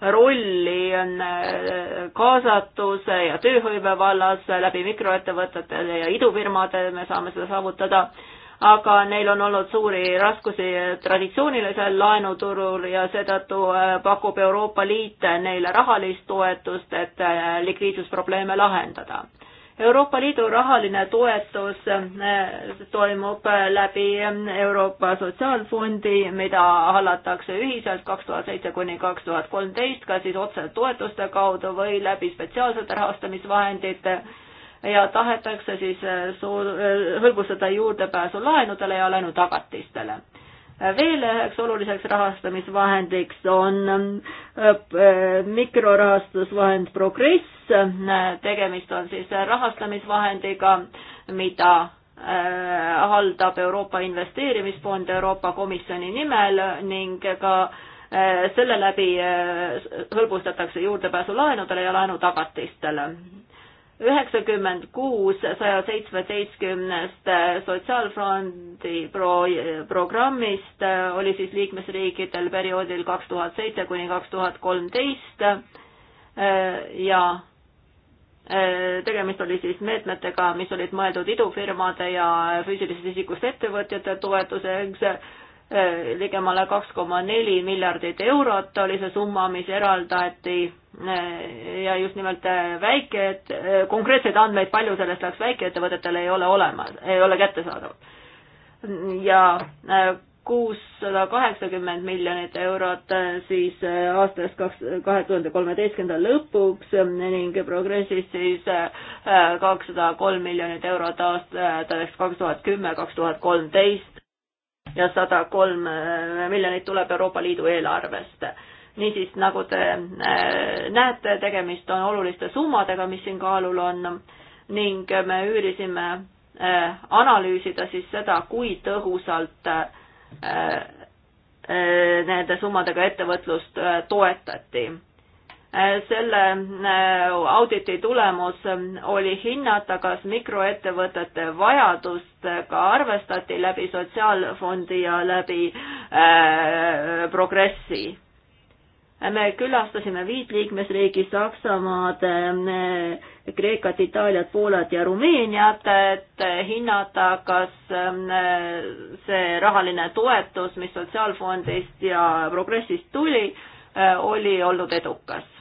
S1: rolli kaasatuse ja tööhõive vallas läbi mikroettevõtete ja idufirmade me saame seda saavutada aga neil on olnud suuri raskusi traditsioonilisel laenuturul ja seetõttu äh, pakub Euroopa Liit neile rahalist toetust, et äh, likviidsusprobleeme lahendada. Euroopa Liidu rahaline toetus äh, toimub läbi Euroopa Sotsiaalfondi, mida hallatakse ühiselt kaks tuhat seitse kuni kaks tuhat kolmteist, kas siis otse toetuste kaudu või läbi spetsiaalsete rahastamisvahendite ja tahetakse siis äh, suur, äh, hõlbustada juurdepääsu laenudele ja laenutagatistele. Äh, veel üheks oluliseks rahastamisvahendiks on mikrorahastusvahend Progress, tegemist on siis rahastamisvahendiga, mida haldab Euroopa Investeerimisfond Euroopa Komisjoni nimel ning ka selle läbi hõlbustatakse juurdepääsu laenudele ja laenutagatistele üheksakümmend kuus saja seitsmeteistkümnest Sotsiaalfondi pro-, programmist äh, oli siis liikmesriikidel perioodil kaks tuhat seitse kuni kaks tuhat kolmteist äh, ja äh, tegemist oli siis meetmetega, mis olid mõeldud idufirmade ja füüsilisest isikust ettevõtjate toetuseks Äh, ligemale kaks koma neli miljardit eurot oli see summa, mis eraldati äh, ja just nimelt äh, väike, et konkreetseid andmeid, palju sellest läks väikeettevõtetele, ei ole olemas, ei ole kättesaadavad. ja kuussada kaheksakümmend miljonit eurot siis aastast kaks, kahe tuhande kolmeteistkümnenda lõpuks ning progressis siis kakssada kolm miljonit eurot aastateks kaks tuhat kümme, kaks tuhat kolmteist ja sada kolm eh, miljonit tuleb Euroopa Liidu eelarvest. niisiis, nagu te eh, näete, tegemist on oluliste summadega, mis siin kaalul on ning me üürisime eh, analüüsida siis seda, kui tõhusalt nende summadega ettevõtlust toetati selle äh, auditi tulemus oli hinnata, kas mikroettevõtete vajadustega arvestati läbi sotsiaalfondi ja läbi äh, progressi me külastasime viit liikmesriigi, Saksamaad, äh, Kreekat, Itaaliat, Poolat ja Rumeeniat, et hinnata, kas äh, see rahaline toetus, mis Sotsiaalfondist ja Progressist tuli, oli olnud edukas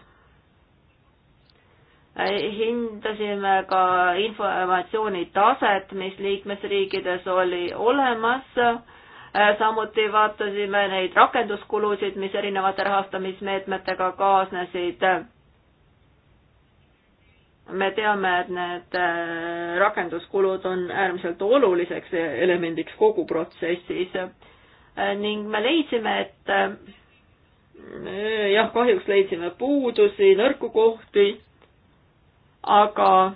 S1: hindasime ka informatsiooni taset, mis liikmesriikides oli olemas, samuti vaatasime neid rakenduskulusid, mis erinevate rahastamismeetmetega kaasnesid. me teame, et need äh, rakenduskulud on äärmiselt oluliseks elemendiks kogu protsessis äh, ning me leidsime, et äh, jah, kahjuks leidsime puudusi, nõrku kohti aga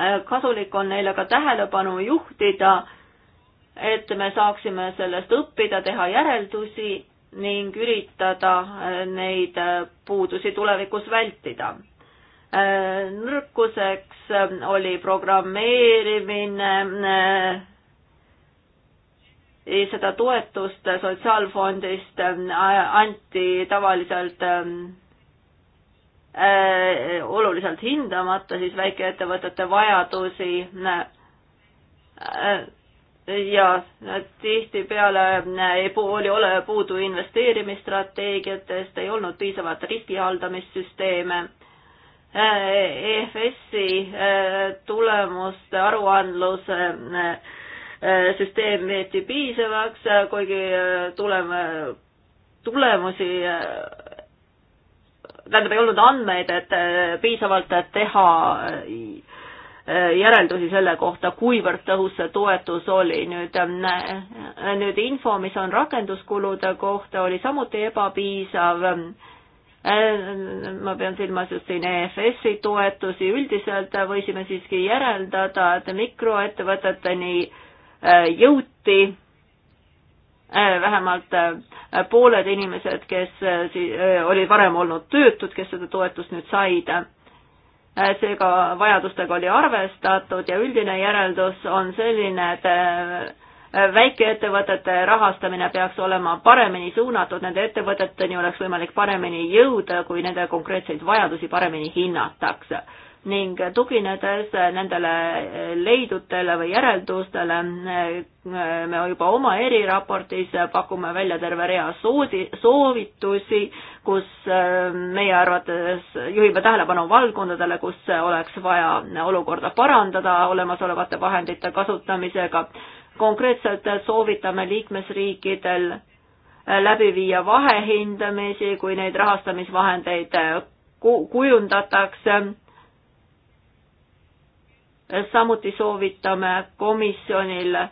S1: äh, kasulik on neile ka tähelepanu juhtida, et me saaksime sellest õppida, teha järeldusi ning üritada äh, neid äh, puudusi tulevikus vältida. nõrkuseks oli programmeerimine, seda toetust sotsiaalfondist anti tavaliselt Äh, oluliselt hindamata siis väikeettevõtete vajadusi äh, ja tihtipeale äh, ei pooli ole puudu investeerimisstrateegiatest, ei olnud piisavat riskihaldamissüsteeme. EFS-i tulemuste aruandluse süsteem peeti piisavaks, kuigi tulem-, tulemusi tähendab, ei olnud andmeid, et äh, piisavalt teha äh, järeldusi selle kohta, kuivõrd tõhus see toetus oli. nüüd, äh, nüüd info, mis on rakenduskulude kohta, oli samuti ebapiisav. ma pean silmas just siin EFS-i toetusi, üldiselt võisime siiski järeldada, et mikroettevõteteni jõuti Äh, vähemalt äh, pooled inimesed, kes äh, olid varem olnud töötud, kes seda toetust nüüd said. seega vajadustega oli arvestatud ja üldine järeldus on selline, et väikeettevõtete rahastamine peaks olema paremini suunatud, nende ettevõteteni oleks võimalik paremini jõuda, kui nende konkreetseid vajadusi paremini hinnatakse ning tuginedes nendele leidutele või järeldustele me juba oma eriraportis pakume välja terve rea soodi, soovitusi, kus äh, meie arvates juhime tähelepanu valdkondadele, kus oleks vaja olukorda parandada olemasolevate vahendite kasutamisega. konkreetselt soovitame liikmesriikidel läbi viia vahehindamisi, kui neid rahastamisvahendeid kujundatakse samuti soovitame komisjonil eh,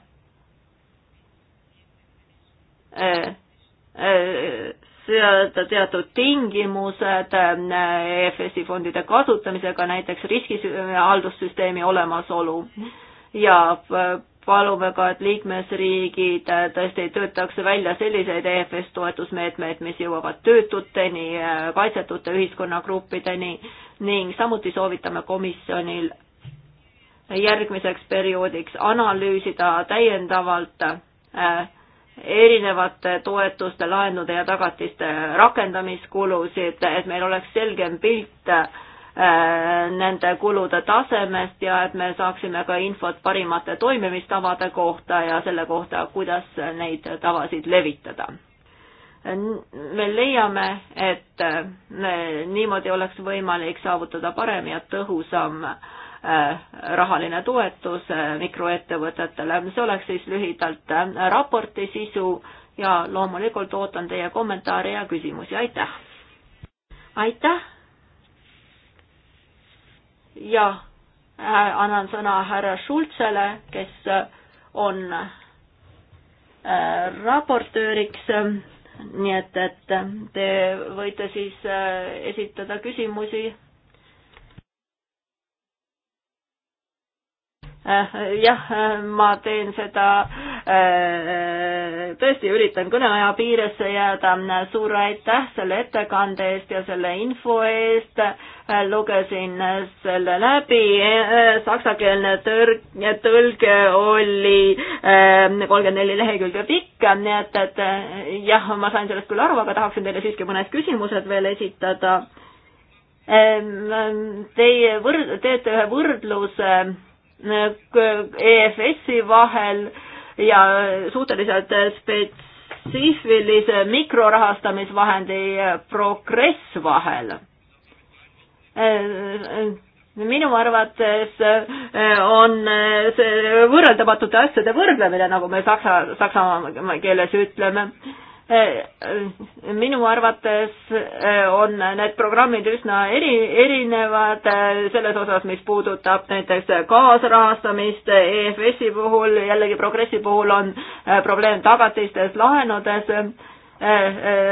S1: eh, seada teatud tingimused EFSi eh, fondide kasutamisega, näiteks riskihaldussüsteemi olemasolu ja palume ka, et liikmesriigid tõesti töötaks välja selliseid EFS toetusmeetmeid, mis jõuavad töötuteni, kaitsetute ühiskonnagruppideni ning samuti soovitame komisjonil järgmiseks perioodiks analüüsida täiendavalt äh, erinevate toetuste, laenude ja tagatiste rakendamiskulusid, et meil oleks selgem pilt äh, nende kulude tasemest ja et me saaksime ka infot parimate toimimistavade kohta ja selle kohta, kuidas neid tavasid levitada. me leiame, et äh, niimoodi oleks võimalik saavutada parem ja tõhusam äh, Äh, rahaline toetus äh, mikroettevõtetele. see oleks siis lühidalt äh, raporti sisu ja loomulikult ootan teie kommentaare ja küsimusi, aitäh! aitäh! ja annan sõna härra Schultzele, kes on raportööriks, nii et, et te võite siis esitada küsimusi Äh, jah, äh, ma teen seda, äh, tõesti üritan kõneaja piiresse jääda, suur aitäh selle ettekande eest ja selle info eest, lugesin selle läbi, saksakeelne tõrg, tõlge oli kolmkümmend neli lehekülge pikk, nii et, et jah, ma sain sellest küll aru, aga tahaksin teile siiski mõned küsimused veel esitada. Teie võrd-, teete ühe võrdluse EFS-i vahel ja suhteliselt spetsiifilise mikrorahastamisvahendi progress vahel minu arvates on see võrreldamatute asjade võrdlemine, nagu me saksa, saksa keeles ütleme. Äh, äh, minu arvates äh, on need programmid üsna eri, erinevad selles osas, mis puudutab näiteks kaasrahastamist EFS-i puhul, jällegi Progressi puhul on probleem tagatistes laenudes.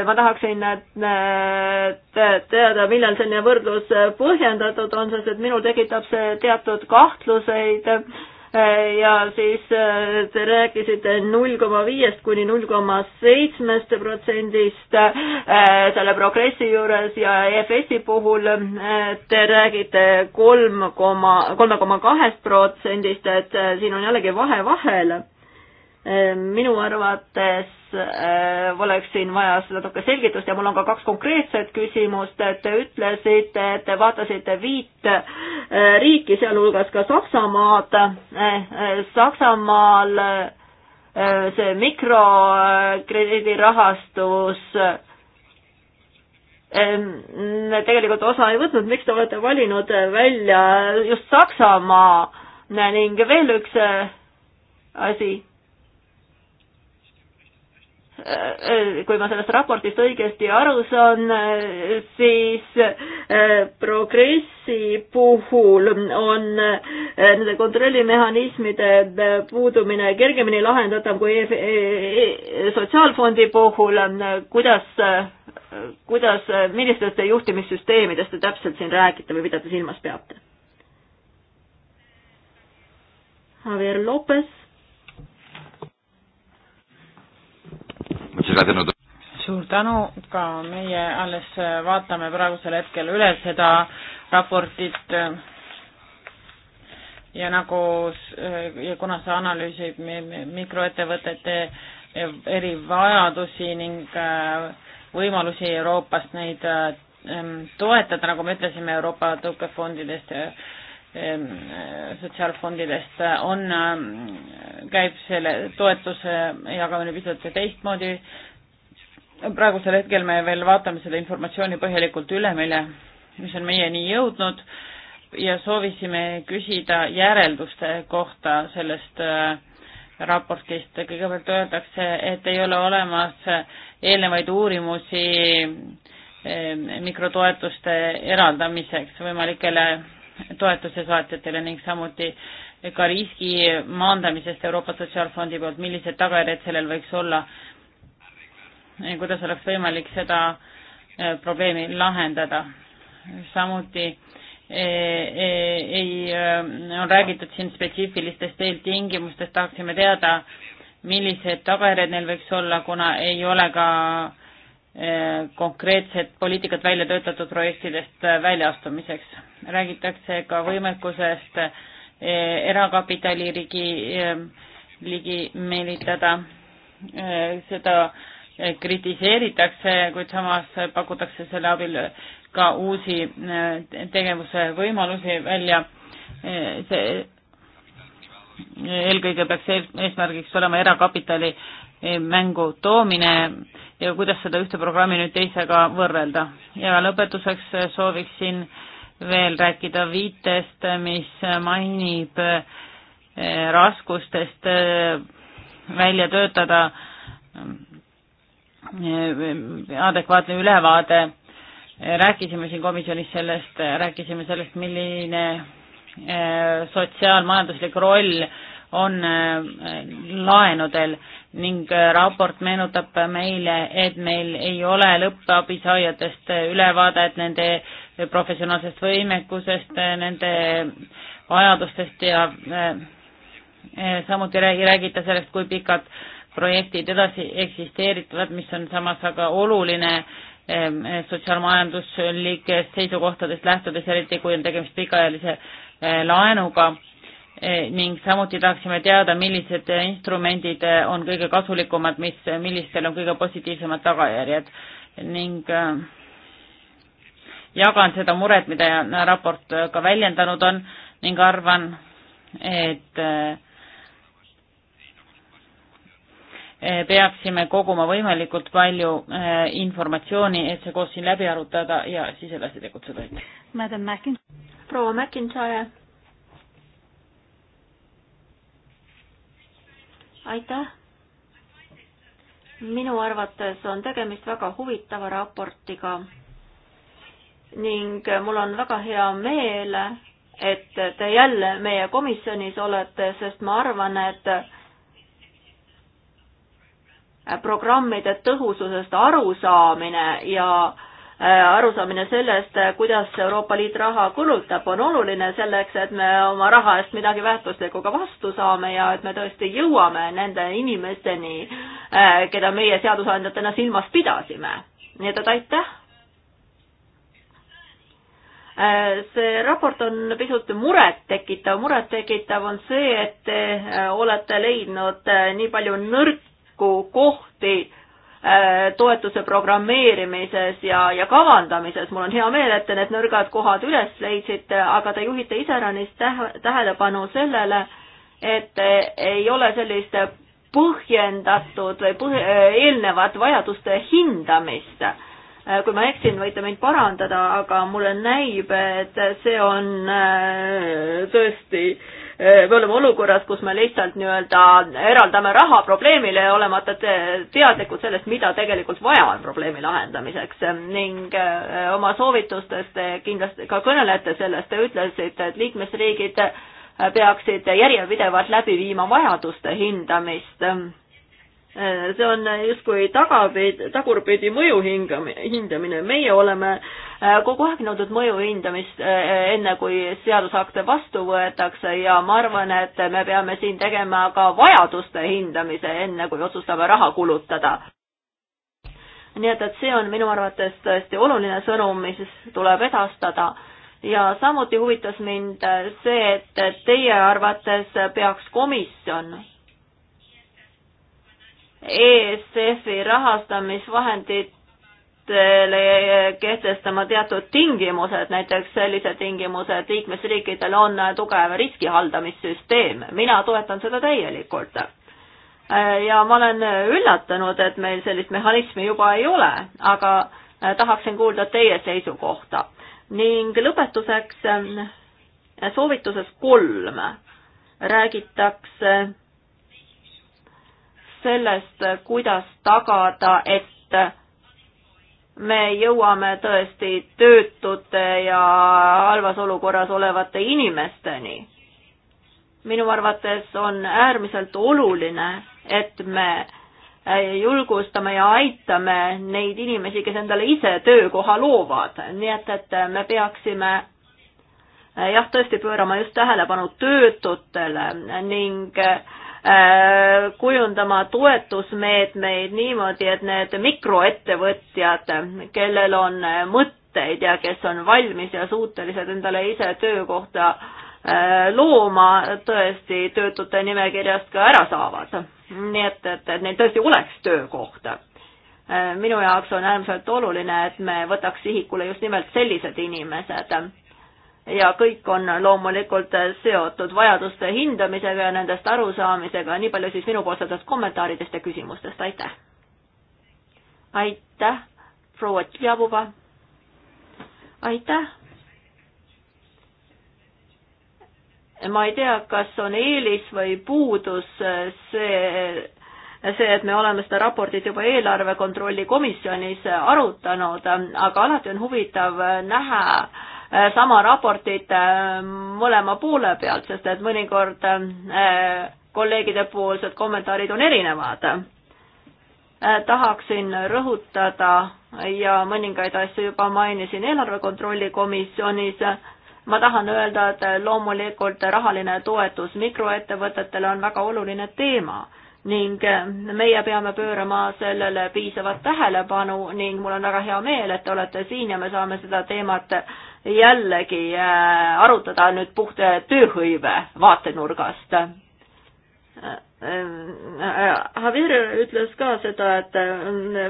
S1: ma tahaksin teada, millal selline võrdlus põhjendatud on, sest et minul tekitab see teatud kahtluseid ja siis äh, te rääkisite null koma viiest kuni null koma seitsmest protsendist äh, selle progressi juures ja EFS-i puhul äh, te räägite kolm koma, kolme koma kahest protsendist, et siin on jällegi vahe vahel. minu arvates Äh, oleks siin vaja natuke selgitust ja mul on ka kaks konkreetset küsimust. Te ütlesite, et te vaatasite viit äh, riiki, sealhulgas ka Saksamaad. Äh, Saksamaal see mikrokrediidirahastus ähm, tegelikult osa ei võtnud, miks te olete valinud välja just Saksamaa ning veel üks asi Äh, äh, kui ma sellest raportist õigesti aru saan, äh, siis progressi puhul on nende kontrollimehhanismide puudumine kergemini lahendatav kui e- e- e- sotsiaalfondi puhul, kuidas, kuidas, millistest juhtimissüsteemidest te täpselt siin räägite või mida te silmas peate?
S3: Javier Lopez suur tänu ka meie alles vaatame praegusel hetkel üle seda raportit ja nagu ja kuna see analüüsib mikroettevõtete erivajadusi ning äh, võimalusi Euroopast neid äh, toetada, nagu me ütlesime Euroopa tõukefondidest sotsiaalfondidest äh, on, ähm, käib selle toetuse jagamine pisut teistmoodi. praegusel hetkel me veel vaatame seda informatsiooni põhjalikult üle, mille, mis on meieni jõudnud ja soovisime küsida järelduste kohta sellest äh, raportist. kõigepealt öeldakse, et ei ole olemas eelnevaid uurimusi mikrotoetuste eraldamiseks võimalikele toetuse saatjatele ning samuti ka riski maandamisest Euroopa Sotsiaalfondi poolt, millised tagajärjed sellel võiks olla, kuidas oleks võimalik seda eh, probleemi lahendada. samuti eh, eh, ei, on räägitud siin spetsiifilistest eeltingimustest, tahaksime teada, millised tagajärjed neil võiks olla, kuna ei ole ka äh, konkreetset poliitikat välja töötatud projektidest väljaastumiseks. räägitakse ka võimekusest e, erakapitali ligi, e, ligi meelitada, e, seda kritiseeritakse, kuid samas pakutakse selle abil ka uusi tegevuse võimalusi välja. see eelkõige peaks eesmärgiks olema erakapitali mängu toomine ja kuidas seda ühte programmi nüüd teisega võrrelda. ja lõpetuseks sooviksin veel rääkida viitest, mis mainib eh, raskustest eh, välja töötada eh, adekvaatne ülevaade. rääkisime siin komisjonis sellest, rääkisime sellest, milline sotsiaalmajanduslik roll on äh, laenudel ning äh, raport meenutab meile, et meil ei ole lõppabi saajatest äh, ülevaadet nende professionaalsest võimekusest, nende vajadustest ja samuti ei räägita sellest, kui pikad projektid edasi eksisteerivad, mis on samas aga oluline ähm, sotsiaalmajanduslikest seisukohtadest lähtudes, eriti kui on tegemist pikaajalise laenuga Eh, ning samuti tahaksime teada, millised eh, instrumendid eh, on kõige kasulikumad, mis, millistel on kõige positiivsemad tagajärjed ning jagan seda muret, mida äh, raport ka väljendanud on ning arvan, et peaksime koguma võimalikult palju informatsiooni, et see koos siin läbi arutada ja siis edasi tegutseda.
S1: proua McIntyre aitäh! minu arvates on tegemist väga huvitava raportiga ning mul on väga hea meel, et te jälle meie komisjonis olete, sest ma arvan, et programmide tõhususest arusaamine ja äh, Äh, arusaamine sellest, äh, kuidas Euroopa Liit raha kulutab, on oluline selleks, et me oma raha eest midagi väärtuslikku ka vastu saame ja et me tõesti jõuame nende inimesteni, äh, keda meie seadusandjatena silmas pidasime. nii et, et aitäh! see raport on pisut murettekitav, murettekitav on see, et te olete leidnud nii palju nõrku kohti Äh, toetuse programmeerimises ja, ja kavandamises. mul on hea meel, et te need nõrgad kohad üles leidsite, aga te juhite iseäranis tähe, tähelepanu sellele, et ei ole sellist põhjendatud või põh äh, eelnevat vajaduste hindamist. Äh, kui ma eksin, võite mind parandada, aga mulle näib, et see on tõesti äh, Eh, me oleme olukorras, kus me lihtsalt nii-öelda eraldame raha probleemile ja olemata te teadlikud sellest, mida tegelikult vaja on probleemi lahendamiseks ning eh, oma soovitustes te kindlasti ka kõnelete sellest, te ütlesite, et liikmesriigid eh, peaksid järjepidevalt läbi viima vajaduste hindamist see on justkui tagapidi, tagurpidi mõju hingam-, hindamine, meie oleme äh, kogu aeg nõudnud mõju hindamist äh, enne, kui seadusakte vastu võetakse ja ma arvan, et me peame siin tegema ka vajaduste hindamise, enne kui otsustame raha kulutada. nii et, et see on minu arvates tõesti oluline sõnum, mis tuleb edastada ja samuti huvitas mind äh, see, et teie arvates peaks komisjon ESF-i rahastamisvahendit liikmesriikidele kehtestama teatud tingimused, näiteks sellised tingimused, liikmesriikidel on tugev riskihaldamissüsteem, mina toetan seda täielikult. ja ma olen üllatunud, et meil sellist mehhanismi juba ei ole, aga tahaksin kuulda teie seisukohta. ning lõpetuseks soovituses kolm räägitakse sellest, kuidas tagada, et me jõuame tõesti töötute ja halvas olukorras olevate inimesteni. minu arvates on äärmiselt oluline, et me julgustame ja aitame neid inimesi, kes endale ise töökoha loovad, nii et, et me peaksime jah, tõesti pöörama just tähelepanu töötutele ning äh, Äh, kujundama toetusmeetmeid niimoodi, et need mikroettevõtjad, kellel on äh, mõtteid ja kes on valmis ja suutelised endale ise töökohta äh, looma, tõesti töötute nimekirjast ka ära saavad. nii et, et, et neil tõesti oleks töökohta. minu jaoks on äärmiselt oluline, et me võtaks sihikule just nimelt sellised inimesed ja kõik on loomulikult seotud vajaduste hindamisega ja nendest arusaamisega, nii palju siis minupoolsetest kommentaaridest ja küsimustest, aitäh! aitäh, proua Tšljabova! aitäh! ma ei tea, kas on eelis või puudus see see, et me oleme seda raportit juba eelarve kontrolli komisjonis arutanud, aga alati on huvitav näha, Äh, sama raportit äh, mõlema poole pealt, sest et mõnikord äh, kolleegide poolsed kommentaarid on erinevad. tahaksin rõhutada ja mõningaid asju juba mainisin eelarve kontrolli komisjonis, ma tahan öelda, et loomulikult rahaline toetus mikroettevõtetele on väga oluline teema ning meie peame pöörama sellele piisavat tähelepanu ning mul on väga hea meel, et te olete siin ja me saame seda teemat jällegi äh, arutada nüüd puht tööhõive vaatenurgast. Äh, äh, Javier ütles ka seda, et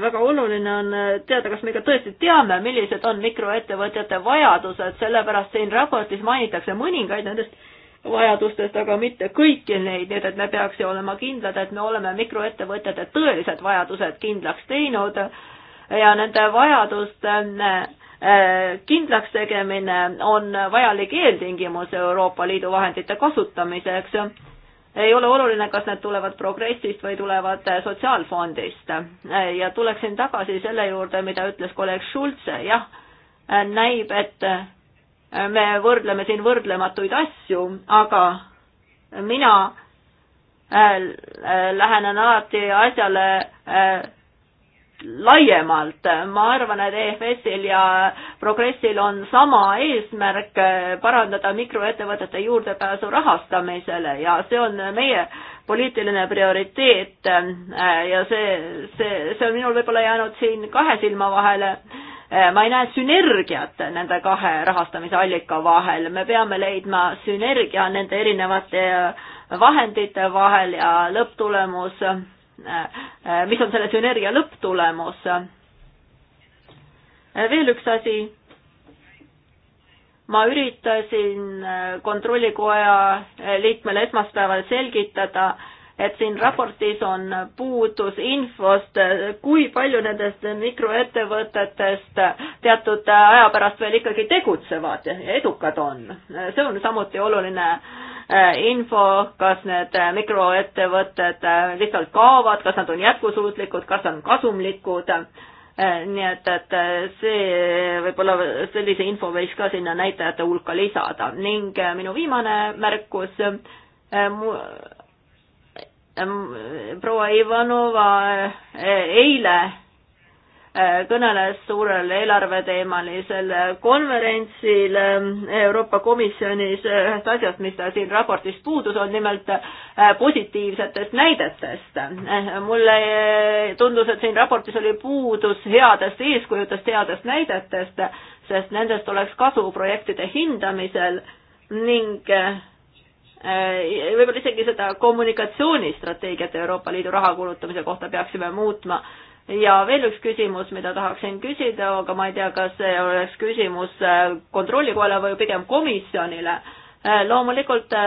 S1: väga oluline on teada, kas me ikka tõesti teame, millised on mikroettevõtjate vajadused, sellepärast siin raportis mainitakse mõningaid nendest vajadustest, aga mitte kõiki neid, nii et me peaks ju olema kindlad, et me oleme mikroettevõtjate tõelised vajadused kindlaks teinud ja nende vajaduste äh, Äh, kindlaks tegemine on vajalik eeltingimus Euroopa Liidu vahendite kasutamiseks. ei ole oluline, kas need tulevad progressist või tulevad sotsiaalfondist. Äh, ja tuleksin tagasi selle juurde, mida ütles kolleeg Schulze, jah, äh, näib, et me võrdleme siin võrdlematuid asju, aga mina lähenen alati asjale laiemalt, ma arvan, et EFS-il ja Progressil on sama eesmärk parandada mikroettevõtete juurdepääsu rahastamisele ja see on meie poliitiline prioriteet ja see, see, see on minul võib-olla jäänud siin kahe silma vahele. ma ei näe sünergiat nende kahe rahastamisallika vahel, me peame leidma sünergia nende erinevate vahendite vahel ja lõpptulemus Äh, äh, mis on selle sünergia lõpptulemus. Äh, veel üks asi. ma üritasin kontrollikoja liikmele esmaspäeval selgitada, et siin raportis on puudus infost, kui palju nendest mikroettevõtetest teatud aja pärast veel ikkagi tegutsevad ja edukad on. see on samuti oluline Äh, info, kas need äh, mikroettevõtted äh, lihtsalt kaovad, kas nad on jätkusuutlikud, kas on kasumlikud. nii et, et see võib-olla sellise info võiks ka sinna näitajate hulka lisada ning minu viimane märkus mu, proua Ivanova eile Äh, kõneles suurel eelarveteemalisel konverentsil äh, Euroopa Komisjonis äh, ühest asjast, mis ta siin raportis puudus, on nimelt positiivsetest näidetest. mulle tundus, et siin raportis oli puudus headest eeskujudest, headest näidetest, sest nendest oleks kasu projektide hindamisel ning võib-olla isegi seda kommunikatsioonistrateegiat Euroopa Liidu raha kulutamise kohta peaksime muutma ja veel üks küsimus, mida tahaksin küsida, aga ma ei tea, kas see oleks küsimus äh, kontrollikojale või pigem komisjonile. Äh, loomulikult äh,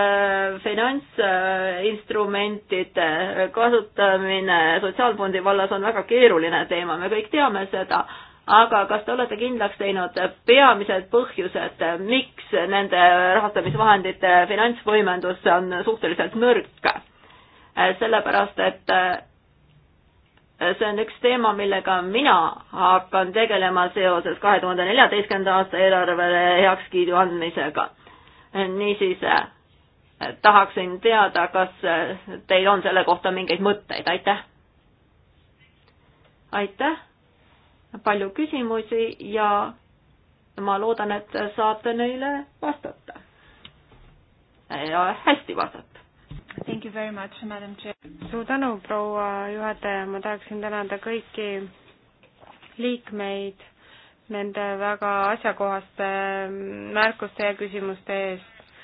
S1: finantsinstrumentide kasutamine sotsiaalfondi vallas on väga keeruline teema, me kõik teame seda, aga kas te olete kindlaks teinud peamised põhjused, miks nende rahastamisvahendite finantsvõimendus on suhteliselt nõrk? sellepärast, et see on üks teema, millega mina hakkan tegelema seoses kahe tuhande neljateistkümnenda aasta eelarvele heakskiidu andmisega. niisiis eh, tahaksin teada, kas eh, teil on selle kohta mingeid mõtteid, aitäh! aitäh, palju küsimusi ja ma loodan,
S2: et saate neile vastata.
S1: ja hästi vastata.
S2: Thank you very much, madam chair. suur tänu, proua juhataja, ma tahaksin tänada kõiki liikmeid nende väga asjakohaste mm, märkuste ja küsimuste eest.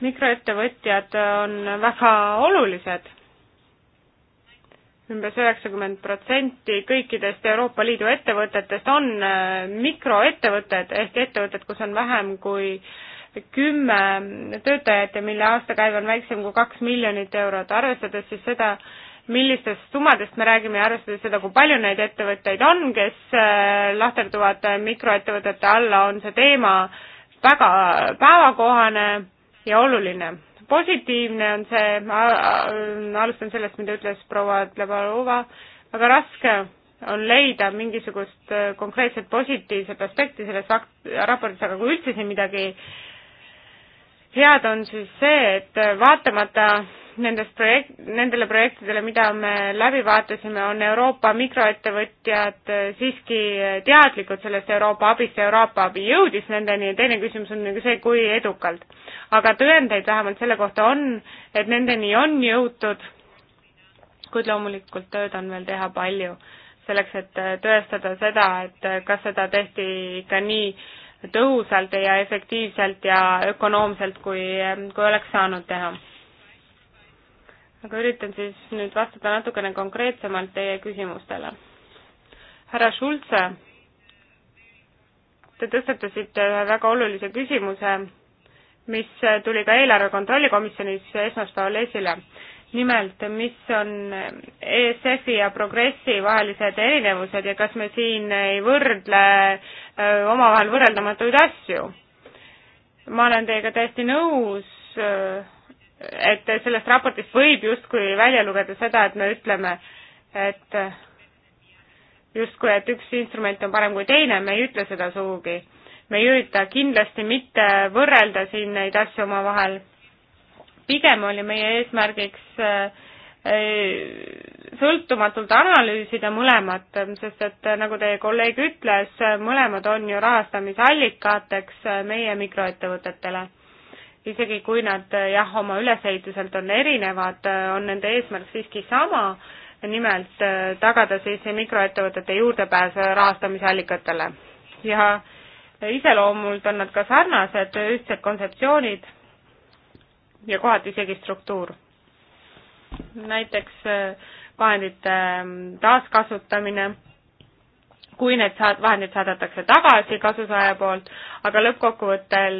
S2: mikroettevõtjad on väga olulised umbes üheksakümmend protsenti kõikidest Euroopa Liidu ettevõtetest on äh, mikroettevõtted ehk ettevõtted, kus on vähem kui kümme töötajat ja mille aastakäive on väiksem kui kaks miljonit eurot, arvestades siis seda, millistest summadest me räägime ja arvestades seda, kui palju neid ettevõtteid on, kes äh, lahterduvad äh, mikroettevõtete alla, on see teema väga päevakohane ja oluline. positiivne on see, ma äh, alustan sellest, mida ütles proua Tlebalova, väga raske on leida mingisugust konkreetset positiivset aspekti selles raportis, aga kui üldse siin midagi äh, head on siis see, et vaatamata nendest projekt-, nendele projektidele, mida me läbi vaatasime, on Euroopa mikroettevõtjad siiski teadlikud sellest Euroopa abist ja Euroopa abi jõudis nendeni ja teine küsimus on nagu see, kui edukalt. aga tõendeid vähemalt selle kohta on, et nendeni on jõutud, kuid loomulikult tööd on veel teha palju selleks, et tõestada seda, et kas seda tehti ikka nii, tõhusalt ja efektiivselt ja ökonoomselt, kui, kui oleks saanud teha. aga üritan siis nüüd vastata natukene konkreetsemalt teie küsimustele. härra Schulze, te tõstatasite ühe väga olulise küsimuse, mis tuli ka eelarve kontrolli komisjonis esmaspäeval esile nimelt, mis on ESF-i ja Progressi vahelised erinevused ja kas me siin ei võrdle äh, omavahel võrreldamatuid asju. ma olen teiega täiesti nõus, äh, et sellest raportist võib justkui välja lugeda seda, et me ütleme, et justkui, et üks instrument on parem kui teine, me ei ütle seda sugugi. me ei ürita kindlasti mitte võrrelda siin neid asju omavahel pigem oli meie eesmärgiks äh, äh, sõltumatult analüüsida mõlemat, sest et äh, nagu teie kolleeg ütles, mõlemad on ju rahastamisallikateks meie mikroettevõtetele. isegi kui nad jah, oma ülesehituselt on erinevad, on nende eesmärk siiski sama, nimelt tagada siis mikroettevõtete juurdepääs rahastamisallikatele. ja iseloomult on nad ka sarnased, ühtsed kontseptsioonid ja kohati isegi struktuur. näiteks äh, vahendite ähm, taaskasutamine, kui need saad-, vahendid saadetakse tagasi kasusaaja poolt, aga lõppkokkuvõttel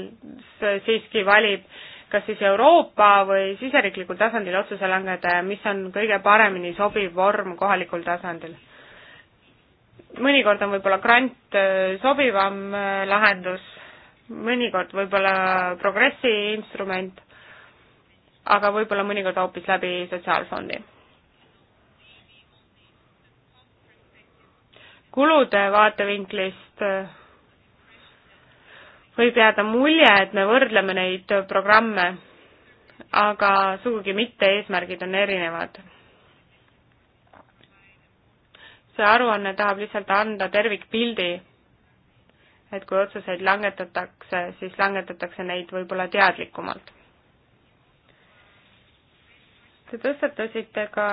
S2: siiski valib kas siis Euroopa või siseriiklikul tasandil otsuse langetaja, mis on kõige paremini sobiv vorm kohalikul tasandil mõnikord on võib-olla grant äh, sobivam äh, lahendus, mõnikord võib-olla progressi instrument, aga võib-olla mõnikord hoopis läbi sotsiaalfondi. kulude vaatevinklist äh, võib jääda mulje, et me võrdleme neid programme, aga sugugi mitte eesmärgid on erinevad see aruanne tahab lihtsalt anda tervikpildi, et kui otsuseid langetatakse, siis langetatakse neid võib-olla teadlikumalt. Te tõstatasite ka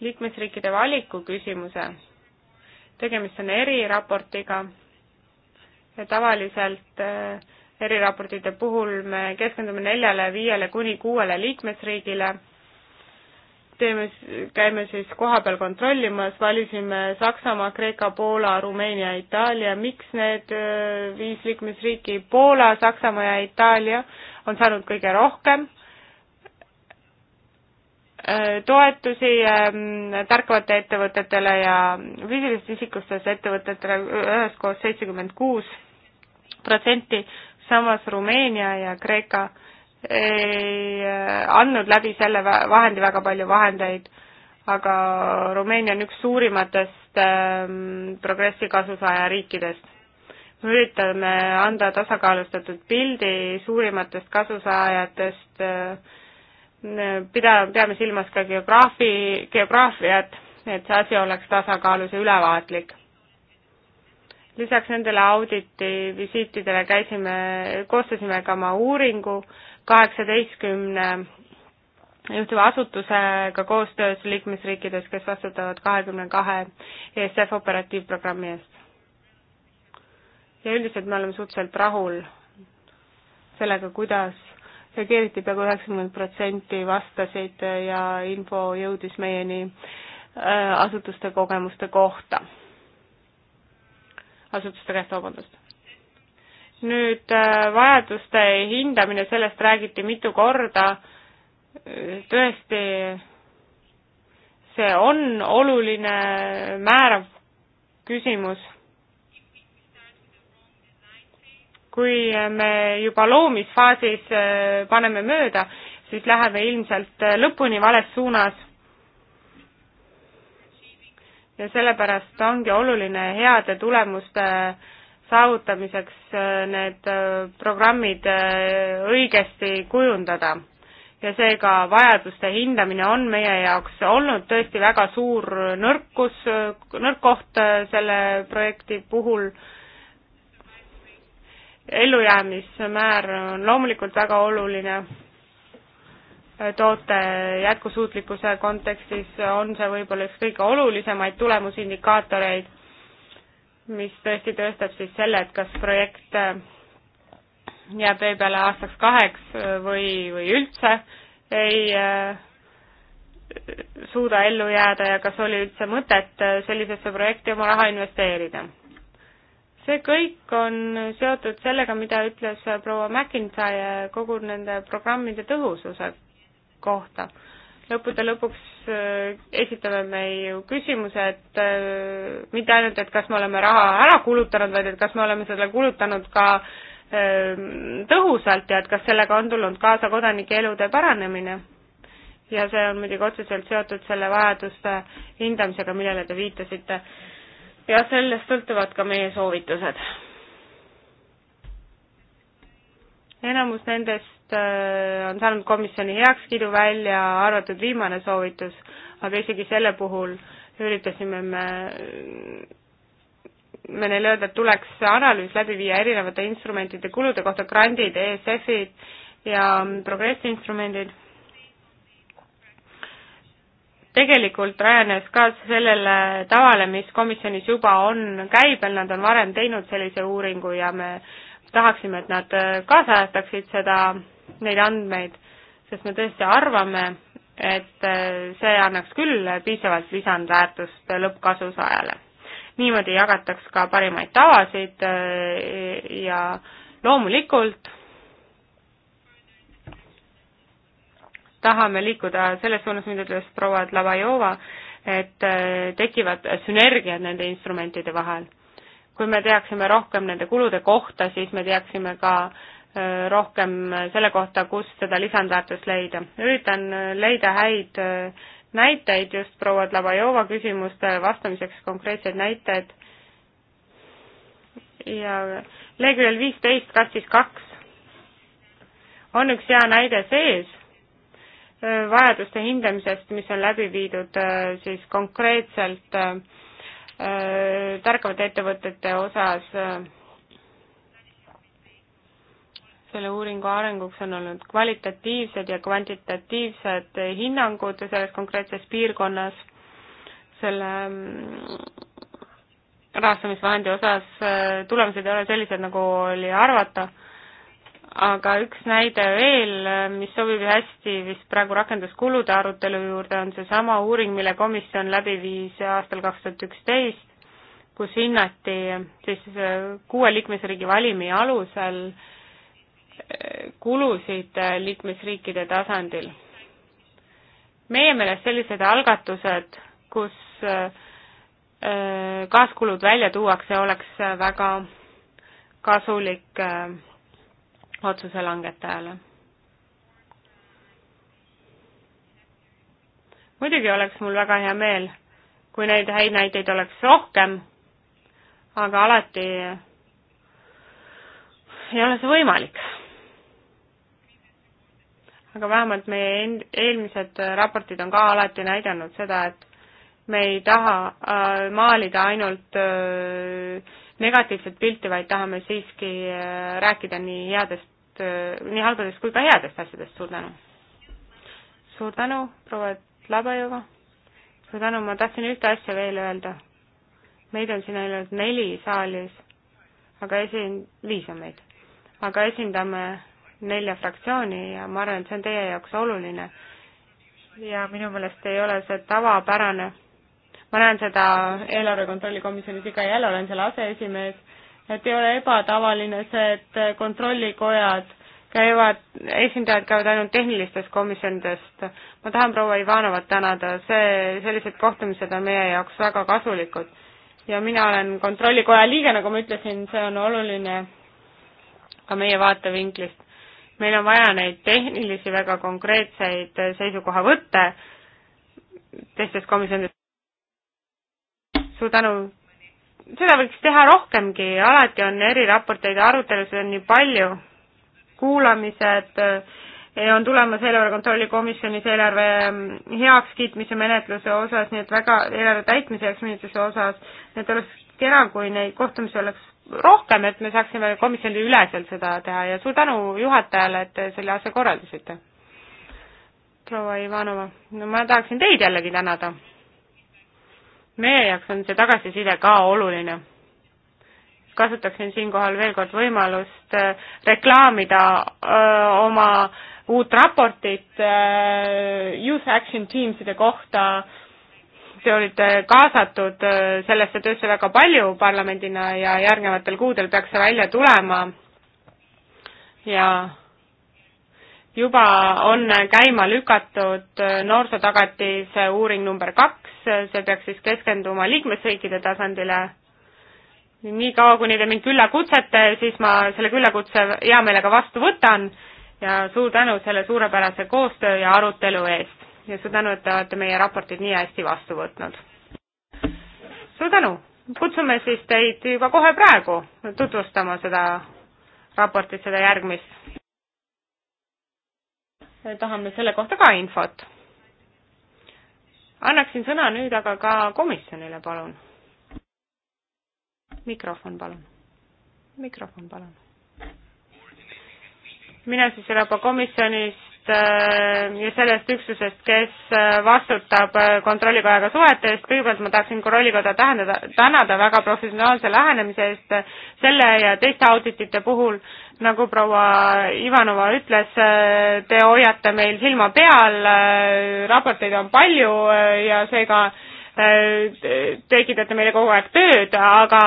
S2: liikmesriikide valiku küsimuse. tegemist on eriraportiga ja tavaliselt äh, eriraportite puhul me keskendume neljale, viiele kuni kuuele liikmesriigile. teeme, käime siis kohapeal kontrollimas, valisime Saksamaa, Kreeka, Poola, Rumeenia, Itaalia. miks need äh, viis liikmesriiki, Poola, Saksamaa ja Itaalia on saanud kõige rohkem? Äh, toetusi ähm, tärkavate ettevõtetele ja füüsilisest isikustest ettevõtetele üheskoos seitsekümmend kuus protsenti, samas Rumeenia ja Kreeka ei äh, andnud läbi selle vahendi väga palju vahendeid, aga Rumeenia on üks suurimatest ähm, progressi kasusaaja riikidest. me üritame anda tasakaalustatud pildi suurimatest kasusaajatest äh, pida-, peame silmas ka geograafi, geograafiat, et see asi oleks tasakaalus ja ülevaatlik. lisaks nendele auditi visiitidele käisime, koostasime ka oma uuringu kaheksateistkümne juhtiva asutusega koostöös liikmesriikides, kes vastutavad kahekümne kahe ESF operatiivprogrammi eest. ja üldiselt me oleme suhteliselt rahul sellega, kuidas reageeriti peaaegu üheksakümmend protsenti, vastasid ja info jõudis meieni äh, asutuste kogemuste kohta, asutuste käest, vabandust. nüüd äh, vajaduste hindamine, sellest räägiti mitu korda, tõesti, see on oluline määrav küsimus kui me juba loomisfaasis äh, paneme mööda, siis läheme ilmselt äh, lõpuni vales suunas. ja sellepärast ongi oluline heade tulemuste saavutamiseks äh, need programmid õigesti kujundada. ja seega vajaduste hindamine on meie jaoks olnud tõesti väga suur nõrkus, nõrk koht selle projekti puhul ellujäämismäär on loomulikult väga oluline toote jätkusuutlikkuse kontekstis on see võib-olla üks kõige olulisemaid tulemusindikaatoreid, mis tõesti tõestab siis selle, et kas projekt jääb vee peale aastaks kaheks või, või üldse ei suuda ellu jääda ja kas oli üldse mõtet sellisesse projekti oma raha investeerida see kõik on seotud sellega, mida ütles proua McIntyre kogu nende programmide tõhususe kohta. lõppude lõpuks äh, esitame me ju küsimuse, et äh, mitte ainult, et kas me oleme raha ära kulutanud, vaid et kas me oleme seda kulutanud ka äh, tõhusalt ja et kas sellega on tulnud kaasa kodanike elude paranemine. ja see on muidugi otseselt seotud selle vajaduste hindamisega, millele te viitasite ja sellest sõltuvad ka meie soovitused. enamus nendest äh, on saanud komisjoni heakskiidu välja, arvatud viimane soovitus, aga isegi selle puhul üritasime me, me neile öelda, et tuleks analüüs läbi viia erinevate instrumentide kulude kohta, grandid, ESF-id ja progressinstrumendid tegelikult rajanes ka sellele tavale, mis komisjonis juba on käibel, nad on varem teinud sellise uuringu ja me tahaksime, et nad äh, kaasajastaksid seda, neid andmeid, sest me tõesti arvame, et äh, see annaks küll piisavalt lisandväärtust lõppkasusaajale. niimoodi jagataks ka parimaid tavasid äh, ja loomulikult tahame liikuda selles suunas, mida ütles proua Dlavajova, et äh, tekivad sünergiad nende instrumentide vahel. kui me teaksime rohkem nende kulude kohta, siis me teaksime ka äh, rohkem selle kohta, kus seda lisandväärtust leida. üritan leida häid äh, näiteid just proua Dlavajova küsimuste vastamiseks, konkreetsed näited ja leheküljel viisteist kastis kaks on üks hea näide sees, Äh, vajaduste hindamisest, mis on läbi viidud äh, siis konkreetselt äh, tärkavate ettevõtete osas. selle uuringu arenguks on olnud kvalitatiivsed ja kvantitatiivsed hinnangud selles konkreetses piirkonnas. selle mm, rahastamisvahendi osas tulemused ei ole sellised, nagu oli arvata aga üks näide veel, mis sobib hästi vist praegu rakenduskulude arutelu juurde, on seesama uuring, mille komisjon läbi viis aastal kaks tuhat üksteist, kus hinnati siis äh, kuue liikmesriigi valimi alusel äh, kulusid äh, liikmesriikide tasandil. meie meelest sellised algatused, kus kaaskulud välja tuuakse, oleks väga kasulik otsuse langetajale. muidugi oleks mul väga hea meel, kui neid häid näiteid oleks rohkem, aga alati ei ole see võimalik. aga vähemalt meie end-, eelmised raportid on ka alati näidanud seda, et me ei taha äh, maalida ainult äh, negatiivset pilti, vaid tahame siiski äh, rääkida nii headest, äh, nii halbadest kui ka headest asjadest, suur tänu! suur tänu, proua Labajõva! suur tänu, ma tahtsin ühte asja veel öelda. meid on siin ainult neli saalis, aga esin-, viis on meid, aga esindame nelja fraktsiooni ja ma arvan, et see on teie jaoks oluline. ja minu meelest ei ole see tavapärane ma näen seda eelarve kontrolli komisjonis iga jälle, olen selle aseesimees, et ei ole ebatavaline see, et kontrollikojad käivad, esindajad käivad ainult tehnilistest komisjonidest. ma tahan proua Ivanovat tänada, see, sellised kohtumised on meie jaoks väga kasulikud. ja mina olen kontrollikoja liige, nagu ma ütlesin, see on oluline ka meie vaatevinklist. meil on vaja neid tehnilisi väga konkreetseid seisukohavõtte teistest komisjonidest suur tänu. seda võiks teha rohkemgi, alati on eriraporteid ja arutelusid on nii palju. kuulamised eh, on tulemas eelarve kontrolli komisjonis eelarve mm, heakskiitmise menetluse osas, nii et väga, eelarve täitmise heakskiitmise osas, et oleks kena, kui neid kohtumisi oleks rohkem, et me saaksime komisjoni üleselt seda teha ja suur tänu juhatajale, et te selle asja korraldasite. proua Ivanova, no ma tahaksin teid jällegi tänada meie jaoks on see tagasiside ka oluline. kasutaksin siinkohal veel kord võimalust äh, reklaamida öö, äh, oma uut raportit öö, äh, Youth Action Teamside kohta. Te olite kaasatud öö, sellesse töösse väga palju parlamendina ja järgnevatel kuudel peaks see välja tulema. ja juba on käima lükatud noorsootagatise uuring number kaks, see peaks siis keskenduma liikmesriikide tasandile. niikaua, kuni te mind külla kutsete, siis ma selle küllakutse hea meelega vastu võtan ja suur tänu selle suurepärase koostöö ja arutelu eest ja suur tänu, et te olete meie raportid nii hästi vastu võtnud. suur tänu, kutsume siis teid juba kohe praegu tutvustama seda raportit, seda järgmist. tahame selle kohta ka infot annaksin sõna nüüd aga ka komisjonile, palun. mikrofon, palun. mikrofon, palun. mina siis Euroopa Komisjonist äh, ja sellest üksusest, kes äh, vastutab äh, Kontrollikojaga suhete eest, kõigepealt ma tahaksin Kontrollikoda tähendada, tänada väga professionaalse lähenemise eest selle ja teiste auditite puhul, nagu proua Ivanova ütles, äh, te hoiate meil silma peal, äh, raporteid on palju äh, ja seega tekitate meile kogu aeg tööd, aga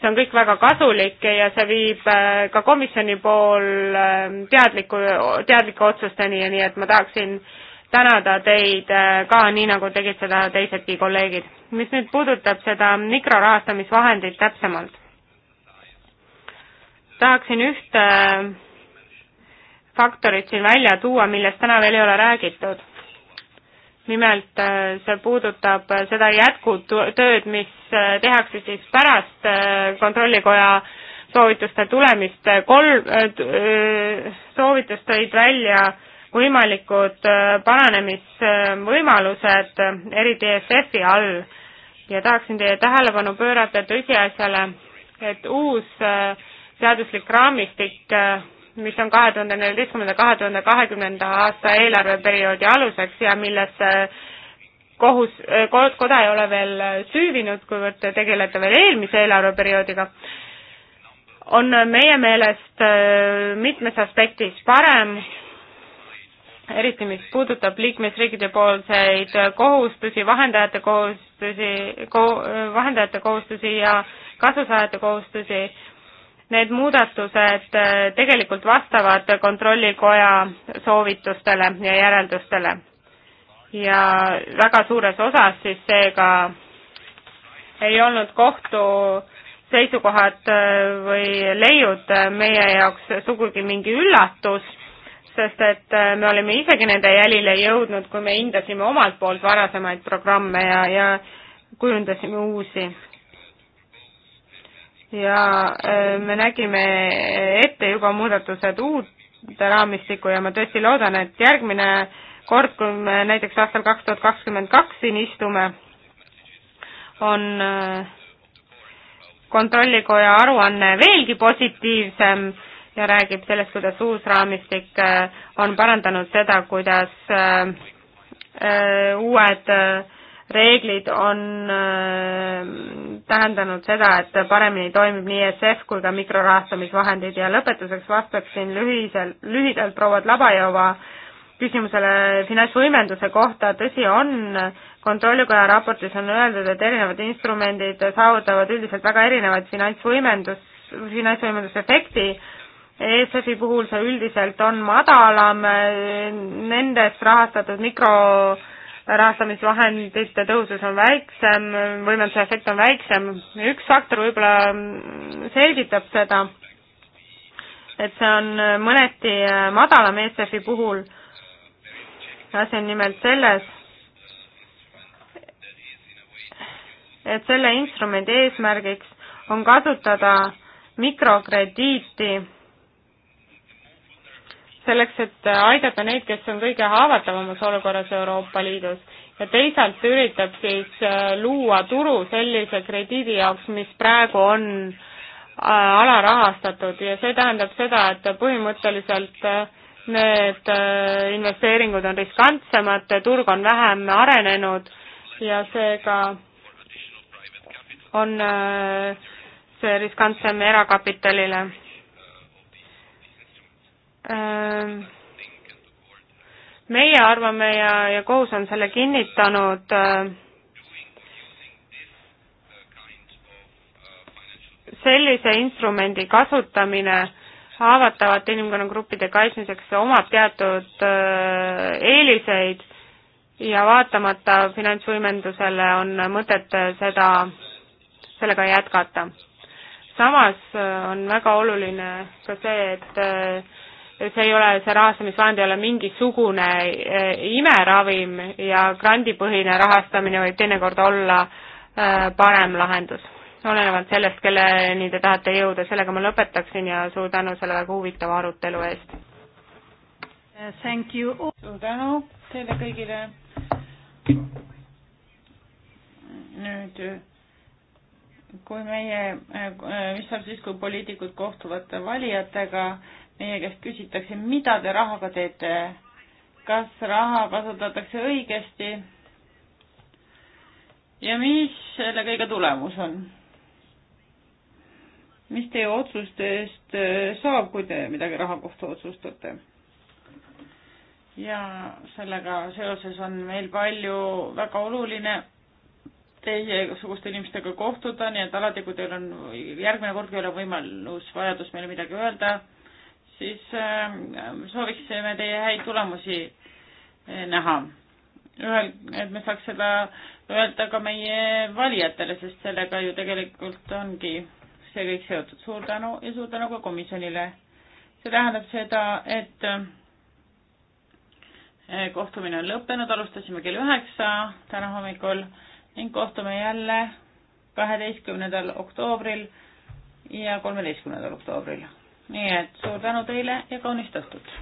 S2: see on kõik väga kasulik ja see viib ka komisjoni pool teadliku, teadlike otsusteni ja nii et ma tahaksin tänada teid ka nii, nagu tegid seda teisedki kolleegid. mis nüüd puudutab seda mikrorahastamisvahendit täpsemalt tahaksin ühte faktorit siin välja tuua, millest täna veel ei ole räägitud. nimelt äh, see puudutab äh, seda jätkutööd, mis äh, tehakse siis pärast Kontrollikoja soovituste tulemist. kolm soovitust tõid välja võimalikud paranemisvõimalused eriti ESF-i all ja tahaksin teie tähelepanu pöörata tõsiasjale, et uus äh, seaduslik raamistik, äh, mis on kahe tuhande neljateistkümnenda, kahe tuhande kahekümnenda aasta eelarveperioodi aluseks ja millesse äh, kohus, äh, koda ei ole veel süüvinud, kuivõrd te tegelete veel eelmise eelarveperioodiga, on meie meelest mitmes aspektis parem, eriti mis puudutab liikmesriikide poolseid kohustusi, vahendajate kohustusi ko,, vahendajate kohustusi ja kasusaajate kohustusi need muudatused äh, tegelikult vastavad Kontrollikoja soovitustele ja järeldustele. ja väga suures osas siis seega ei olnud kohtu seisukohad äh, või leiud meie jaoks sugugi mingi üllatus, sest et äh, me olime isegi nende jälile jõudnud, kui me hindasime omalt poolt varasemaid programme ja, ja kujundasime uusi ja äh, me nägime ette juba muudatused uute raamistikku ja ma tõesti loodan, et järgmine kord, kui me näiteks aastal kaks tuhat kakskümmend kaks siin istume, on äh, kontrollikoja aruanne veelgi positiivsem ja räägib sellest, kuidas uus raamistik äh, on parandanud seda, kuidas uued reeglid on äh, tähendanud seda, et paremini toimib nii ESF kui ka mikrorahastamisvahendid ja lõpetuseks vastaksin lühisel, lühidalt proua Labajova küsimusele finantsvõimenduse kohta, tõsi on, kontrollikoja raportis on öeldud, et erinevad instrumendid saavutavad üldiselt väga erinevaid finantsvõimendus, finantsvõimendusefekti, ESF-i puhul see üldiselt on madalam, nendes rahastatud mikro rahastamisvahendite tõhusus on väiksem, võimenduse efekt on väiksem, üks faktor võib-olla selgitab seda, et see on mõneti madalam ESF-i puhul, asi on nimelt selles, et selle instrumendi eesmärgiks on kasutada mikrokrediiti selleks, et aidata neid, kes on kõige haavatavamas olukorras Euroopa Liidus ja teisalt üritab siis äh, luua turu sellise krediidi jaoks, mis praegu on äh, alarahastatud ja see tähendab seda, et põhimõtteliselt äh, need investeeringud on riskantsemad, turg on vähem arenenud ja seega on see riskantsem erakapitalile Ähm, meie arvame ja, ja kohus on selle kinnitanud, äh, sellise instrumendi kasutamine haavatavate inimkonnagruppide kaitsmiseks omab teatud äh, eeliseid ja vaatamata finantsvõimendusele on mõtet seda, sellega jätkata. samas äh, on väga oluline ka see, et see ei ole, see rahastamisvahend ei ole mingisugune eh, imeravim ja grandipõhine rahastamine võib teinekord olla eh, parem lahendus, olenevalt sellest, kelleni te tahate jõuda, sellega ma lõpetaksin ja suur tänu selle väga huvitava arutelu eest.
S3: Eh, thank you. suur tänu teile kõigile. nüüd kui meie, mis saab siis, kui poliitikud kohtuvad valijatega meie käest küsitakse, mida te rahaga teete, kas raha kasutatakse õigesti ja mis selle kõige tulemus on? mis teie otsustest äh, saab, kui te midagi raha kohta otsustate? ja sellega seoses on meil palju väga oluline teiesugustel inimestega kohtuda, nii et alati, kui teil on järgmine kord, kui ei ole võimalus, vajadus meile midagi öelda, siis ähm, sooviksime teie häid tulemusi äh, näha. ühel, et me saaks seda öelda ka meie valijatele, sest sellega ju tegelikult ongi see kõik seotud. suur tänu ja suur tänu ka komisjonile. see tähendab seda, et äh, kohtumine on lõppenud, alustasime kell üheksa täna hommikul ning kohtume jälle kaheteistkümnendal oktoobril ja kolmeteistkümnendal oktoobril nii et suur tänu teile ja kaunist õhtut!